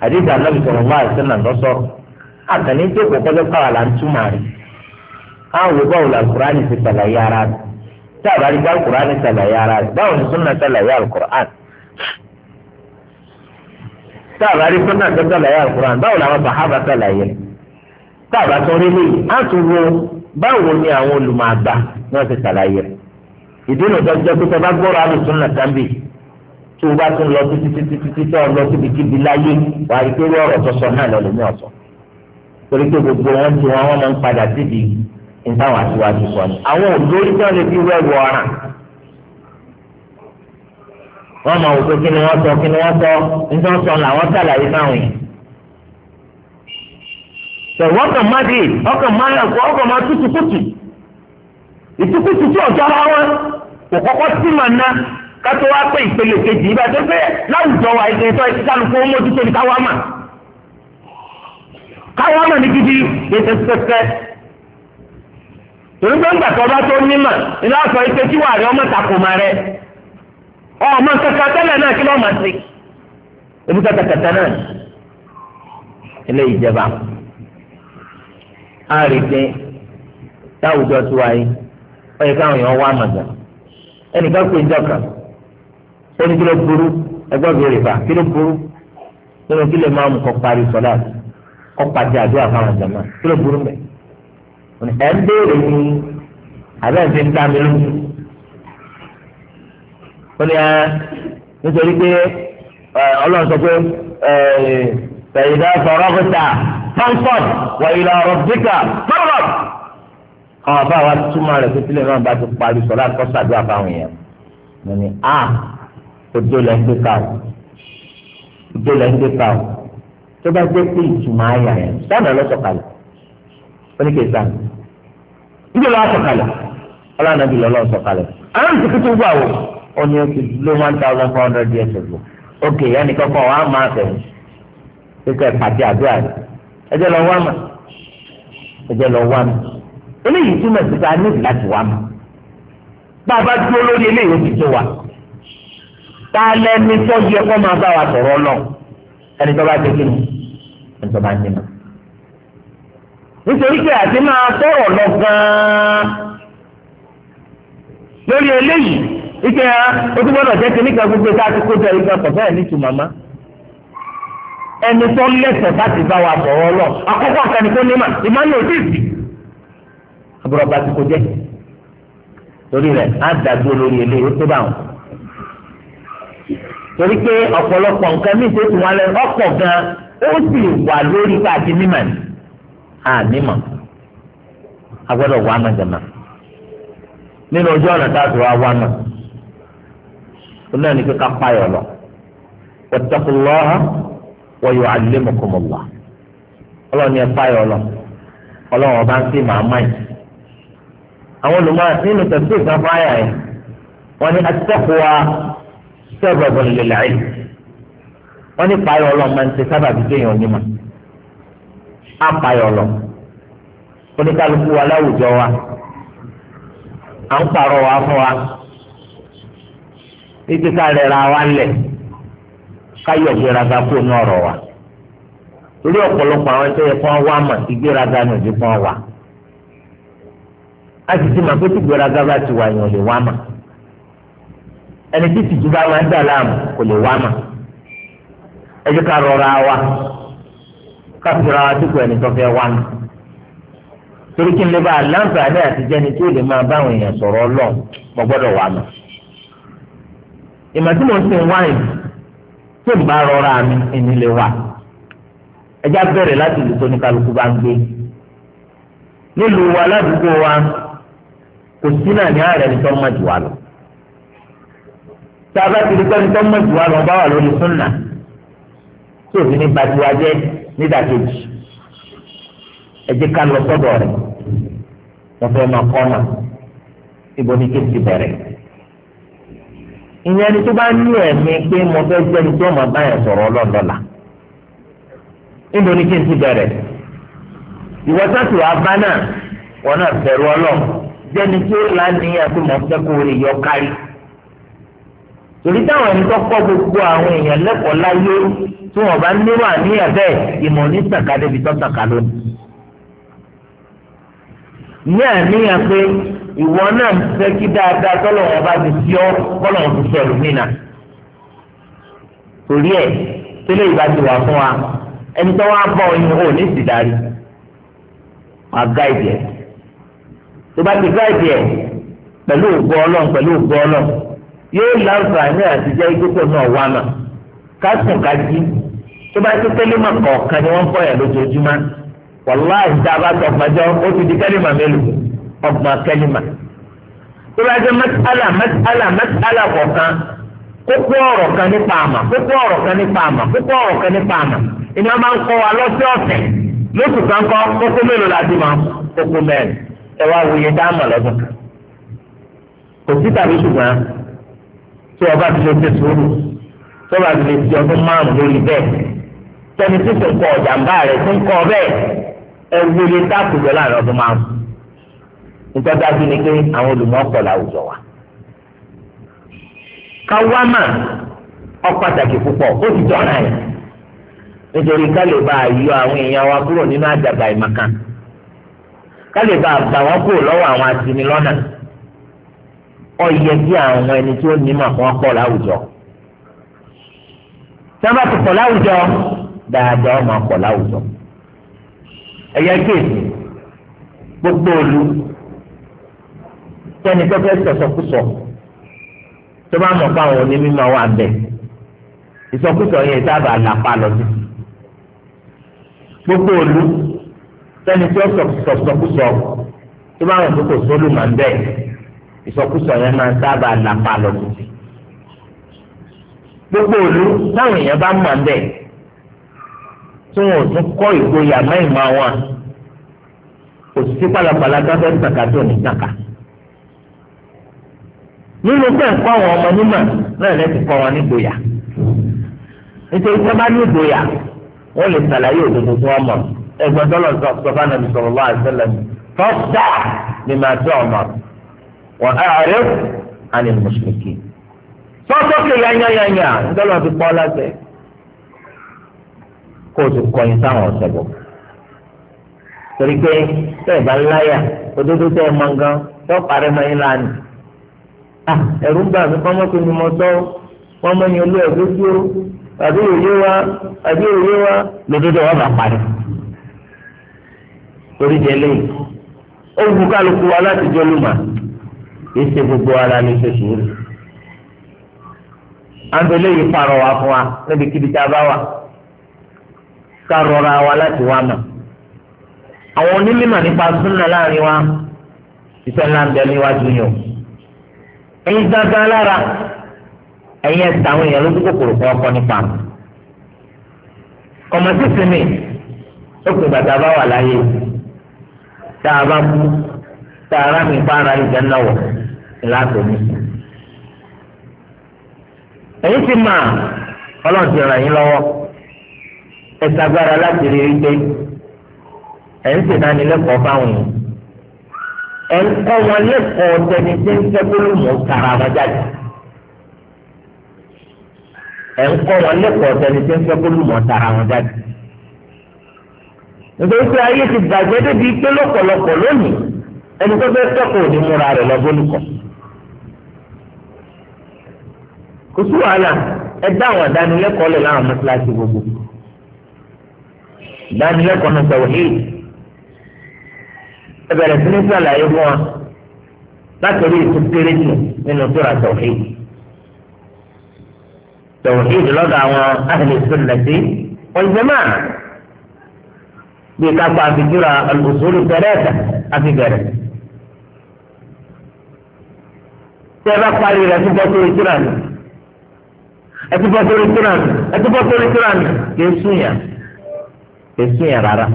àdéhùn alábìsọ̀rọ̀ máa ṣẹlẹ̀ lọ sọ àtàlẹ́ ń àwọn òwe báwo la kùránì ti sàlàyé ara rẹ̀ tí a bá rí báwo kùránì sàlàyé ara rẹ̀ báwo ni súnà sàlàyé alukùránì tí a bá rí súnà tó sàlàyé alukùránì báwo làwọn sàhábà sàlàyé rẹ̀ tí a bá tún rí léyìí á tún wo báwo ni àwọn olùmọ̀ àgbà wọ́n ti sàlàyé rẹ̀ ìdí nìjọ jẹ́ pé tó bá gbọ́rọ̀ alùsùnà tàbí tó bá tún lọ títí títí títí tó lọ síbi kíbi láyé wà á rí pé ọ̀rọ̀ tó sọ náà lọ́lẹ̀ ní ọ̀sán torí pé gbogbo wọn ti wọn wọn máa ń padà síbi ìtawà síwájú sọ ni àwọn òdòdó tó lè fi wẹ́ wọ ọ̀ràn wọ́n máa wò pé kí ni sọ kí ni wọ́n sọ nígbà sọ làwọn sàlàyé fáwọn yìí ọkàn má ẹ̀kọ́ ọkàn má tútù kùtù tí ọ̀jọ́ ara wọn kò sí màá ná kátó wá pé ìpele kejì ibà tó pé láwùjọ wa ìpè tó ní káwá mà káwá mà ní gidi ètò torí pé ńgbà tó ọba tó nímà iná sọ ike tí wàá rí ọmọ takùmà rẹ ọmọ kankan tẹ́lẹ̀ náà kí ló máa ti ebi kàtàkàtà náà ilé ìjẹba a rí pé táwùjọ tó wáyé wọ́n yẹ káwọn èèyàn wá màgà ẹnìkan pé ìjọ kan ó ní kí ló burú ẹgbọ́n mi rè bá kí ló burú nínú kí lè máa mú kọ́ parí sọ́lá kọ́ pàdé àdúrà fáwọn jàmá kí ló burú mẹ́ẹ̀ ẹ̀ ń béèrè ní abẹ́ ń fi ń dá mi lójú ó ní ẹ ah, nítorí pé eh, ọlọ́run sọ pé fẹ̀yìndà fọ̀rọ̀fẹ̀tà pọ́ńpọ́n wọ̀nyílá rọ̀bíkà pọ́ńpọ́n àwọn àbá wa túmọ̀ rẹ̀ pé tílẹ̀ náà bá ti parí sọ láti kọ́ sàdúrà fáwọn mo ní a ah, ojú lẹ́ ń gbé ká o ojú lẹ́ ń gbé ká tó bá gbé pé ìtumọ̀ ayà yẹn sọ́nà lọ́sọ̀kalẹ̀. oníkèésà níbi lọ́wọ́ sọ̀kalẹ̀ ọlọ́ọ̀nàbí lọ́wọ́ sọ̀kalẹ̀ àwọn ìsìnkútù gbà wò ó ní oṣù ló one thousand four hundred years ago ok ẹnì kọ́kọ́ wàá máa fẹ̀ kíkọ́ ìpàdé àdúrà rẹ̀ ẹjẹ́ lọ wá mà ẹjẹ́ lọ wá mà eléyìí túmọ̀ sí ká níbi láti wá mà bá a bá dúró lórí eléyìí ó ti tó wa tá a lẹ́ni tó yẹ kó máa bá wa sọ̀rọ̀ ẹni tó bá dé kí ni ẹni tó bá nítorí pé àti máa tọrọ lọ gan-an lórí eléyìí ike ya o tún gbọ́dọ̀ jẹ kíníkà gbogbo tá ti kó jẹ ìgbà pọfẹ ní tu màmá ẹni tó lẹsẹ láti bá wa lọ ní àbúrò bá ti kó jẹ torí rẹ á dàgbé lórí eléyìí ó tó bá wọn ànímọ̀ agbọ́dọ̀ wà náà jẹ̀mọ́ nínú ojú ọ̀nà tá a ti wá wà náà ó náà ní kí ká payọ̀ lọ wattaqullaha wa yu'allimukumullah ọlọ́ọ̀ni ẹ̀ payọ̀ lọ ọlọ́wọ́n ọba ń sí màmá yìí àwọn olùmọ̀ nínú tẹ̀síì kan fáyà yìí wọ́n ní at-taqwa sababun wọ́n ní payọ̀ ọlọ́ọ̀ máa ń ṣe sábàbí kéèyàn onímọ̀ apayọ̀lọ̀ oníkálukú wa wa à ń pàrọ̀ wa fún wa títí ká rẹra wa lẹ̀ ká yọ ìgbéraga kó ní wa torí ọ̀pọ̀lọpọ̀ àwọn tó yẹ kó wá mà ìgbéraga ní òbí kó sì ti mà pé tí bá ti wà ẹni tí tìjú bá máa ń dà láàmú kò lè wá mà ẹ jẹ́ ká rọra wa. káfíńsìrà àdúgbò ẹni tó fẹ́ wá ní. torí kí n lè bá a láǹfààní àtijẹ́ni tí ó lè máa bá àwọn èèyàn sọ̀rọ̀ ọlọ́ọ̀ mo gbọ́dọ̀ wà mọ́. ìmọ̀ tí mo ń sin wáìn tí n bá rọra mi ẹni lè wà. ẹjá bẹ̀rẹ̀ láti ìlú tó ní kálukú bá ń gbé. nílùú wa ládùúgbò wa kò sí náà ní ààrẹ ní tọ́mọ̀ jù wá lọ. tá a bá ti di pé ní tọ́mọ̀ jù wá lọ bá wà lórí súnà tí òfin ní gbajúwa jẹ́ nídàkejì ẹ jẹ́ ká lọ sọ́dọ̀ rẹ̀ wọ́n fẹ́ máa kọ́ ọ̀nà ibo ni kí n ti bẹ̀rẹ̀ ìyẹn ni tó bá ní ẹ̀mí pé mo fẹ́ jẹ́ni tó máa bá yẹn sọ̀rọ̀ ọlọ́ọ̀lọ́la ibo ni kí n ti bẹ̀rẹ̀ ìwọ sọ́sì náà wọn náà fẹ̀rù ọlọ́ọ̀ jẹ́ni tó lá níyà pé mo fẹ́ kó o lè yọ kárí torí táwọn ẹni tó kọ́ gbogbo àwọn èèyàn lẹ́kọ̀ọ́ láyé tí wọ́n bá nírò àníyàn bẹ́ẹ̀ ìmọ̀ ní tàkà débi tó tàkà lónìí. ní àníyàn pé ìwọ náà ń fẹ́ kí dáadáa tọ́lọ̀ wọn bá ti sí ọ́ kọ́lọ̀ wọn ti sọ ẹlòmínà. torí ẹ̀ tẹ́lẹ̀ ìbá ti wà fún wa ẹni tó wá bọ̀ ọyún ò ní sì darí wà gáìdì ẹ̀ tó bá ti gáìdì ẹ̀ pẹ̀lú ògbọ́ ọlọ́run pẹ̀lú ògbọ́ ọlọ́run yóò láǹfààní àtijọ́ ìgbésẹ̀ náà wà mà kásùn kájí tó bá ti kẹ́límà kọ̀ọ̀kan ni wọ́n fọyà lójoojúmọ́ wàláhì tá bá tọ̀ gbàjọ́ ó ti di kẹ́límà mélòó tó bá jẹ́ mẹ́tálà mẹ́tálà mẹ́tálà kọ̀ọ̀kan kókó ọ̀rọ̀ kan nípa àmà kókó ọ̀rọ̀ kan nípa àmà kókó ọ̀rọ̀ kan nípa àmà ìní wọn ń kọ́ wa lọ́sẹ̀ ọ̀sẹ̀ lóṣù kan kọ́ kókó mélòó la ti máa kókó mẹ́rin ẹ wá lọ́dún tí ọba ti lè ṣe sùúrù tí ọba ti lè ṣe ọdún márùn lórí bẹ́ẹ̀ tẹni tí kò kọ ọjàmbá rẹ tí ń kọ ẹwú láàrin ọdún márùn nítorí pé ọ púpọ̀ ó ti tọ́ ara nítorí ká lè bá yọ àwọn èèyàn wa kúrò ọyẹ kí àwọn ẹni tí ó nímọ̀ kan pọ̀ láwùjọ sábà tó pọ̀ láwùjọ dáadáa ọmọ pọ̀ láwùjọ ẹ̀yẹ kéèsì gbogbo olú sẹ́ni tó fẹ́ sọ̀sọ̀kúsọ tó bá mọ̀ fáwọn onímọ̀ wà bẹ̀ ìsọkúsọ yẹn sábà lápá lọ sí gbogbo olú sẹ́ni tó sọ̀sọ̀kúsọ tó bá mọ̀ fún sólù màá bẹ́ẹ̀ ìsọkúsọ yẹn máa sábà lápá lọ títí gbogbo òlu táwọn èèyàn bá mọ̀ bẹ́ẹ̀ tí wọn ò tún kọ́ ìgboyà mẹ́ìmọ́ wọn kò sí pàlàpàlà gáfẹ́ ìtàkà tó ní ìtàkà nínú bẹ́ẹ̀ kọ́ àwọn ọmọ nímọ̀ náà lẹ́sìn kọ́ wọn nígboyà nítorí tí wọ́n bá ní ìgboyà wọ́n lè ṣàlàyé òdodo tí wọ́n mọ̀ ẹgbẹ́ dọ́lọ̀ sọ fún anabi sọ̀rọ̀ lọ́wọ́ àṣẹ lẹ́nu fọ́ọ̀tà ni màá tó ọmọ وأعرض عن المشركين sọ́sọ́kè yányányányá ńdọ́lọ́ fi pọ́ lásẹ̀ kó o ti kọyìn sáwọn ọ̀sẹ̀bọ̀ torí pé tẹ́ẹ̀ bá kìí ṣe gbogbo ara ní ṣe sùúrù àǹtọ̀lẹ́ yìí pààrọ̀ wá fún wa níbi kíbi tá a bá wà ká rọra wa láti wá mà àwọn onímọ̀ nípa súnà láàrin wa iṣẹ́ ńlá ń bẹ níwájú yìí o ẹ̀yin gángan lára ẹ̀yin ẹ̀sìn àwọn èèyàn lójú kòkòrò kan ọkọ nípa kọ̀mọ̀tì sinmi ó pè bàtà bá wà láyé tá a bá kú tá a rà mí bá ara ìjẹun náà wọ̀. láti ní. èyí ti máa ọlọ́run ti ràn yín lọ́wọ́ ẹ ṣagbára láti rí i pé ẹ̀ ń ṣèdánilẹ́kọ̀ọ́ fáwọn yìí ẹ̀ ń kọ́ wọn lẹ́kọ̀ọ́ tẹni tí ń tẹ́gbólómù tara wọn ń kọ́ wọn lẹ́kọ̀ọ́ tẹni tí ń nítorí pé ayé ti bàjẹ́ kò sí wàhálà ẹ dá àwọn ìdánilẹ́kọ̀ọ́ lẹ̀ láwọn mọ́tíláṣí gbogbo ìdánilẹ́kọ̀ọ́ náà sọ̀rọ̀ hí ẹ bẹ̀rẹ̀ sí ní sàlàyé fún wa látọ̀rí ètò kéré jù nínú tó ra sọ̀rọ̀ lọ́dọ̀ àwọn ahli sunnati wal bí kápá àfijúra al-usulu thalatha bẹ̀rẹ̀. tẹ́ bá parí rẹ̀ fún bọ́tò ìtura nù ẹtú bọ́ sórí tíran ẹtú bọ́ sórí tíran kìí súnyà kìí súnyà rárá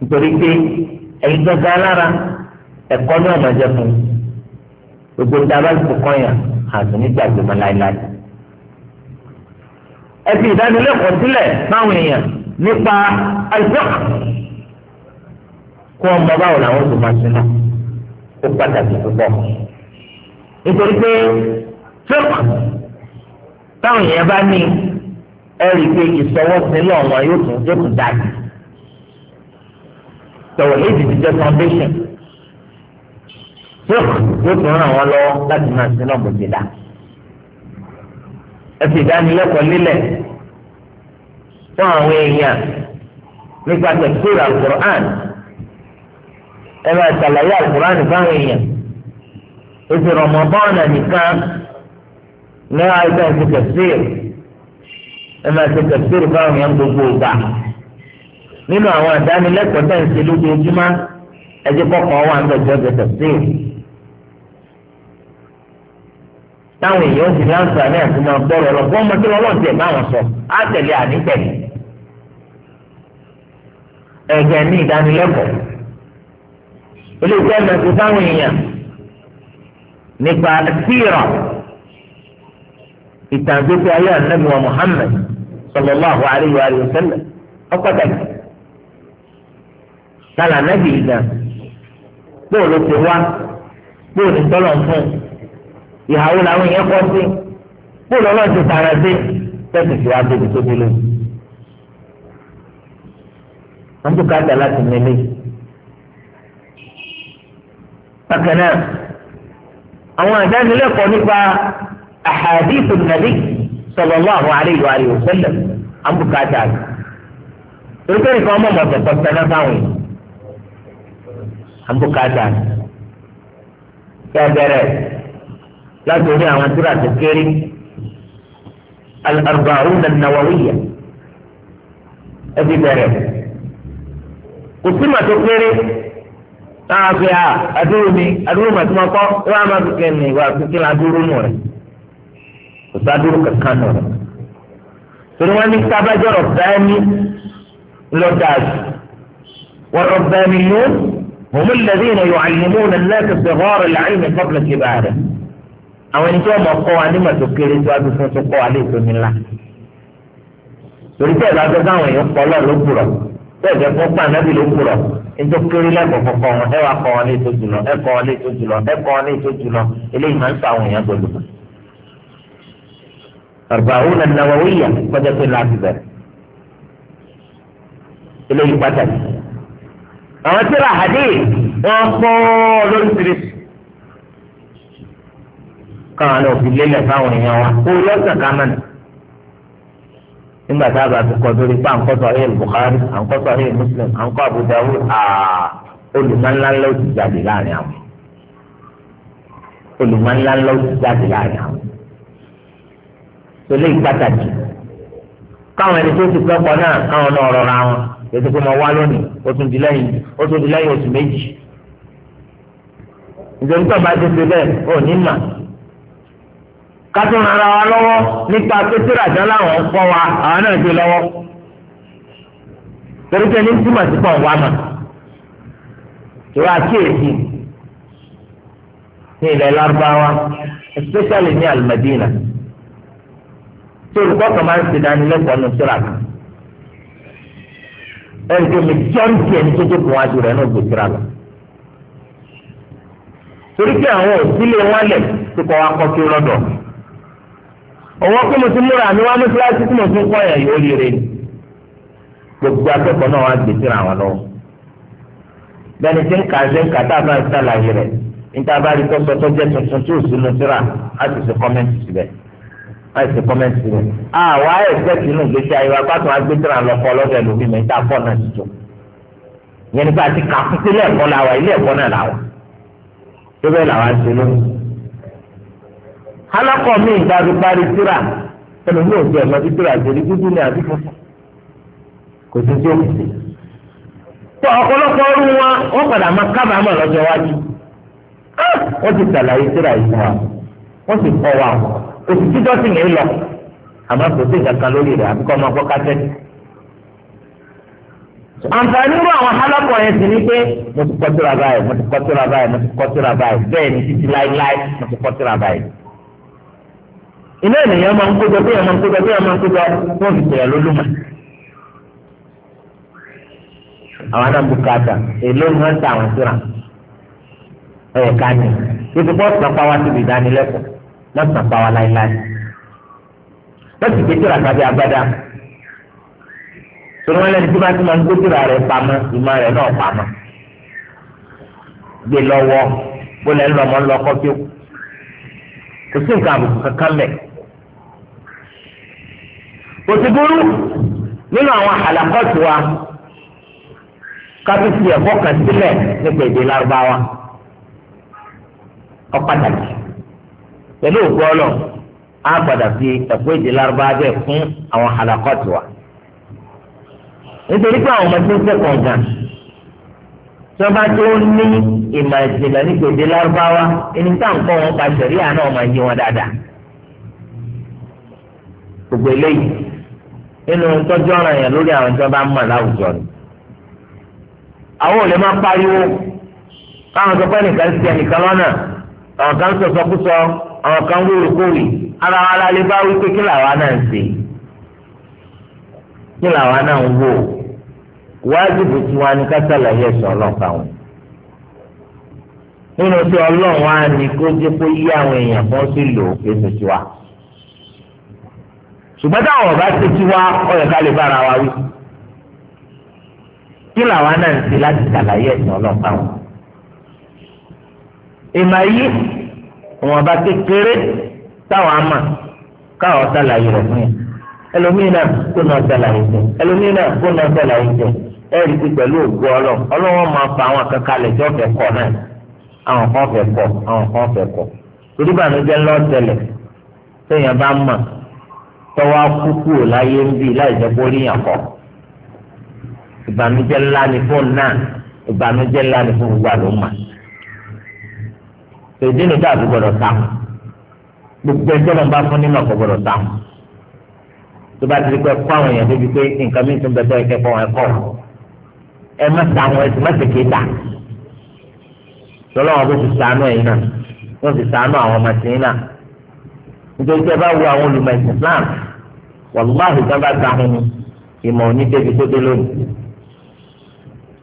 nítorí pé ẹ̀yin gbọ́dọ̀ alára ẹ̀kọ́ ní ọ̀nà jẹ fún gbogbo dábàá ìkó kọ́nyà àti nígbàgbé mọ́ láéláé. ẹ fi ìdánilẹ́kọ̀ọ́ sílẹ̀ fáwọn èèyàn nípa àìsàn kó ọmọ báwo làwọn tó máa ṣe náà ó pàtàkì púpọ̀ nítorí pé fẹ́ẹ̀kù táwọn èèyàn bá ní ẹ̀rí pé ìsọwọ́sí lọ́wọ́ yóò tún yóò dájú tọ̀wọ̀ èyí ti jẹ́ foundation fẹ́ẹ̀kù yóò tún ràn wọ́n lọ́wọ́ láti máa sin náà bòjì dá ẹ fi ìdánilẹ́kọ̀ọ́ lílẹ̀ fún àwọn èèyàn nípa tẹ̀síìrì alukur'an ẹ máa ṣàlàyé alukur'an fáwọn èèyàn oṣù rọmọbọ́ọ̀nà nìkan. náà àìsàn ti tẹ̀síìr ẹ máa tẹ̀síìr fáwọn yẹn gbogbo ìgbà nínú àwọn àdánilẹ́kọ̀ọ́ tẹ̀ ń ṣe lójoojúmọ́ ẹjẹ kọ̀ọ̀kan wà ń bẹ̀jọ́ ti tẹ̀síìr táwọn èèyàn ti ní àǹfààní àti máa gbọ́rọ̀ lọ fún ọmọ tí wọ́n lọ́ọ̀tì a sọ á tẹ̀lé ní ìdánilẹ́kọ̀ọ́ èèyàn nípa ìtàgé tí ayé ànábì wa Muhammad sallallahu alayhi wa sallam ọpọtàkì tala ànábì ìgbà bóò ló ti wá bóò ní tọ́lọ̀ fún ìhàwó làwọn èèyàn kọ́ sí bóò lọ́lọ́ ti tààrà sí tẹ́sí fi adébí tó délé wọ́n tún ká dà láti mẹ́lẹ́ bákan náà àwọn àdánilẹ́kọ̀ọ́ nípa. أحاديث النبي صلى الله عليه وآله وسلم أم بكاتاك إذن كما مطلق السنفاوين أم بكاتاك كابرة لا تريد أن ترى تذكيري الأربعون النووية أبي بارك قسمة تذكيري أعطيها أدومي أدومي أدومي أدومي أدومي أدومي أدومي أدومي kò sádúró kankan nù rẹ̀ torí wọn ní sábàjọ rọ̀bẹ́ni lọ́dàjù wọn rọ̀bẹ́ni ló هم الذين يعلمون الناس صغار العلم قبل كباره àwọn ẹni tí wọn mọ kọ wa ní màtókèrè tí wọn ti tó kọ wa lè nílá torí bẹ́ẹ̀ lọ́jọ́ káwọn èèyàn kọ lọ ló kúrọ bẹ́ẹ̀ bẹ́ẹ̀ fún pàǹdàbí ló kúrọ ètò kéré lẹkọọ kọkọ ẹ wà kọ wọn lè jùlọ ẹ kọ wọn lè jùlọ ẹ kọ wọn lè jùlọ eléyìí àrùbáwò na nàwáwíyà kọjá pé láti bẹ̀rẹ̀ eléyìí pàtàkì àwọn tíra hadith wọn kọ́ lóríṣiríṣi káwọn náà fi lélẹ̀ fáwọn èèyàn wa kó lọ́sàn ká mọ̀nà nígbà tá a bá fi kọ́ lórí pé à ń kọ́ sọ̀rọ̀ Bukhari à ń kọ́ sọ̀rọ̀ Muslim à ń kọ́ Abu Dawud àà olùmọ̀ńláńlá ó ti jáde láàrin àwọn olùmọ̀ńláńlá ó ti jáde láàrin àwọn tòlé ìpàtàkì káwọn ẹni tó ti pẹ́pọ̀ náà káwọn náà rọra wọn ètò kó máa wá lónìí ó tún di lẹ́yìn ó tún di lẹ́yìn oṣù méjì nítorí tó bá ti ṣe bẹ́ẹ̀ ò ní mà ká tún rárá wa lọ́wọ́ nípa pé tírajà láwọn ń kọ́ wa àwọn náà gbé lọ́wọ́ torí pé ní túmọ̀ sí pọ̀ wá mà ìwà kíyèsí ní ilẹ̀ lárúbáwá especially ní Al-Madina tó olùkọ́ kan máa ń ṣe ìdánilẹ́kọ̀ọ́ nù síra kan ẹni tó mẹjọ́rìtì ẹni tó tó kún wájú rẹ̀ náà gbé síra lọ. torí pé àwọn òsílẹ̀ wọn lẹ̀ tó kọ́ wa kọ́ kí ó lọ́dọ̀ ọwọ́ pé mo ti múra mi wá mọ́sálásí tí mo tún kọ́ ẹ̀yà yóò lére ni gbogbo akẹ́kọ̀ọ́ náà wá gbé síra wọn lọ́wọ́ bẹ́ẹ̀ni tí ń kà ń ṣe ń kà tá a bá ń ṣàlàyé rẹ̀ níta bá rí tọ́sọ tó jẹ́ tuntun tí ò sínú síra á sì ṣe kọ́mẹ́ǹtì síbẹ̀ àìsè kọ́mẹ́ǹtì rẹ̀ àwọn àìsèkì inú gbèsè àyíwá pàtó agbẹ́tẹ̀rẹ̀ àlọ́kọ́ ọlọ́dẹ lómi mi tá a fọ́ náà tuntun yẹn nípa àti kàkúté ilé ẹ̀kọ́ làwà ilé ẹ̀kọ́ náà làwà tó bẹ́ẹ̀ làwà ń ṣe lónìí. alákọ̀ mi ìgbà tó parí tíra ẹnu ní òjò ẹ̀mọ́ tí tíra ṣe rí dúdú ní àbí funfun kò sí tí ó kù sí. tó ọ̀pọ̀lọpọ̀ ọdún wọn wọ́n padà máa kábàámọ̀ lọ́jọ́ iwájú ah! wọ́n ti ṣàlàyé tíra yìí fún wa wọ́n sì kọ́ wa òsì títọ́ sì ní lọ àmọ́ kò sí ìkankan lórí rẹ̀ àbíkọ ọmọ ọkọ kásẹ̀. àǹfààní irú àwọn alákọ̀ọ́ yẹn sì ni pé mo ti kọ́ síra báyìí mo ti kọ́ síra báyìí mo ti kọ́ síra báyìí bẹ́ẹ̀ ni títí láéláé mo ti kọ́ síra báyìí. ilé ènìyàn máa ń kójọ bí èèyàn máa ń kójọ bí èèyàn máa ń kójọ fún òfìsèyàn lólúmọ̀. àwọn náà bùkátà èló ń hàn sí àwọn síra ẹ̀ka ni ìdìbò wá síbi ìdánilẹ́kọ̀ọ́ lọ́sàn-án pa wá láéláé lọ́sì gbé tíra tàbí agbádá torí wọn lẹ́nu tí bá ti máa ń gbé tíra rẹ̀ pamọ́ ìmọ̀ rẹ̀ náà pamọ́ gbé lọ́wọ́ bólẹ̀ ńlọmọ ńlọkọ́ tó kò sí nǹkan àbùkù kankan mẹ́ kò sí burú nínú àwọn àlàkọ́tù wa kábíyèsí ẹ̀fọ́ kan sílẹ̀ nípa èdè lárúbáwá ọ pàtàkì. pẹ̀lú ọlọ ọlọ́ á padà fi ẹ̀kọ́ èdè lárúbá bẹ́ẹ̀ fún àwọn àlàkọ́tì wa nítorí pé àwọn ọmọ ń gan tí wọ́n bá tó ní ìmọ̀ ìjìnlẹ̀ nípa èdè lárúbáwá ẹni tá à ń kọ́ wọn pa sẹ̀ríà wọn dáadáa gbogbo eléyìí nínú tọ́jú ọ̀ràn yẹn lórí àwọn tí wọ́n bá ń mọ̀ láwùjọ ni àwọn ò lè pariwo káwọn sọ àwọn kan wúrò kórè ara wa la lè bá wí pé kí làwa náà ń ṣe kí làwa náà ń wò wájibù tí wọn ní ká ṣàlàyé ẹ̀sìn ọlọ́ọ̀ka wọn nínú tí ọlọ́run wa ní kó jẹ́ kó yí àwọn èèyàn kan sí lò èso tiwa ṣùgbọ́n táwọn ọba ti tiwa ọ̀yọ̀ ká lè bára wa wí kí làwa náà ń ṣe láti ṣàlàyé ẹ̀sìn ọlọ́ọ̀ka wọn ìmọ̀ yìí wọn bá kékeré táwọn ama káwọn ṣàlàyé rẹ fún yẹn ẹlòmíín náà kó náà ṣàlàyé jẹ ẹlòmíín náà kó náà ṣàlàyé jẹ ẹrí ti pẹ̀lú ògùn ọlọ́run ọlọ́run máa fa àwọn kankan lẹ̀ jọ́ fẹ́ kọ́ náà àwọn kan fẹ́ kọ́ àwọn kan fẹ́ kọ́ torí bànújẹ́ lọ́tẹ̀lẹ̀ téèyàn bá mọ̀ tọ́wọ́ kúkú láyé ń bì láì jẹ́ kó ríyàn kọ́ ìbànújẹ́ ńlá ni fún náà ìbànújẹ́ ńlá ni fún gbogbo àlọ́ máa èdè nìta àti gbọdọ̀ sáà gbogbo ẹjọ́ lọ́n bá fún nínú ọ̀pọ̀ gbọdọ̀ sáà tó bá ti di pé kọ́ àwọn èèyàn débi pé nǹkan mi tún bẹ tọ́ ẹ̀kẹ́ fọ́ wọn ẹ̀kọ́ ẹ má sa àwọn ẹ̀sìn má sì ké ta lọ́lọ́wọ́n bó ti sànú ẹ̀yin náà wọ́n ti sànú àwọn ọmọ ẹ̀sìn náà nítorí pé ẹ bá wo àwọn olùmọ̀ ẹ̀sìn Islam wàlúwàhù kan bá ta hun ìmọ̀ òní débi tó dé lónìí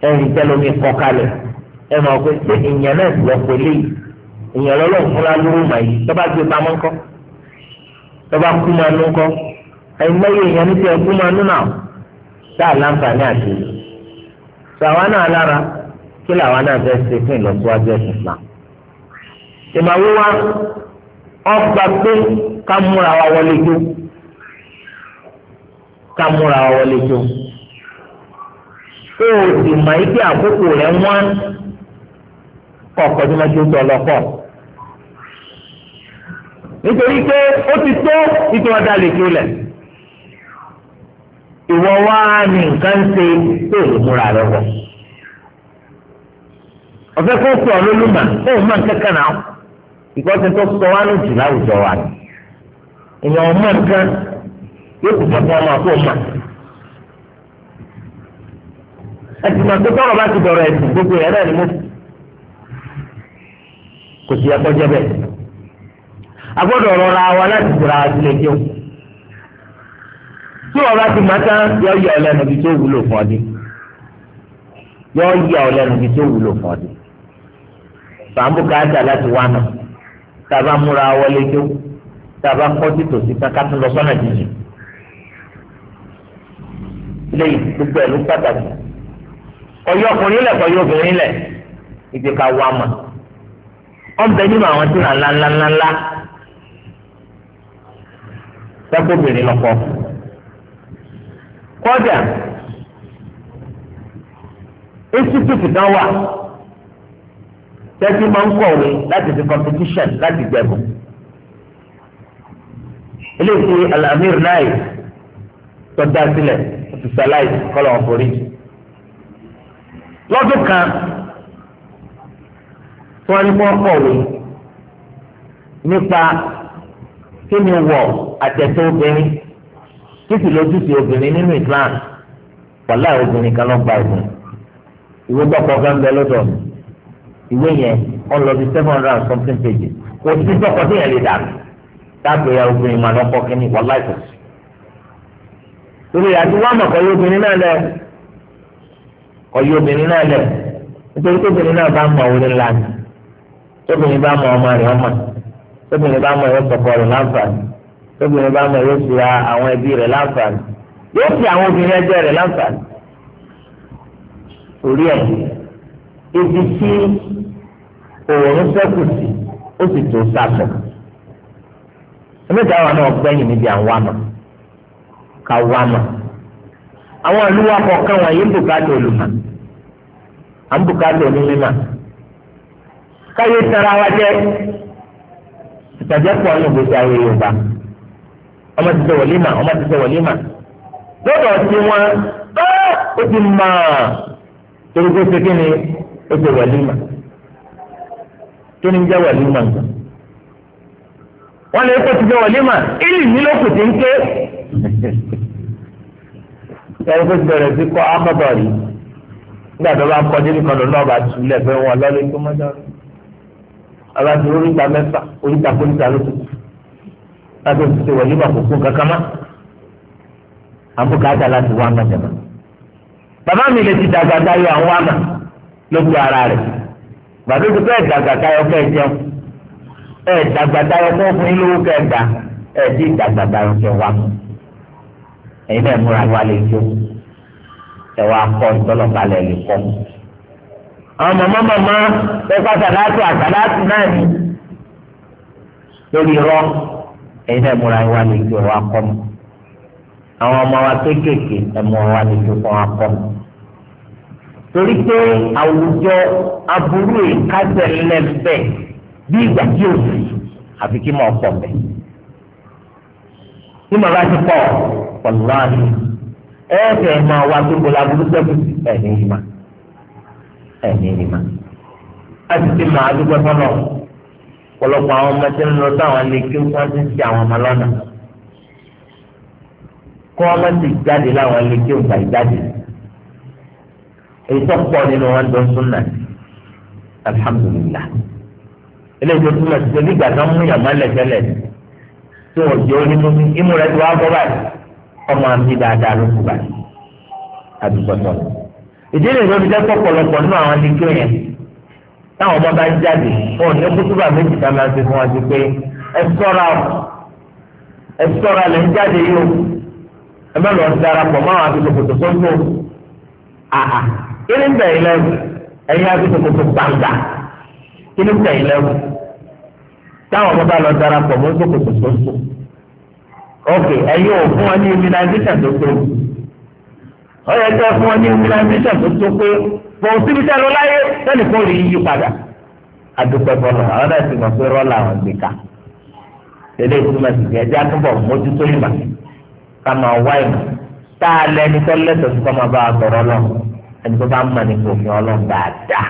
ẹ̀rìn tẹ́lómi kọ́ kalẹ̀ ẹ̀ mọ̀ pé ìyẹn náà lọ́pọ̀ léyìí èèyàn lọ́lọ́ fúnra lóru mà yìí tọ́ba gbé pamọ́ ńkọ́ tọ́ba kú máa nú ńkọ́ àìmọye èèyàn ní tiẹ̀ kú máa nú náà tá a láǹfààní àti ìlú sọ àwa náà lára kí làwa náà fẹ́ ṣe fún ìlọsíwájú ẹ̀sìn Islam ìmàwó wa ọgbà pé ká múra wa wọlé jó ká múra wa wọlé jó ó sì mà yìí pé àkókò rẹ̀ wọ́n kọ̀ọ̀kan tó máa jó tó ọlọ́kọ̀ọ́. nítorí pé ó ti tó ìtọ́ ọ̀dà lè tó lẹ̀ ìwọ wá ní nǹkan ṣe tó lè múra rẹ wọ ọ̀fẹ́ kó sọ lólùmọ̀ ó mọ̀ kankan náà ìkọ́sí tó sọ wá ní wa ni nǹkan yóò ọmọ àpò ẹtùmọ̀ tó tọrọ bá ti agbọ́dọ̀ rọra wa láti tura sílẹ̀ kí o tí wọn yọọ ti máa tán yọ yọ ọlẹ́nu bí tó wúlò fún ọdí yọ yọ ọlẹ́nu bí tó wúlò fún ọdí bàmú káàtà láti wá nà tàbá múra wọlé tó tàbá kọ́ títòsí kankan tó lọ sọ́nà gbogbo pàtàkì ọkùnrin obìnrin mà nínú àwọn tí ńlá ńlá ńlá ńlá. tẹ́kọ̀bìnrin lọ́kọ́. kọ́dà institute kan wà tẹ́tí máa ń kọ̀wé láti fi competition láti gbẹ̀bùn. eléyìí alamir náà tọ́jà sílẹ̀ ti sàlàyé kọ́lọ̀ ọ̀fọ̀rí. lọ́dún kan tí wọ́n ní kí wọ́n kọ̀wé nípa kí ni wọ̀ àtẹ̀tẹ̀ obìnrin kí sì lójúṣe obìnrin nínú Islam wàhálà obìnrin kan ló gba ìsìn ìwé gbọ́kọ̀ gan bẹ lọ́dọ̀ ìwé yẹn wọ́n lọ bí seven hundred and something pages kò sí gbọ́kọ̀ tí yẹn lè dànù dáàbò ya obìnrin máa lọ́kọ́ kínní wàhálà ìsìn torí àti wọ́n àmọ̀ kọ́yé obìnrin náà lẹ̀ kọ́yé obìnrin náà lẹ̀ nítorí tóbìnrin náà bá mọ̀ òun ńlá ni tóbìnrin bá mọ̀ ọmọ rẹ̀ ọmọ rẹ̀ tóbìnrin bá mọ yóò sọkọ rẹ̀ láǹfààní tóbìnrin bá mọ yóò fi àwọn ẹbí láǹfààní yóò àwọn obìnrin ẹgbẹ́ rẹ̀ láǹfààní. torí ẹ̀ ibi tí òòrùn sẹ́kù sí ó sì tó sàtọ̀ ẹgbẹ́ta wa náà gbẹ́yìn níbi àwọn àmà ká wá àmà àwọn àlùwà kọ̀ọ̀kan ń bùkátà à ń bùkátà káyé tara ìtàjẹ́ pọ̀ ní ìgbésí ayé yorùbá ọmọ ti sọ wọlé mà ọmọ ti sọ wọlé mà lọ́dọ̀ ó ti mà torí ṣe kí ni ó wọlé mà jẹ́ wọlé mà lè kó ti jẹ́ wọlé mà ìlì ló kù ń ké ti bẹ̀rẹ̀ sí kọ́ nígbà ọba ti oríta mẹ́fà oríta kóríta lókù láti oṣù tó wọlé bàbá òkú kankan má àbúkátà láti wá má bàbá mi lè ti dàgbà dayọ àwọn àmà lójú ara rẹ̀ bàbá mi fẹ́ dàgbà dayọ fẹ́ jẹun ẹ dàgbà dayọ fún lówó kẹta ẹ ti dàgbà dayọ fẹ́ wá ẹ̀yin náà múra jó ẹ wá kọ́ ìtọ́lọ́balẹ̀ lè kọ́ àwọn màmá màmá ẹ̀ka sàlátù àsàlátù náà ni lórí irọ́ ẹ̀yin náà múra wá lè ju ọwọ́ akọ́ mu àwọn ọmọ wa kéékèèké ẹ̀mú wa lè ju ọwọ́ akọ́ mu torí pé àwùjọ aburú ìkásẹ̀ lẹ́bẹ̀ bí ìgbà tí O sí àfi kí mọ̀ pọ̀ bẹ̀. tí màá bá ti pọ̀ pọ̀lọ́ọ̀ni ẹ̀ẹ́dẹ̀ẹ́ máa wá tó gbọ́dọ̀ aburú sẹ́kù ẹ̀ ní ìmọ̀ ẹni ni ma láti ti máa dúpẹ́ fọlọ́ ọ̀pọ̀lọpọ̀ àwọn ọmọ tí ń lọ sáwọn ilé kí wọ́n ti ń ṣe àwọn ọmọ lọ́nà kó ọmọ sì jáde láwọn ilé kí wọ́n gbà jáde èyí tó pọ̀ nínú wọn dọ̀ súnà alhamdulilah eléyìí tó túmọ̀ sí pé nígbà tó ń mú yàrá lẹ́tẹ̀lẹ̀ tí wọ́n jẹ́ onímú mi imú rẹ̀ ti wá bọ́ báyìí ọmọ mi dáadáa ló kú báyìí àdúgbò tó ìdílé ló fi jẹ́ pọ̀pọ̀lọpọ̀ nínú àwọn adigun yẹn táwọn ọmọ bá ń jáde wọn ò ní kútúbà méjì ká máa fi fún wa sí pé ẹ sọ́ra ẹ sọ́ra lẹ́ ń jáde yìí o ẹ má lọ darapọ̀ mọ́ àwọn abisokòtò tó ń bò àhà kí ni bẹ̀rẹ̀ lẹ́wù ẹ̀yin abisokòtò gbàǹgà kí ni bẹ̀rẹ̀ lẹ́wù táwọn ọmọ bá lọ darapọ̀ mọ́ abisokòtò tó ń bò ok ẹ̀yin ò fún wa ní immunization tó tó ọyọ ẹgbẹ fún wọn ní immunization tó tó pé kò síbi tẹ lọ láyé sẹni kò rí yí padà adúpẹ́ bọlọ àwọn náà sì mọ pé rọlà àwọn gbé ká tẹ́lẹ̀ ìtumọ̀ sì fi ẹjẹ àtúbọ̀ mójútó ìmọ̀ ká máa wá ìmọ̀ tá a lẹ ẹni tó lẹsọ sí kọ́ máa bá a sọ̀rọ̀ lọ ẹni tó bá ń mọ̀ nípa òfin ọlọ́run dáadáa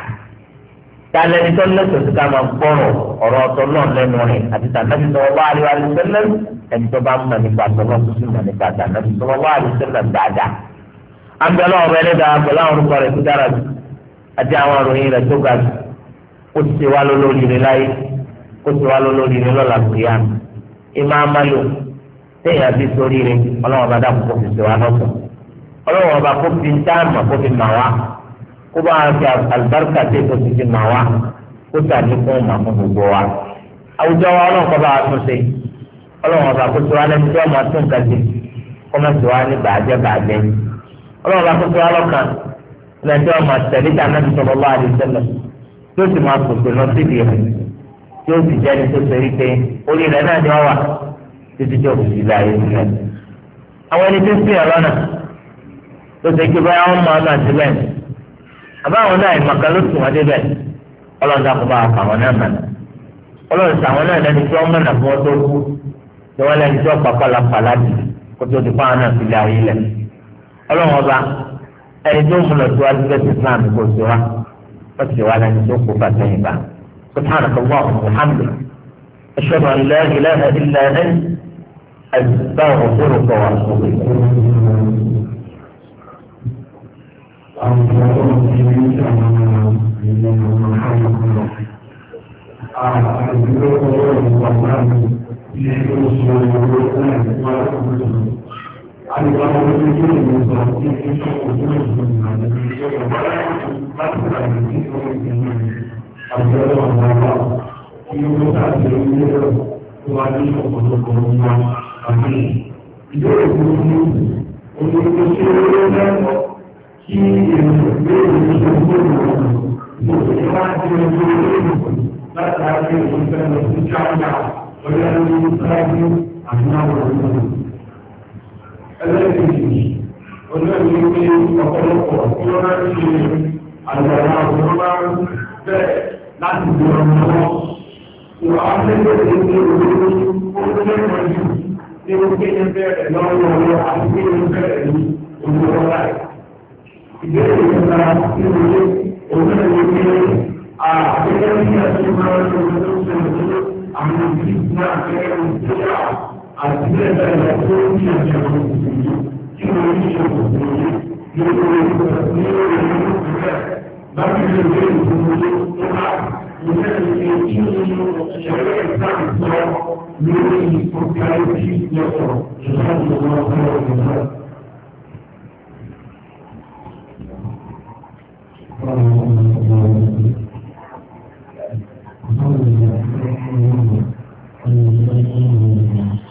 tá a lẹ ẹni tó lẹsọ sí ká máa gbọ́rọ̀ ọ̀rọ̀ ọ̀tọ̀ náà lẹ́nu rẹ̀ àti tàbí tó wá àríwá àríwá sẹ́lẹ̀ ẹni tó bá agbẹ́lẹ́ ọ̀rọ̀ ẹlẹ́dàá pẹ̀lú àwọn orúkọ rẹ̀ tó dára jù àti àwọn àròyìn rẹ̀ tó ga jù kó ti wá lólórí rẹ̀ láyé kó ti wá lólórí rẹ̀ lọ́la kìíyà ìmọ̀ amálò téèyàn àti sórí rẹ̀ ọlọ́wọ́n bá dàpọ̀ kó fi ṣe wá lọ́sọ̀ ọlọ́wọ́n bá kó fi dáàmà kó fi mà wá kó bá fi àlùbáríkà tẹ́ kó fi mà wá kó sàdékùn mà fún gbogbo wa àwùjọ wa ọlọ́wọ́n kọ́ bá wa tún ṣe ọlọ́wọ́n bá kó ti wá lẹ́nu tí wọ́n máa tún kàdé kó má ti wá ní bàjẹ́ bàjẹ́ yìí ọlọ́run bá fún alọ́kàn lẹ́jọ́ ọmọ àtẹ̀lẹ́tà náà ti sọ̀rọ̀ lọ́wọ́ àdìsẹ́lẹ̀ yóò sì máa pèsè lọ síbi rẹ̀ yóò sì jẹ́ ní tó ṣe rí pé orí rẹ̀ náà ni wọ́n wà títí tó kù sí láàyè sílẹ̀. àwọn ẹni tó ń sìn ọlọ́nà tó ṣe kí báyà wọn máa náà sílẹ̀ àbáwọn náà ìmọ̀ká ló sùn wọ́n débẹ̀ ọlọ́run dàpọ̀ bá àwọn náà mọ̀nà ọlọ́run sàwọn náà lẹ́ni di fáwọn ọlọ́wọ́n ọba ẹni tó ń múlò tó alùpùpù islam kò sí wa ó ti wá lẹ́ni tó kó fàtẹ́yìn bá muhammed سبحانك اللهم وبحمدك أشهد أن لا إله إلا أنت أستغفرك وأتوب إليك Thank you. Ìjọba ìgbòho olùkọ́ sí orílẹ̀ mẹ́mọ́ kí èrò ìgbèrò ìṣòro ìrọ̀rùn ìgbòho bá ti ọjọ́ orílẹ̀ látàrí ìgbòho ìgbòho sí China, ọjọ́ orílẹ̀-èdè àti àwọn ọ̀rọ̀ ìgbòho ẹlẹ́gbẹ̀ẹ́ onígbàgbé pé ọ̀pọ̀lọpọ̀ tí wọ́n máa ń ṣe àgbàrá àwọn máa ń bẹ̀ láti gbé ọmọ wọn. Ìwà afẹ́gbẹ̀ẹ́ ní olórí olóòmọ̀ jù ní oké ní bẹ̀rẹ̀ lọ́wọ́ ọ̀rọ̀ àti pé ní bẹ̀rẹ̀ ní olówó láì. Ìbéèrè ìgbà tí mo lé olóòmọ̀ pé àgbẹ̀rẹ̀ ní ẹ̀sìn máa ń lo olóòmọ̀ àwọn ìdílé náà fẹ́ràn ìdílé àwọn àti ẹ̀ka ìgbà tó ń ṣe ìṣòro òṣèlú kí ló ń ṣe òṣèlú ní orí ní orí ní ìpínlẹ̀ láti lè gbé ìṣòro tó bá ìṣẹ́ ìṣe kí nínú ṣẹ̀rẹ̀ ìsáàmù sọ lórí ìkọ̀kà ojú ìjọpọ̀ ìṣàmù ọmọ ọmọ ọmọ. Thank you.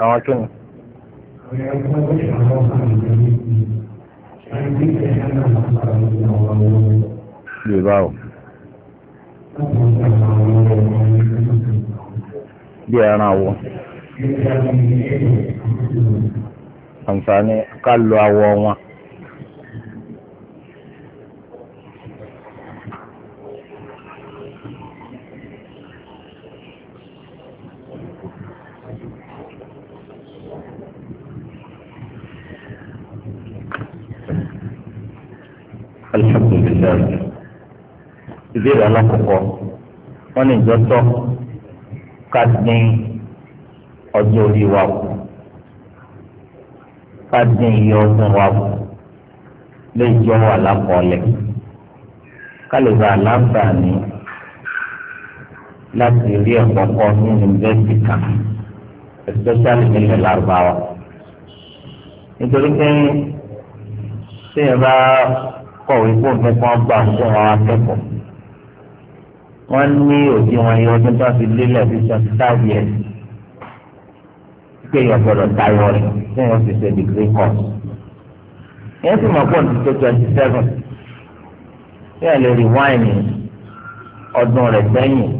Àwọn àwọn ويعتبر الله عن جميعه عن تلك جهنم أخبرني الله Bilbao. Bí ẹran àwọ̀. Àǹfààní ká lo àwọ̀ wọn. alihamudulilayi ìbéèrè alákọ̀ọ́kọ́ wọ́n ní ìjọ́tọ́ ká dín ọjọ́ orí wa kù ká dín iye ọdún wa kù lè jọ wà lápọ̀ọ́lẹ̀ ká lè bá aláǹfààní láti rí ẹ̀kọ́ kọ́ ní yunifásitì kan especially nílẹ̀ lárúbáwá nítorí pé tí ẹ bá kọ̀wé fún òfin kan gbà fún àwọn akẹ́kọ̀ọ́ wọ́n ní òbí wọn yọ ọdún tó fi lélẹ̀ fi sọ sí táàbì ẹ̀ pé èèyàn gbọ́dọ̀ tayọ rẹ̀ tí wọ́n fi ṣe dìgírí kọ́ọ̀sì yẹn sì mọ̀ pọ̀ ní tó twenty seven tí ẹ lè rìwáìnì ọdún rẹ̀ sẹ́yìn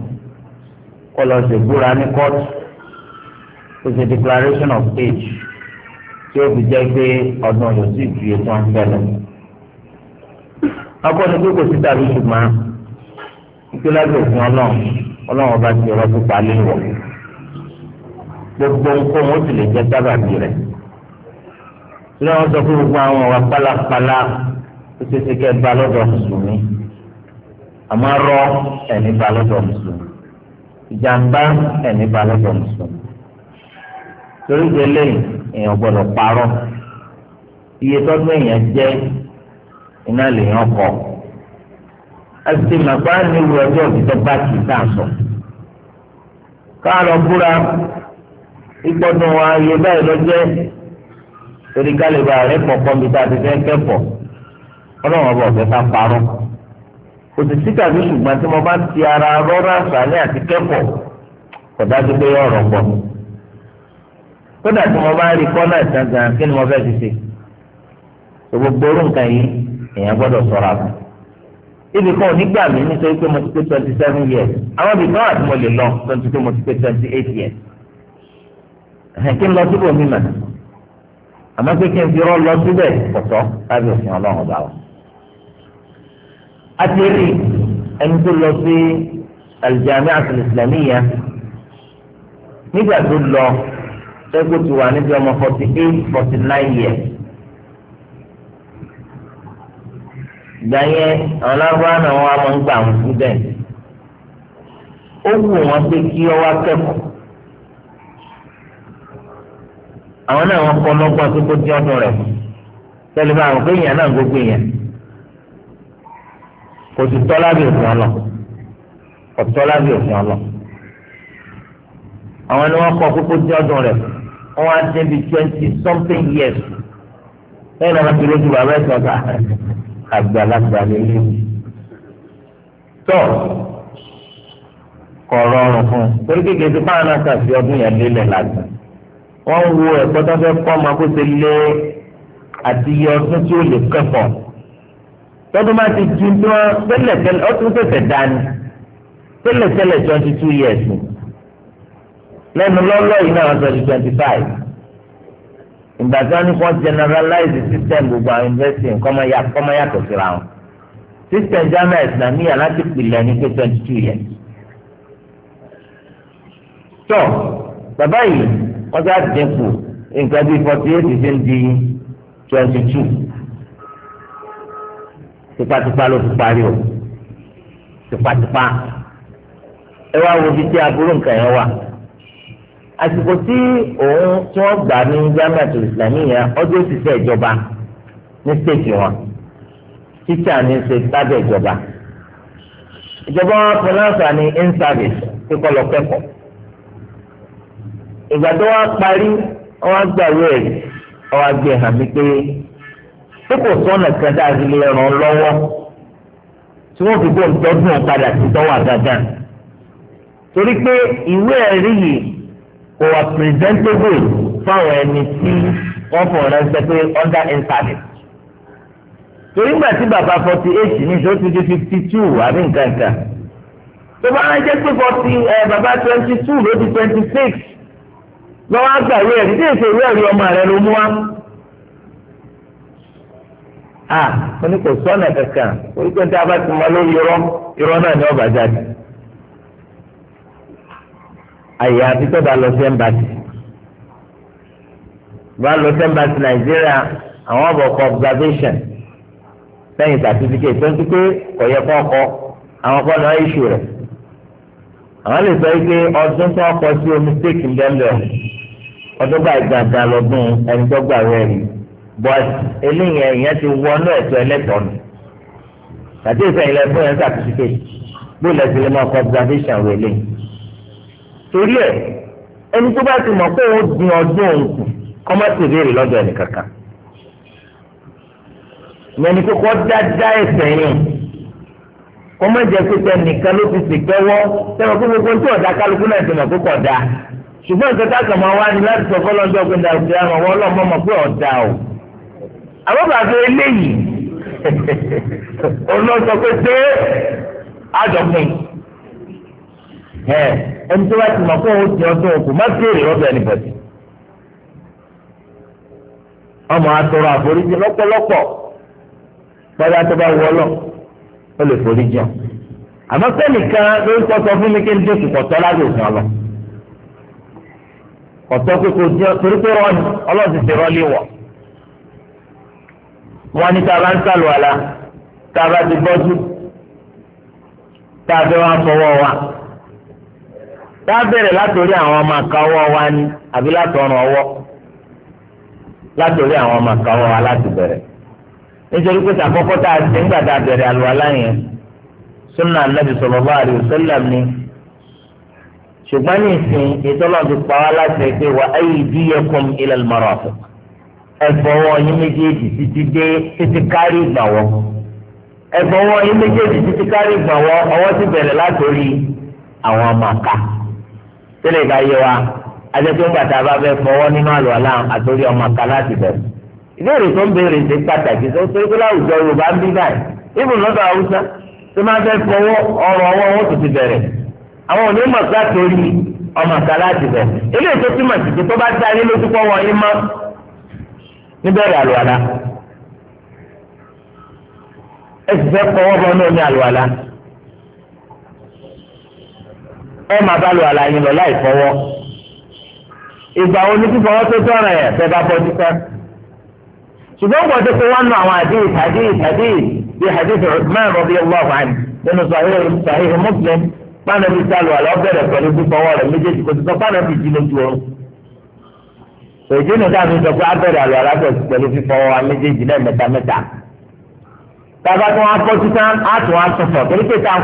kó lọ sí ìbúra ní kóòtù tó ṣe declaration of age tí ó fi jẹ́ pé ọdún yóò sì ju ètò ọ̀nfẹ́ lọ akọni pé kò sí tàbí ṣùgbọ́n ìpínlẹ̀ òfin ọlọ́run ọlọ́run ọba ti ọ̀rọ̀ pípa lé wọ̀ gbogbo nǹkan ó sì lè jẹ́ sábàbí rẹ̀ lẹ́wọ̀n sọ fún gbogbo àwọn ọ̀wà pálapàla ó ṣe ṣe kẹ́ bá lọ́dọ̀ mùsùlùmí àmọ́ rọ ẹ̀ní bá lọ́dọ̀ mùsùlùmí ìjàmbá ẹ̀ní bá lọ́dọ̀ mùsùlùmí torí ìdílé èèyàn gbọ́dọ̀ parọ́ iye tọ́gbọ́n èèyàn jẹ́ iná lèèyàn kọ àti màgbá nílùú ọjọ́ òtítọ́ bá kì í sàǹsọ̀ káàlọ́ búra ìgbọ́dún wa yé báyìí lọ́jẹ́ torí kálíba rẹ̀ pọ̀pọ̀ mi tá a ti fẹ́ kẹ́pọ̀ ọlọ́run ọba ọ̀fẹ́ ká parọ́ kò sì sí tàbí ṣùgbọ́n tí mo bá ti ara rọ́rọ́ àṣàlẹ̀ àti kẹ́pọ̀ kò dájú pé ọ̀rọ̀ pọ̀ kódà tí mo bá rí kọ́nà ìtàn gan kí ni mo fẹ́ ti ṣe gbogbo orú yìí èèyàn gbọ́dọ̀ sọ̀rọ̀ àbọ̀ ibi kan onígbà mi nítorí pé mo ti pé twenty seven years àwọn ibi kan àti mo lè lọ twenty pé mo ti pé twenty eight years ẹ̀hìn kí n lọ síbò mi mà àmọ́ pé kí n fi rọ́ lọ síbẹ̀ pọ̀tọ́ lábẹ́ òfin ọlọ́run ọba wa. a ti ẹni tó lọ sí aljami'a al-islamiyya nígbà tó lọ ṣẹ́gun ti wà níbi ọmọ forty eight forty nine years. ìgbà yẹn àwọn lárúbáwá náà wọn máa ń gbà àwọn student ó wù wọn pé kí ọ wá kẹ́kọ̀ọ́ àwọn náà wọn kọ́ lọ́gbọ́n tó kó dín ọdún rẹ̀ tẹ́lẹ̀ bá àwọn kéèyàn náà gbogbo èèyàn kò sì tọ́ lábẹ́ òfin ọlọ kò tọ́ lábẹ́ òfin ọlọ àwọn ni wọn kọ́ kókó dín ọdún rẹ̀ wọn á dín bí twenty something years lẹ́yìn náà wọn ti lójú bàbá ẹ̀ sọ̀tà àgbàlagbà nílé tọ́ kọ̀ rọrùn fún un torí kékeré tí báwọn náà kàfi ọdún yẹn lélẹ̀ làgbà wọ́n ń wo ẹ̀kọ́ tó fẹ́ kọ́ ọmọ kó ṣe lé àti iye ọdún tí ó lè kẹ́kọ̀ọ́ tọ́dún máa ti ju ní wọn ó tún tẹ̀sẹ̀ dání tẹ́lẹ̀tẹ́lẹ̀ twenty two years lẹ́nu lọ́lọ́ yìí náà twenty twenty five ìgbà tí wọ́n ní generalize system gbogbo àwọn investing kọ́mọ yàtọ̀ síra wọn system jamiu islamiyya láti pìlẹ̀ ní pé twenty two years. tọ́ bàbá yìí wọ́n sá dínkù nǹkan bíi forty eight ṣe ń di twenty two tipatipa ló fi parí o tipatipa ẹ wá wo ibi tí aburú nǹkan yẹn wà àsìkò tí òun tí wọ́n gbà ní jamiat islamiyya ọjọ́ òṣìṣẹ́ ìjọba ní stéèjì wọn tíṣà ní ṣe lábẹ́ ìjọba ìjọba wọn fún láǹfààní in service kíkọ́ lọ kẹ́kọ̀ọ́ ìgbà tó wọ́n parí wọ́n gbà wẹ́ẹ̀lì wọ́n gbé hàn mí pé tí kò sọ́nà kan dáadé ràn lọ́wọ́ tí wọ́n fi gbóhùn tọ́dún padà sí tọ́wọ́ àgàgà torí pé ìwé ẹ̀rí yìí kò wà presentable fáwọn ẹni tí wọ́n fọ̀ ránṣẹ́ pé under internet. torí gbà tí bàbá forty eight ní ìṣó ti di fifty two àbí nǹkan kan tó bá ránṣẹ́ pé forty bàbá twenty two ló di twenty six lọ́wọ́ àgbàwé ẹ̀rí tí èso ìwé ẹ̀rí ọmọ rẹ ló mú wa. a mo ní kò sọ́nà kankan orí pé tí a bá ti mọ lórí irọ́ irọ́ náà ni ọba jáde àyè àti tó bá lọ sí ẹmbàsì bá lọ sí ẹmbàsì nàìjíríà àwọn ọbọ kọ observation sẹ́yìn certificate tó ń ti pé ọyẹ kọkọ àwọn kọ náà issue rẹ àwọn lè sọ pé ọdún tó ń kọ sí omi steeti ń bẹ́ẹ̀ lọ ọdún báyìí gbàgbà lọ́dún ẹni tó gbà rẹ̀ rí but eléyìí ẹ̀yìn ti wọnú ẹ̀tọ́ ẹlẹ́tọ̀ọ́ nù àti ìsẹ̀yìn lẹ́fún yẹn certificate bó lẹ́sìn lè máa kọ observation wẹ̀ lẹ́yìn torí ẹ ẹni tó bá ti mọ̀ pé ó dun ọdún òun kù kọ́ má ti béèrè lọ́dọ̀ ẹnì kankan lẹ́ni kókó dáadáa ẹ̀sẹ̀ yẹn kọ́ má jẹ́ pé tẹnìkan ló ti sèkẹ́wọ́ tẹ́wọ́ pé gbogbo tí ọ̀dà kálukú náà ti mọ̀ pé kọ̀ dáa ṣùgbọ́n nǹkan tá a kàn máa wá ní láti sọ fọlọ́jọ́ pé dàrúdì àwọn ọmọ ọlọ́mọ mọ̀ pé ọ̀dà o àwọn bàbá eléyìí olóòtọ́ pé dé àjọpín ẹni tó bá ti mọ̀ fún òun ti ọdún òkú má béèrè lọ́dọ̀ ẹnìbọ̀dì. ọmọ atọrọ àforíjì lọ́pọ̀lọpọ̀ pẹ̀lú atọ́ba wọlọ́ ó lè foríjì ọ. àmọ́ sẹ́nìkan ló ń sọ fún mi kí n dínkù kọ̀tọ́ lábẹ́ òfin ọlọ. kọ̀tọ́ pé kò jẹ́ torí pé rọ́ọ̀nì ọlọ́ọ̀sì ti rọ́ọ̀lì wọ̀. wọ́n ní tá ń sàlù àlá tá ti bọ́jú tá a fẹ́ fọwọ́ wa tá a bẹ̀rẹ̀ látòrí àwọn ọmọ àkàwọ́ wa ni àbí látọrùn ọwọ́ látòrí àwọn ọmọ àkàwọ́ wa láti bẹ̀rẹ̀ nítorí pé àkọ́kọ́ tá a ti ń gbàdá bẹ̀rẹ̀ àlùwalá yẹn súnà anábì sallallahu alaihi wasallam ni ṣùgbọ́n ní ìsìn ìtọ́lọ́ ti pa wá láti ẹgbẹ́ wa aydiyakum ila al-marafiq ẹ̀fọ́wọ́ yín méjèèjì títí dé títí kárí ìgbàwọ́ ẹ̀fọ́wọ́ yín méjèèjì títí kárí ìgbàwọ́ ọwọ́ ti bẹ̀rẹ̀ látòrí àwọn ọmọ àká. tẹ́lẹ̀ ka yẹ wa ajẹ́pẹ́ ńgbà a bá fẹ́ fọwọ́ nínú àlá àtòrí ọmọ kan láti bẹ̀rẹ̀ ìbéèrè tó ń béèrè ṣe pàtàkì tó ṣe kó láwùjọ Yorùbá ń bí báyìí ibùn lọ́dọ̀ ọmọ bẹ̀rẹ̀ tó bá dá ilé lójú pọ̀ wọ́n yín mọ́ níbẹ̀rẹ̀ ẹ ẹ máa bá lu àlàyé lọ láì fọwọ́ ìgbà wo ni fífọwọ́ tó tọ̀rọ̀ ẹ̀ fẹ́ bá bọ́jú tán ṣùgbọ́n wọ́n ti fi wọ́n nu àwọn hadith hadith hadith bí hadith Uthman radiyallahu anhu nínú sahih Muslim pàánù bíi sálù àlọ́ bẹ̀rẹ̀ pẹ̀lú fífọwọ́ rẹ̀ méjèèjì kò ti sọ pàánù bíi jí lójú oorun èdè ní káàmì sọ pé abẹ́rẹ́ àlọ́ alábẹ̀rẹ̀ pẹ̀lú fífọwọ́ wa méjèèjì náà mẹ́ta mẹ́ta tábà tí wọ́n á fọ́ torí pé tá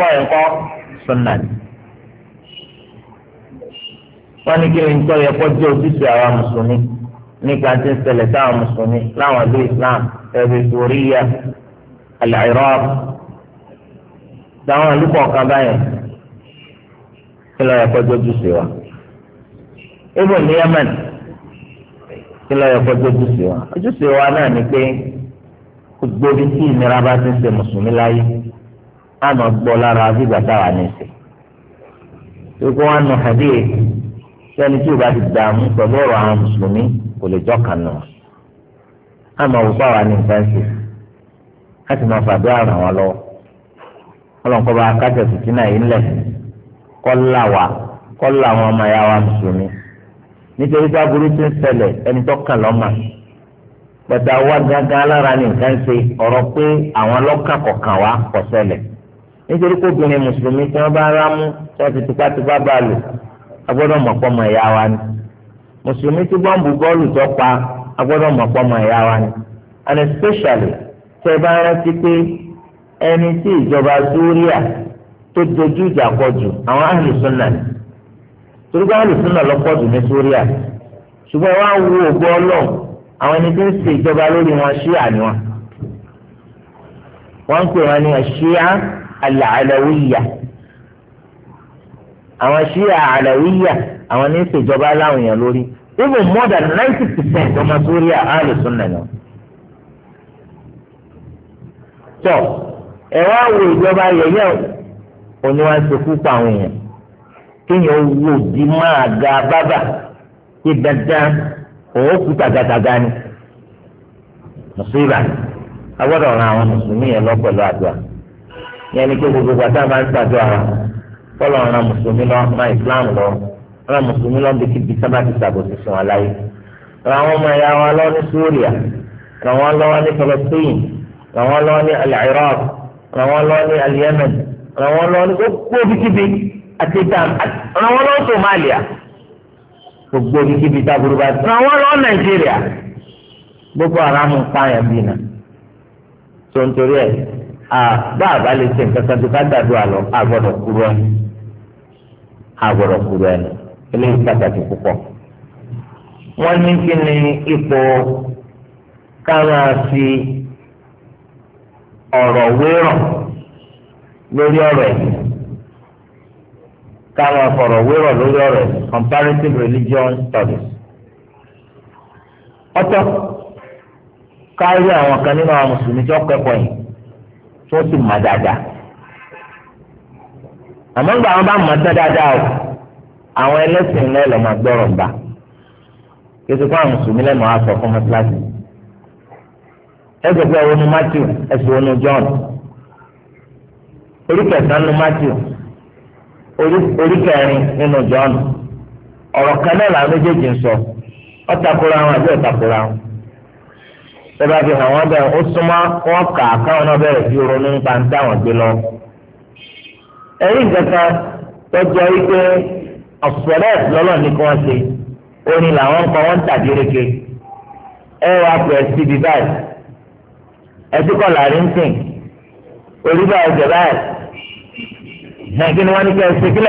fọ sọ́nà ni. wọ́n ní kí ni ń tọ́yẹ kó jẹ́ ojúṣe àwa mùsùlùmí nípa tí ń ṣẹlẹ̀ sáwọn mùsùlùmí láwọn ìlú Islam ẹ̀rí Sòríyà Al-Iraq táwọn ìlú kọ̀ọ̀kan báyẹn kí lọ́yẹ kó jẹ́ ojúṣe wa. ibo ní Yemen kí lọ́yẹ kó jẹ́ ojúṣe wa ojúṣe wa náà ni pé gbogbo ibi tí ìnira bá ti ń ṣe mùsùlùmí láyé àmọ́ gbọ́ lára fígbà táwa ní ìsè gbogbo wa nù hadith sẹ́ni tí o bá ti dààmú pẹ̀lú ọ̀rọ̀ àwọn mùsùlùmí kò lè jọ́ka nù àmọ́ òwúgbà wa ní nǹkan ṣe láti máa fàdúrà ràn wọ́n lọ́wọ́ ọlọ́nkọ́ bá kájọ tuntun náà yìí ńlẹ̀ kọ́ là wá kọ́ là wọn ọmọ ya wa mùsùlùmí nítorí bá burú ti ń ṣẹlẹ̀ ẹni tó kàn lọ́mà pẹ̀tà wá gángan alára ní nǹkan ṣe ọ̀rọ̀ pé àwọn lọ́kàn kọ̀ọ̀kan wa kọ̀ ṣẹlẹ̀ nítorí pé obìnrin mùsùlùmí tí wọ́n bá ń rámú tí wọ́n ti tipátipá bá lò agbọ́dọ̀ mọ̀pọ̀ mọ̀ ẹ̀yà wa ni mùsùlùmí tí bọ́ǹbù bọ́ọ̀lù tó pa agbọ́dọ̀ mọ̀pọ̀ mọ̀ ẹ̀yà wa ni and especially tẹ́ bá rántí pé ẹni tí ìjọba Súríà tó dojú ìjà pọ̀ jù àwọn àlùsùnà ni torí pé àlùsùnà lọ́pọ̀ jù ní Súríà ṣùgbọ́n wọ́n á wo ògbó ọlọ́run àwọn ẹni tí ń ṣe ìjọba lórí wọn ṣíà ni wọn wọ́n ń pè wọn ní ẹ̀ṣíà alàlàwíyà àwọn ṣíà àlàwíyà àwọn ní ìṣèjọba láwọn èèyàn lórí even more than ninety percent ọmọ sórí àhálù súnà náà. tọ ẹ wá wo ìjọba yẹyẹ oníwàṣekú pa àwọn èèyàn kéèyàn wò di máa ga bábà kí dandan òun kú tàgàtàgà ni mùsùlùmí àgbọ̀dọ̀ ran àwọn mùsùlùmí yẹn lọ àdúrà yẹn ni pé gbogbo gbàtà máa ń ṣàdúrà fọlọ́ ọ̀ràn mùsùlùmí lọ ọ̀ràn islam lọ ọ̀ràn mùsùlùmí lọ bí kíbi sábà ti ṣàbòsí fún wa láyé ràn àwọn ọmọ ẹ̀yà wa lọ ní Súríà ràn wọ́n lọ́wọ́ ní Palestine ràn wọ́n lọ́wọ́ ní al-Iraq ràn wọ́n lọ́wọ́ ní al-Yemen ràn ní gbogbo bíkíbi àti dam ràn wọ́n Somalia gbogbo bíkíbi táburú bá ràn Nàìjíríà gbogbo àrà mú pààyàn bínà tó ń ẹ̀ bá a bá lè ṣe nǹkan kan tó ká gbàdúrà lọ a gbọ́dọ̀ kúrò ẹni a gbọ́dọ̀ kúrò ẹni eléyìí pàtàkì púpọ̀. wọ́n ní kí ni ipò ká fi ọ̀rọ̀ wérọ̀ lórí ọ̀rọ̀ ẹ̀ ká fọ̀rọ̀ wérọ̀ lórí ọ̀rọ̀ ẹ̀ comparative religion studies. ọ̀tọ̀ kárí àwọn kan nínú àwọn mùsùlùmí tí wọ́n kẹ́kọ̀ọ́ yìí tó sì má dáadáa àmọ́ gba àwọn bá má tán dáadáa o àwọn ẹlẹ́sìn náà lọ́ máa gbọ́rọ̀ gbà kéde kó àwọn lẹ́nu fún mọ́tíláṣí Matthew ẹsẹ̀ ọ̀nù John nu nínú John ọ̀rọ̀ kan náà làwọn méjèèjì ń tẹ́lá fi hàn wọ́n bẹ́ẹ̀ ó súnmọ́ wọ́n kà á káwọn náà bẹ̀rẹ̀ sí ronú nípa ń dáwọn gbé lọ. ẹ̀rí nǹkan tọ́jọ́ wípé ọ̀sọ̀rẹ́ lọ́lọ́ ní kí wọ́n ṣe orin làwọn kan wọ́n ń tàbí reke ẹ wá pẹ̀ síbi báyìí ẹtí kọ́ làrí ń sìn orí bá ọjọ́ báyìí náà ni wọ́n ní kí ẹ ṣe kí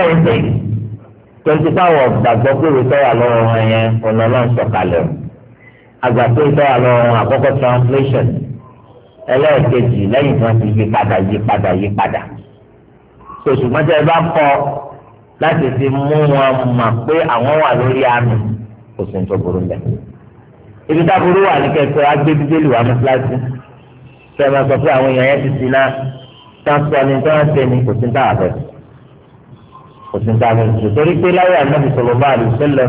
sìn tó ń gbàgbọ́ pé òwe sọ́wọ́ àgbàpé tó wà lọ́wọ́ àkọ́kọ́ translation ẹlẹ́ẹ̀kejì lẹ́yìn tí wọ́n ti yí padà yí padà yí padà ṣùgbọ́n tẹ́ ẹ bá kọ láti fi mú wọn mà pé àwọn wà lórí àmì kò sí nítorí burú mbẹ. ibi táburú wà ní kẹsàn-án agbé bíbélì wà mú kíláàsì kẹ́ ẹ máa sọ pé àwọn èèyàn yẹn ti sin náà táǹsọ̀ ni tí wọ́n ṣe ni kò sí nítorí àbẹ̀ kò sí nítorí àbẹ̀ nítorí pé láyé àná ìṣòro bá àlùfẹ́ lọ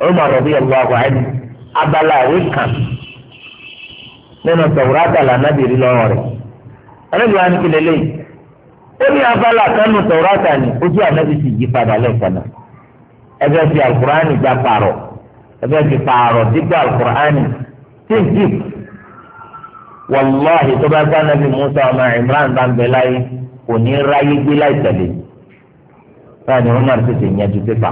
ó mà rọ̀ bí ẹ̀ lọ́wọ́ àgbà ẹni abala ìwé kan nínú tẹ̀wúrátà lànàbì rí lọ́wọ́ rẹ̀ ọlọ́bì wa ní kí lélẹ́yìn ó ní abala kánú tẹ̀wúrátà ni ojú ànábì sì yí padà lẹ́ẹ̀kan náà ẹgbẹ́ fi alukur'ani já pààrọ̀ ẹgbẹ́ fi pààrọ̀ dígbà alukur'ani tí ń jì wàláhi tó bá gbá nàbì Musa ọmọ Imran bá ń bẹ láyé kò ní ráyé gbé láì tẹ̀lé báyìí ni Umar tètè yẹn ju pépà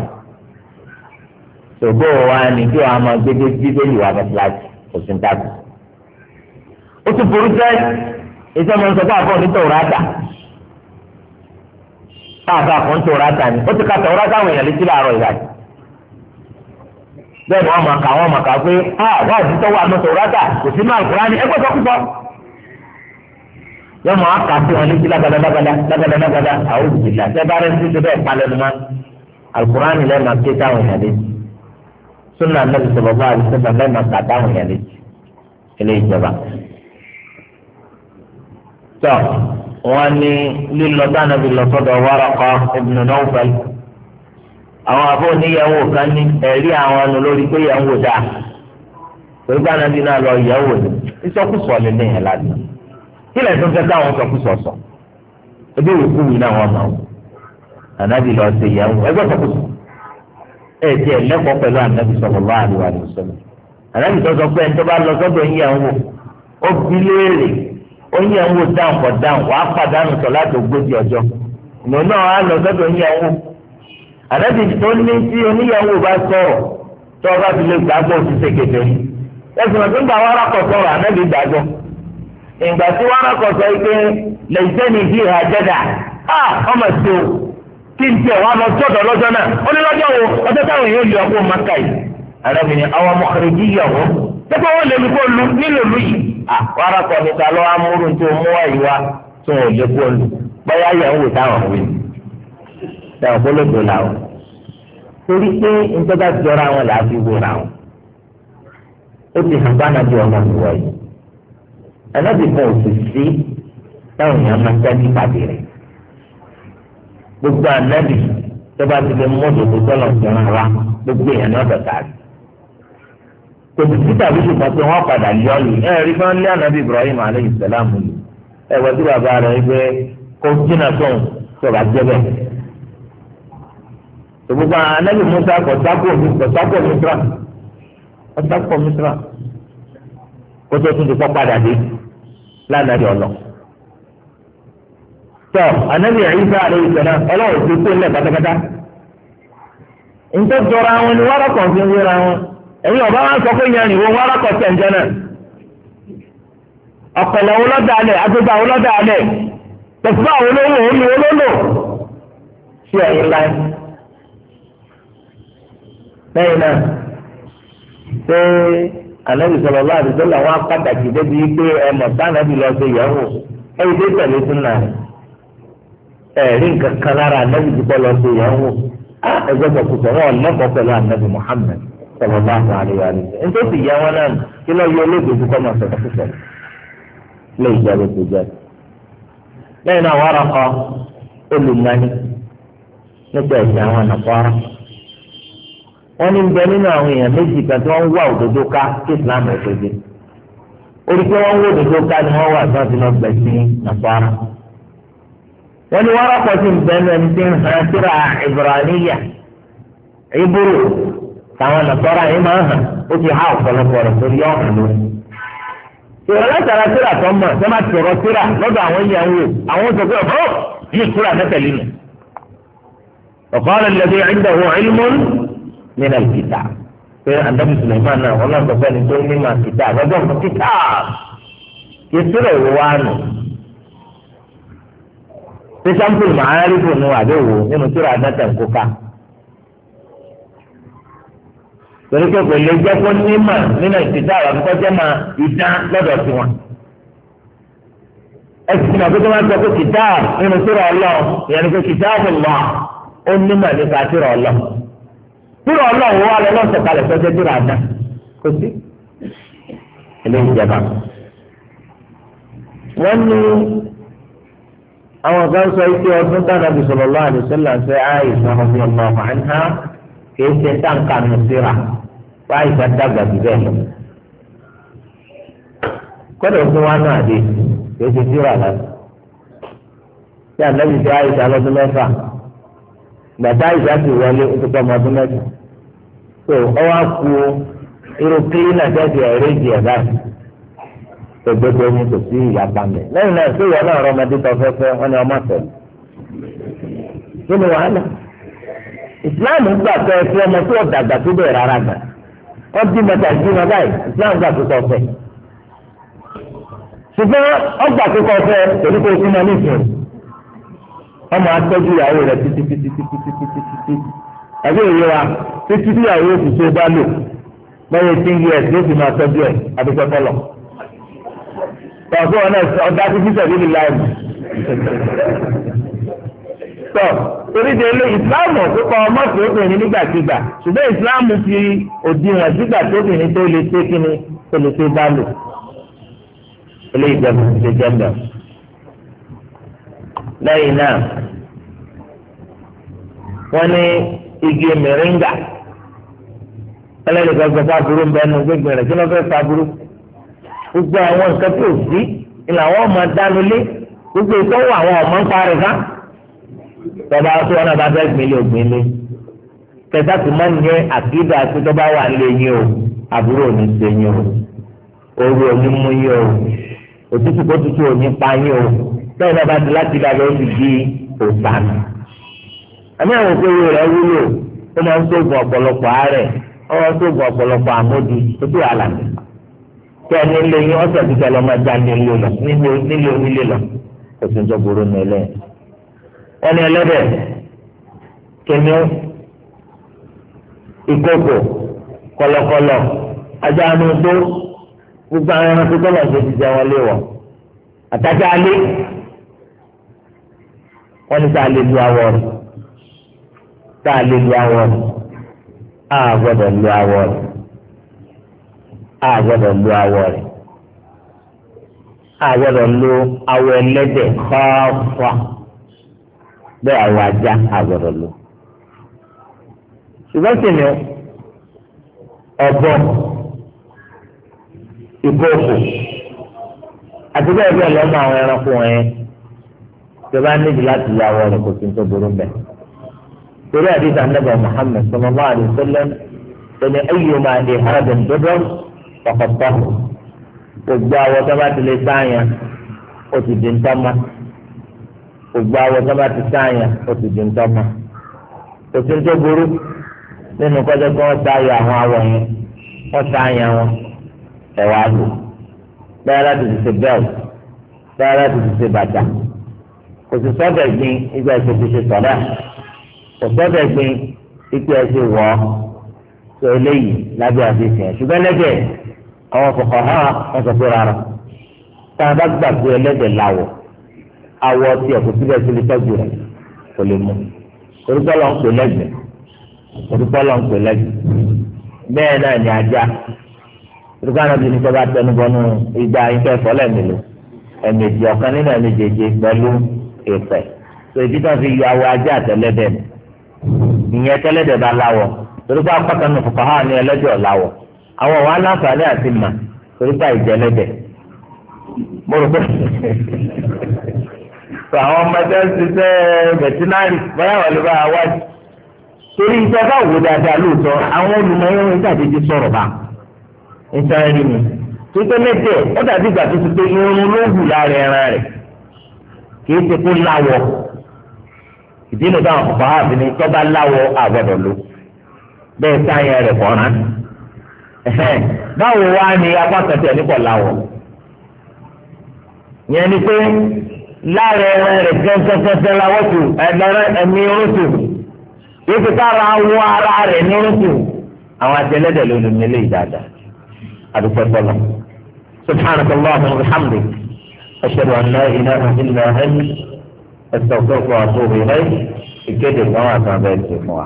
ògbó wa ni kí wàá máa gbé bíbélì wa fẹ́ fúláṣí òsì ntàkù. ó ti burú jẹ́ iṣẹ́ mi ń sọ fáfọ́ ní tòwúrátà fáfọ́ àfọ́ ní tòwúrátà ni ó ti ka tòwúrátà àwọn èèyàn létí láàárọ̀ ìlàjì. bẹ́ẹ̀ ni wọ́n máa kà wọ́n máa kà pé a wá àti tọ́wọ́ àmọ́ tòwúrátà kò sí máa kúrá ní ẹgbẹ́ sọ́kúsọ. yọ máa kà sí wọn létí lágàdá lágàdá àwọn òbí súnà nàbì sọlọ́bà àdìsọ́nà lẹ́nu àtàdáhùn yẹn létí ilé ìjọba. tọ́ wọ́n ní lílọ tánàbì lọ́sọ́dọ̀ Waraqa ibn Nawfal àwọn afọ oníyàwó kan ní ẹ̀rí àwọn ọ̀nà lórí pé yẹn ń wò dáa torí bá nàbì náà lọ yẹ̀wò ní ìsọkúsọ lélẹ̀ yẹn lánàá kí lẹ́yìn tó ń fẹ́ káwọn sọkúsọ sọ ebi òkú wì náà wọ́n máa wò ẹ̀ tiẹ̀ lẹ́kọ̀ọ́ pẹ̀lú ànábì sallallahu alaihi wasallam ànábì tó sọ pé ẹni tó bá lọ sọ́dọ̀ yín yẹn wò ó bí léèrè ó yẹn wò dáhùn kọ̀ dáhùn wàá pàdánù sọ láti ogójì ọjọ́ ìmọ̀ náà á lọ sọ́dọ̀ yín yẹn wò àdájì tó ní tí oníyàwó bá sọ̀rọ̀ tó o bá ti lè gbàgbọ́ òṣìṣẹ́ kéde rí ẹ̀sìn ọ̀sìn kí n tiẹ̀ wá lọ sọ́dọ̀ lọ́jọ́ náà ó ní lọ́jọ́ wo ọjọ́ táwọn èèyàn lè ọkọ̀ maka yìí arábìnrin àwọn mọ̀kàrẹ́jì yàwó pẹ́pẹ́ wọ́n lè lùkọ́ lu nílò lu yìí àwárà kan ní ta lọ́wọ́ amúrú tó mú wá yìí wá tó wọn lè kọ́ lu báyà yẹn wò táwọn wí táwọn gbólógbò làwọn torí pé nítorí jọra wọn là á fi wò làwọn ó ti hàn bá nàbí ọmọ mi wọ̀ yìí ẹlẹ́bìkan ò gbogbo ànábì tó bá ti lè mú òdòdó tọ́lọ̀ fẹ́ràn wa gbogbo èèyàn ní ọ̀dọ̀ tààrí. tòbí tí tàbí ṣùgbọ́n pé wọ́n padà yọ lù ẹ rí fún ilé ànábì Ibrahim aleyhi salam lù ẹ wọ́n ti bàbá rẹ̀ gbé kó jìnnà tóun tó bá jẹ́ bẹ́ẹ̀. tòbúgbà ànábì Musa kò sákò kò kò sákò Misra kó tó tún ti padà dé lánàá yọ̀ lọ. tọ anabi Isa alayhi salam ọlọ́run ti kú ilẹ̀ pátápátá jọra wọn ni wọn ọba sọ pé yẹn wọn náà wọn wọn wọn ẹ̀rí nǹkan kan lára anabi dùbọ̀ lọ sí ìyàwó wò ẹgbẹ́ sọ̀kùsọ̀ wọn lẹ́kọ̀ọ́ pẹ̀lú anabi Muhammad sọ̀rọ̀ bá àwọn àríwá rẹ̀ ṣe nítorí sì yá wọn náà kí lọ́ọ́ yọ olóògbé tó kọ́ máa sọ̀rọ̀ sọ̀rọ̀ lé ìjọba tó jẹ́ lẹ́yìn náà wọ́n rọ̀kọ́ olùmọ̀ni nípa ẹ̀sìn àwọn ànàkọ́ra wọ́n ní bẹ nínú àwọn èèyàn méjì kan tí wọ́n wá òdodo ká kí Islam ẹ̀ tó dé orí pé wọ́n wá òdodo ká ni wọ́n wà tí wọ́n gbẹ̀sìn ànàkọ́ra wọ́n ní wárọ́pọ̀ sí ìbẹ́nu ẹni tí ń hàn síra ìbùràníyà ìbúrò táwọn nàtọ́ra yìí máa ń hàn ó ti há ọ̀pọ̀lọpọ̀ rẹ̀ torí ọ̀hún lónìí. ìrọ̀ látara síra tó mọ̀ tó máa tọrọ síra lọ́dọ̀ àwọn èèyàn wò àwọn sọ pé ọ̀hún yìí síra mẹ́tẹ̀lì nù. ọ̀kọ́lẹ̀ lẹ́bí ẹ̀ńdàwọ̀ ẹ̀lmọ́n nínú ìkìtà pé àdàbí Suleiman náà wọn ṣé sáńpùlù màá rí fún un àdéhùn nínú tíra àdáta nkóka torí pé kò lè jẹ́ kó nímà nínú ìtìjà àwọn akọ́jẹ́ máa ìdán lọ́dọ̀ sí wọn. ẹsìn náà kókó máa ń sọ pé kìtà nínú tíra ọlọ́ ìyẹn ni pé kìtà ọ̀lọ́ ó nímà nípa tíra ọlọ́ tíra ọlọ́ wo wà lọ́wọ́ sọ̀kalẹ̀ sọ́jẹ́ tíra àdá kò sí eléyìí jẹba. wọ́n ní àwọn kan sọ ike ọdún tánà bisalòlá àdìsọlá ṣe àìsà ọmọ ọmọ àná kìí ṣe táǹkà nùsíra wá àìsà dàgbà bíbẹ lọ. kọ́dọ̀ fún wa náà dé kìí ṣe síra lọ. ṣé ànábì ṣe àìsà lọ́dún mẹ́fà gbàtà àìsà ti wọlé ó ti ọdún mẹ́fà. tó ọwọ́ ku irú kílínà jẹ́ ẹ̀rẹ́jì ẹ̀ báyìí òdodo ni kò sí ìyapa mẹ lẹ́yìn náà sí ìwọ náà rọmọdé tó fẹfẹ wọn ni ọmọ tẹ́lẹ̀ kí ni wàhálà ìsìláàmù gbà pé ẹ fi ọmọ tó dàgbà tó bẹ rárá gbà wọn bí mẹ́ta ìdímọ báyìí ìsìláàmù gbà tó tọfẹ ṣùgbọ́n ọgbà tó tọfẹ torí pé oṣù náà nìkan ọmọ atọ́jú ìyàwó rẹ̀ títí títí títí títí títí ẹbí ìwé wa títí ìyàwó òṣìṣẹ́ bá lò lẹ́yìn tí ń yẹ ẹ̀sìn ó fi máa tọ́jú ẹ̀ adúgbò tọ̀sí wọn náà ọ̀dà títí tẹ̀lé mi láì. tọ́ torí de ilé ìsìláàmù pípa ọmọ tó obìnrin nígbàkigbà ṣùgbọ́n ìsìláàmù fi òdiwọ̀n sígbà tó obìnrin tó lè ṣe kíni tó lè ṣe bá lò. ilé ìjọba ti ṣe jẹ́ńdà. lẹ́yìn náà wọ́n ní igi mìíràn gà ẹlẹ́dẹ̀ẹ́dẹ́gbẹ̀ta burú ń bẹ́ẹ̀ nu gbẹ̀gbẹ̀ rẹ̀ kí ló fẹ́ fa gbogbo àwọn nǹkan tó sí ni làwọn máa dánu lé gbogbo ìtọ́wọ́ àwọn ọmọ ń parí ká tọba tó wọn náà bá fẹ́ gbélé ògbélé kẹta tó máa ń yẹ àkídà tó tọba wà lé yín o àbúrò ní ṣe yín o oru òní mú yín o òtútù kó tutù òní pa yín o bẹ́ẹ̀ náà bá ti láti dà lọ sí di òsàmì àmì àwọn òkèèrè rẹ wúlò ó máa ń sóògùn ọ̀pọ̀lọpọ̀ àárẹ̀ ó máa ń sóògùn ọ̀pọ̀lọpọ̀ àmódi ó tó àlàmì pé ẹni ilé yín ọ̀sẹ̀ ti kẹ́ lọ máa já nílé lọ nílé nílé onílé lọ kò sí tó burú ní ilé wọn ni ẹlẹ́dẹ̀ kìnìún ìkókò kọ̀lọ̀kọ̀lọ̀ ajá nu tó gbogbo àwọn ẹranko tó lọ sí ti jẹ wọn lé wọ àtàkì alé wọn ní sáà lè lu awọ rẹ sáà lè lu awọ rẹ àà gbọ́dọ̀ lu awọ rẹ a gbọ́dọ̀ lo awọ rẹ̀ a gbọ́dọ̀ lo awọ ẹlẹ́dẹ̀ kọfà bẹ́ẹ̀ awọ ajá a gbọ́dọ̀ lo ṣùgbọ́n sì ni ọ̀bọ ìkókò àti bẹ́ẹ̀ bẹ́ẹ̀ lọ́mọ àwọn ẹranko wọ̀nyẹn tó bá níbi láti lo awọ rẹ̀ kò sí tó burú bẹ́ẹ̀ torí àdìsá nàbà Muhammad sallallahu alaihi wasallam ẹni ayé máa di pọ̀pọ̀pọ̀ gbogbo awọ sábà ti lè sáyàn ó ti di ntọ́mọ gbogbo awọ sábà ti sáyàn ó ti di ntọ́mọ òsì tó burú nínú kọjá kí wọ́n sáyà àwọn awọ yẹn wọ́n sáyà wọn ẹ̀wà lò bẹ́ẹ̀ láti ti ṣe bẹ́ẹ̀ bẹ́ẹ̀ láti ti ṣe bàtà kò sì sọ́dọ̀ gbin ìgbà ìṣe ti ṣe sọ̀dọ̀ kò sọ́dọ̀ gbin ìgbà ìṣe wọ̀ ọ́ sọ eléyìí lábẹ́ àfihàn ṣùgbọ́n lẹ́gbẹ̀ẹ́ àwọn kọ̀kọ̀ hà wọ́n sọ pé rárá tá a bá gbàgbé ẹlẹ́dẹ̀ láwọ̀ awọ ti ẹ̀kú síbẹ̀ sí lè tọ́jú rẹ̀ kò lè mú orúkọ lọ́n pè lẹ́gbẹ̀ẹ́ orúkọ lọ́n pè lẹ́gbẹ̀ẹ́ bẹ́ẹ̀ náà ni ajá orúkọ náà bí ní sọ bá tẹnu bọ́nú ìgbà ìfẹ́fọ́ lẹ́mìlú ẹ̀mẹ̀jì ọ̀kan nínú ẹ̀mẹ̀jẹ̀jẹ̀ pẹ̀lú ìfẹ́ tó tó fi yọ awọ ajá àtẹlẹ́dẹ̀ ìyẹn tẹ́lẹ́dẹ̀ bá láwọ̀ orúkọ apákanù àwọn ọ̀wá aláǹfààní àti mà torí mo rò pé àwọn ọmọdé ń ṣiṣẹ́ wà a wájú torí iṣẹ́ bá wò dáadáa lóòótọ́ àwọn olùmọ̀ọ́yọ́ ń ṣàdédé sọ̀rọ̀ bá ń sáré mi tuntun lẹ́tẹ̀ ó dàbí ìgbà tó ti pé irun ló hù lára ẹran rẹ̀ kì í báwo wá ni apá kẹtẹ nípò láwọ̀ yẹn ni pé láàrẹ rẹ gẹgẹgẹgẹ lawọ́ tù ẹgbẹrẹ ẹmí rútù yóò ti kára wọ ara rẹ ní rútù àwọn àtẹlẹdẹ ló lùmí lé ìdáda àdúgbò tọlọ subhanahu wa ta'ala alhamdulilayi ashhadu an la ilaha illa anta astaghfiruka wa atubu ilayk ìkéde kan wà kan bẹ́ẹ̀ ti fún wa.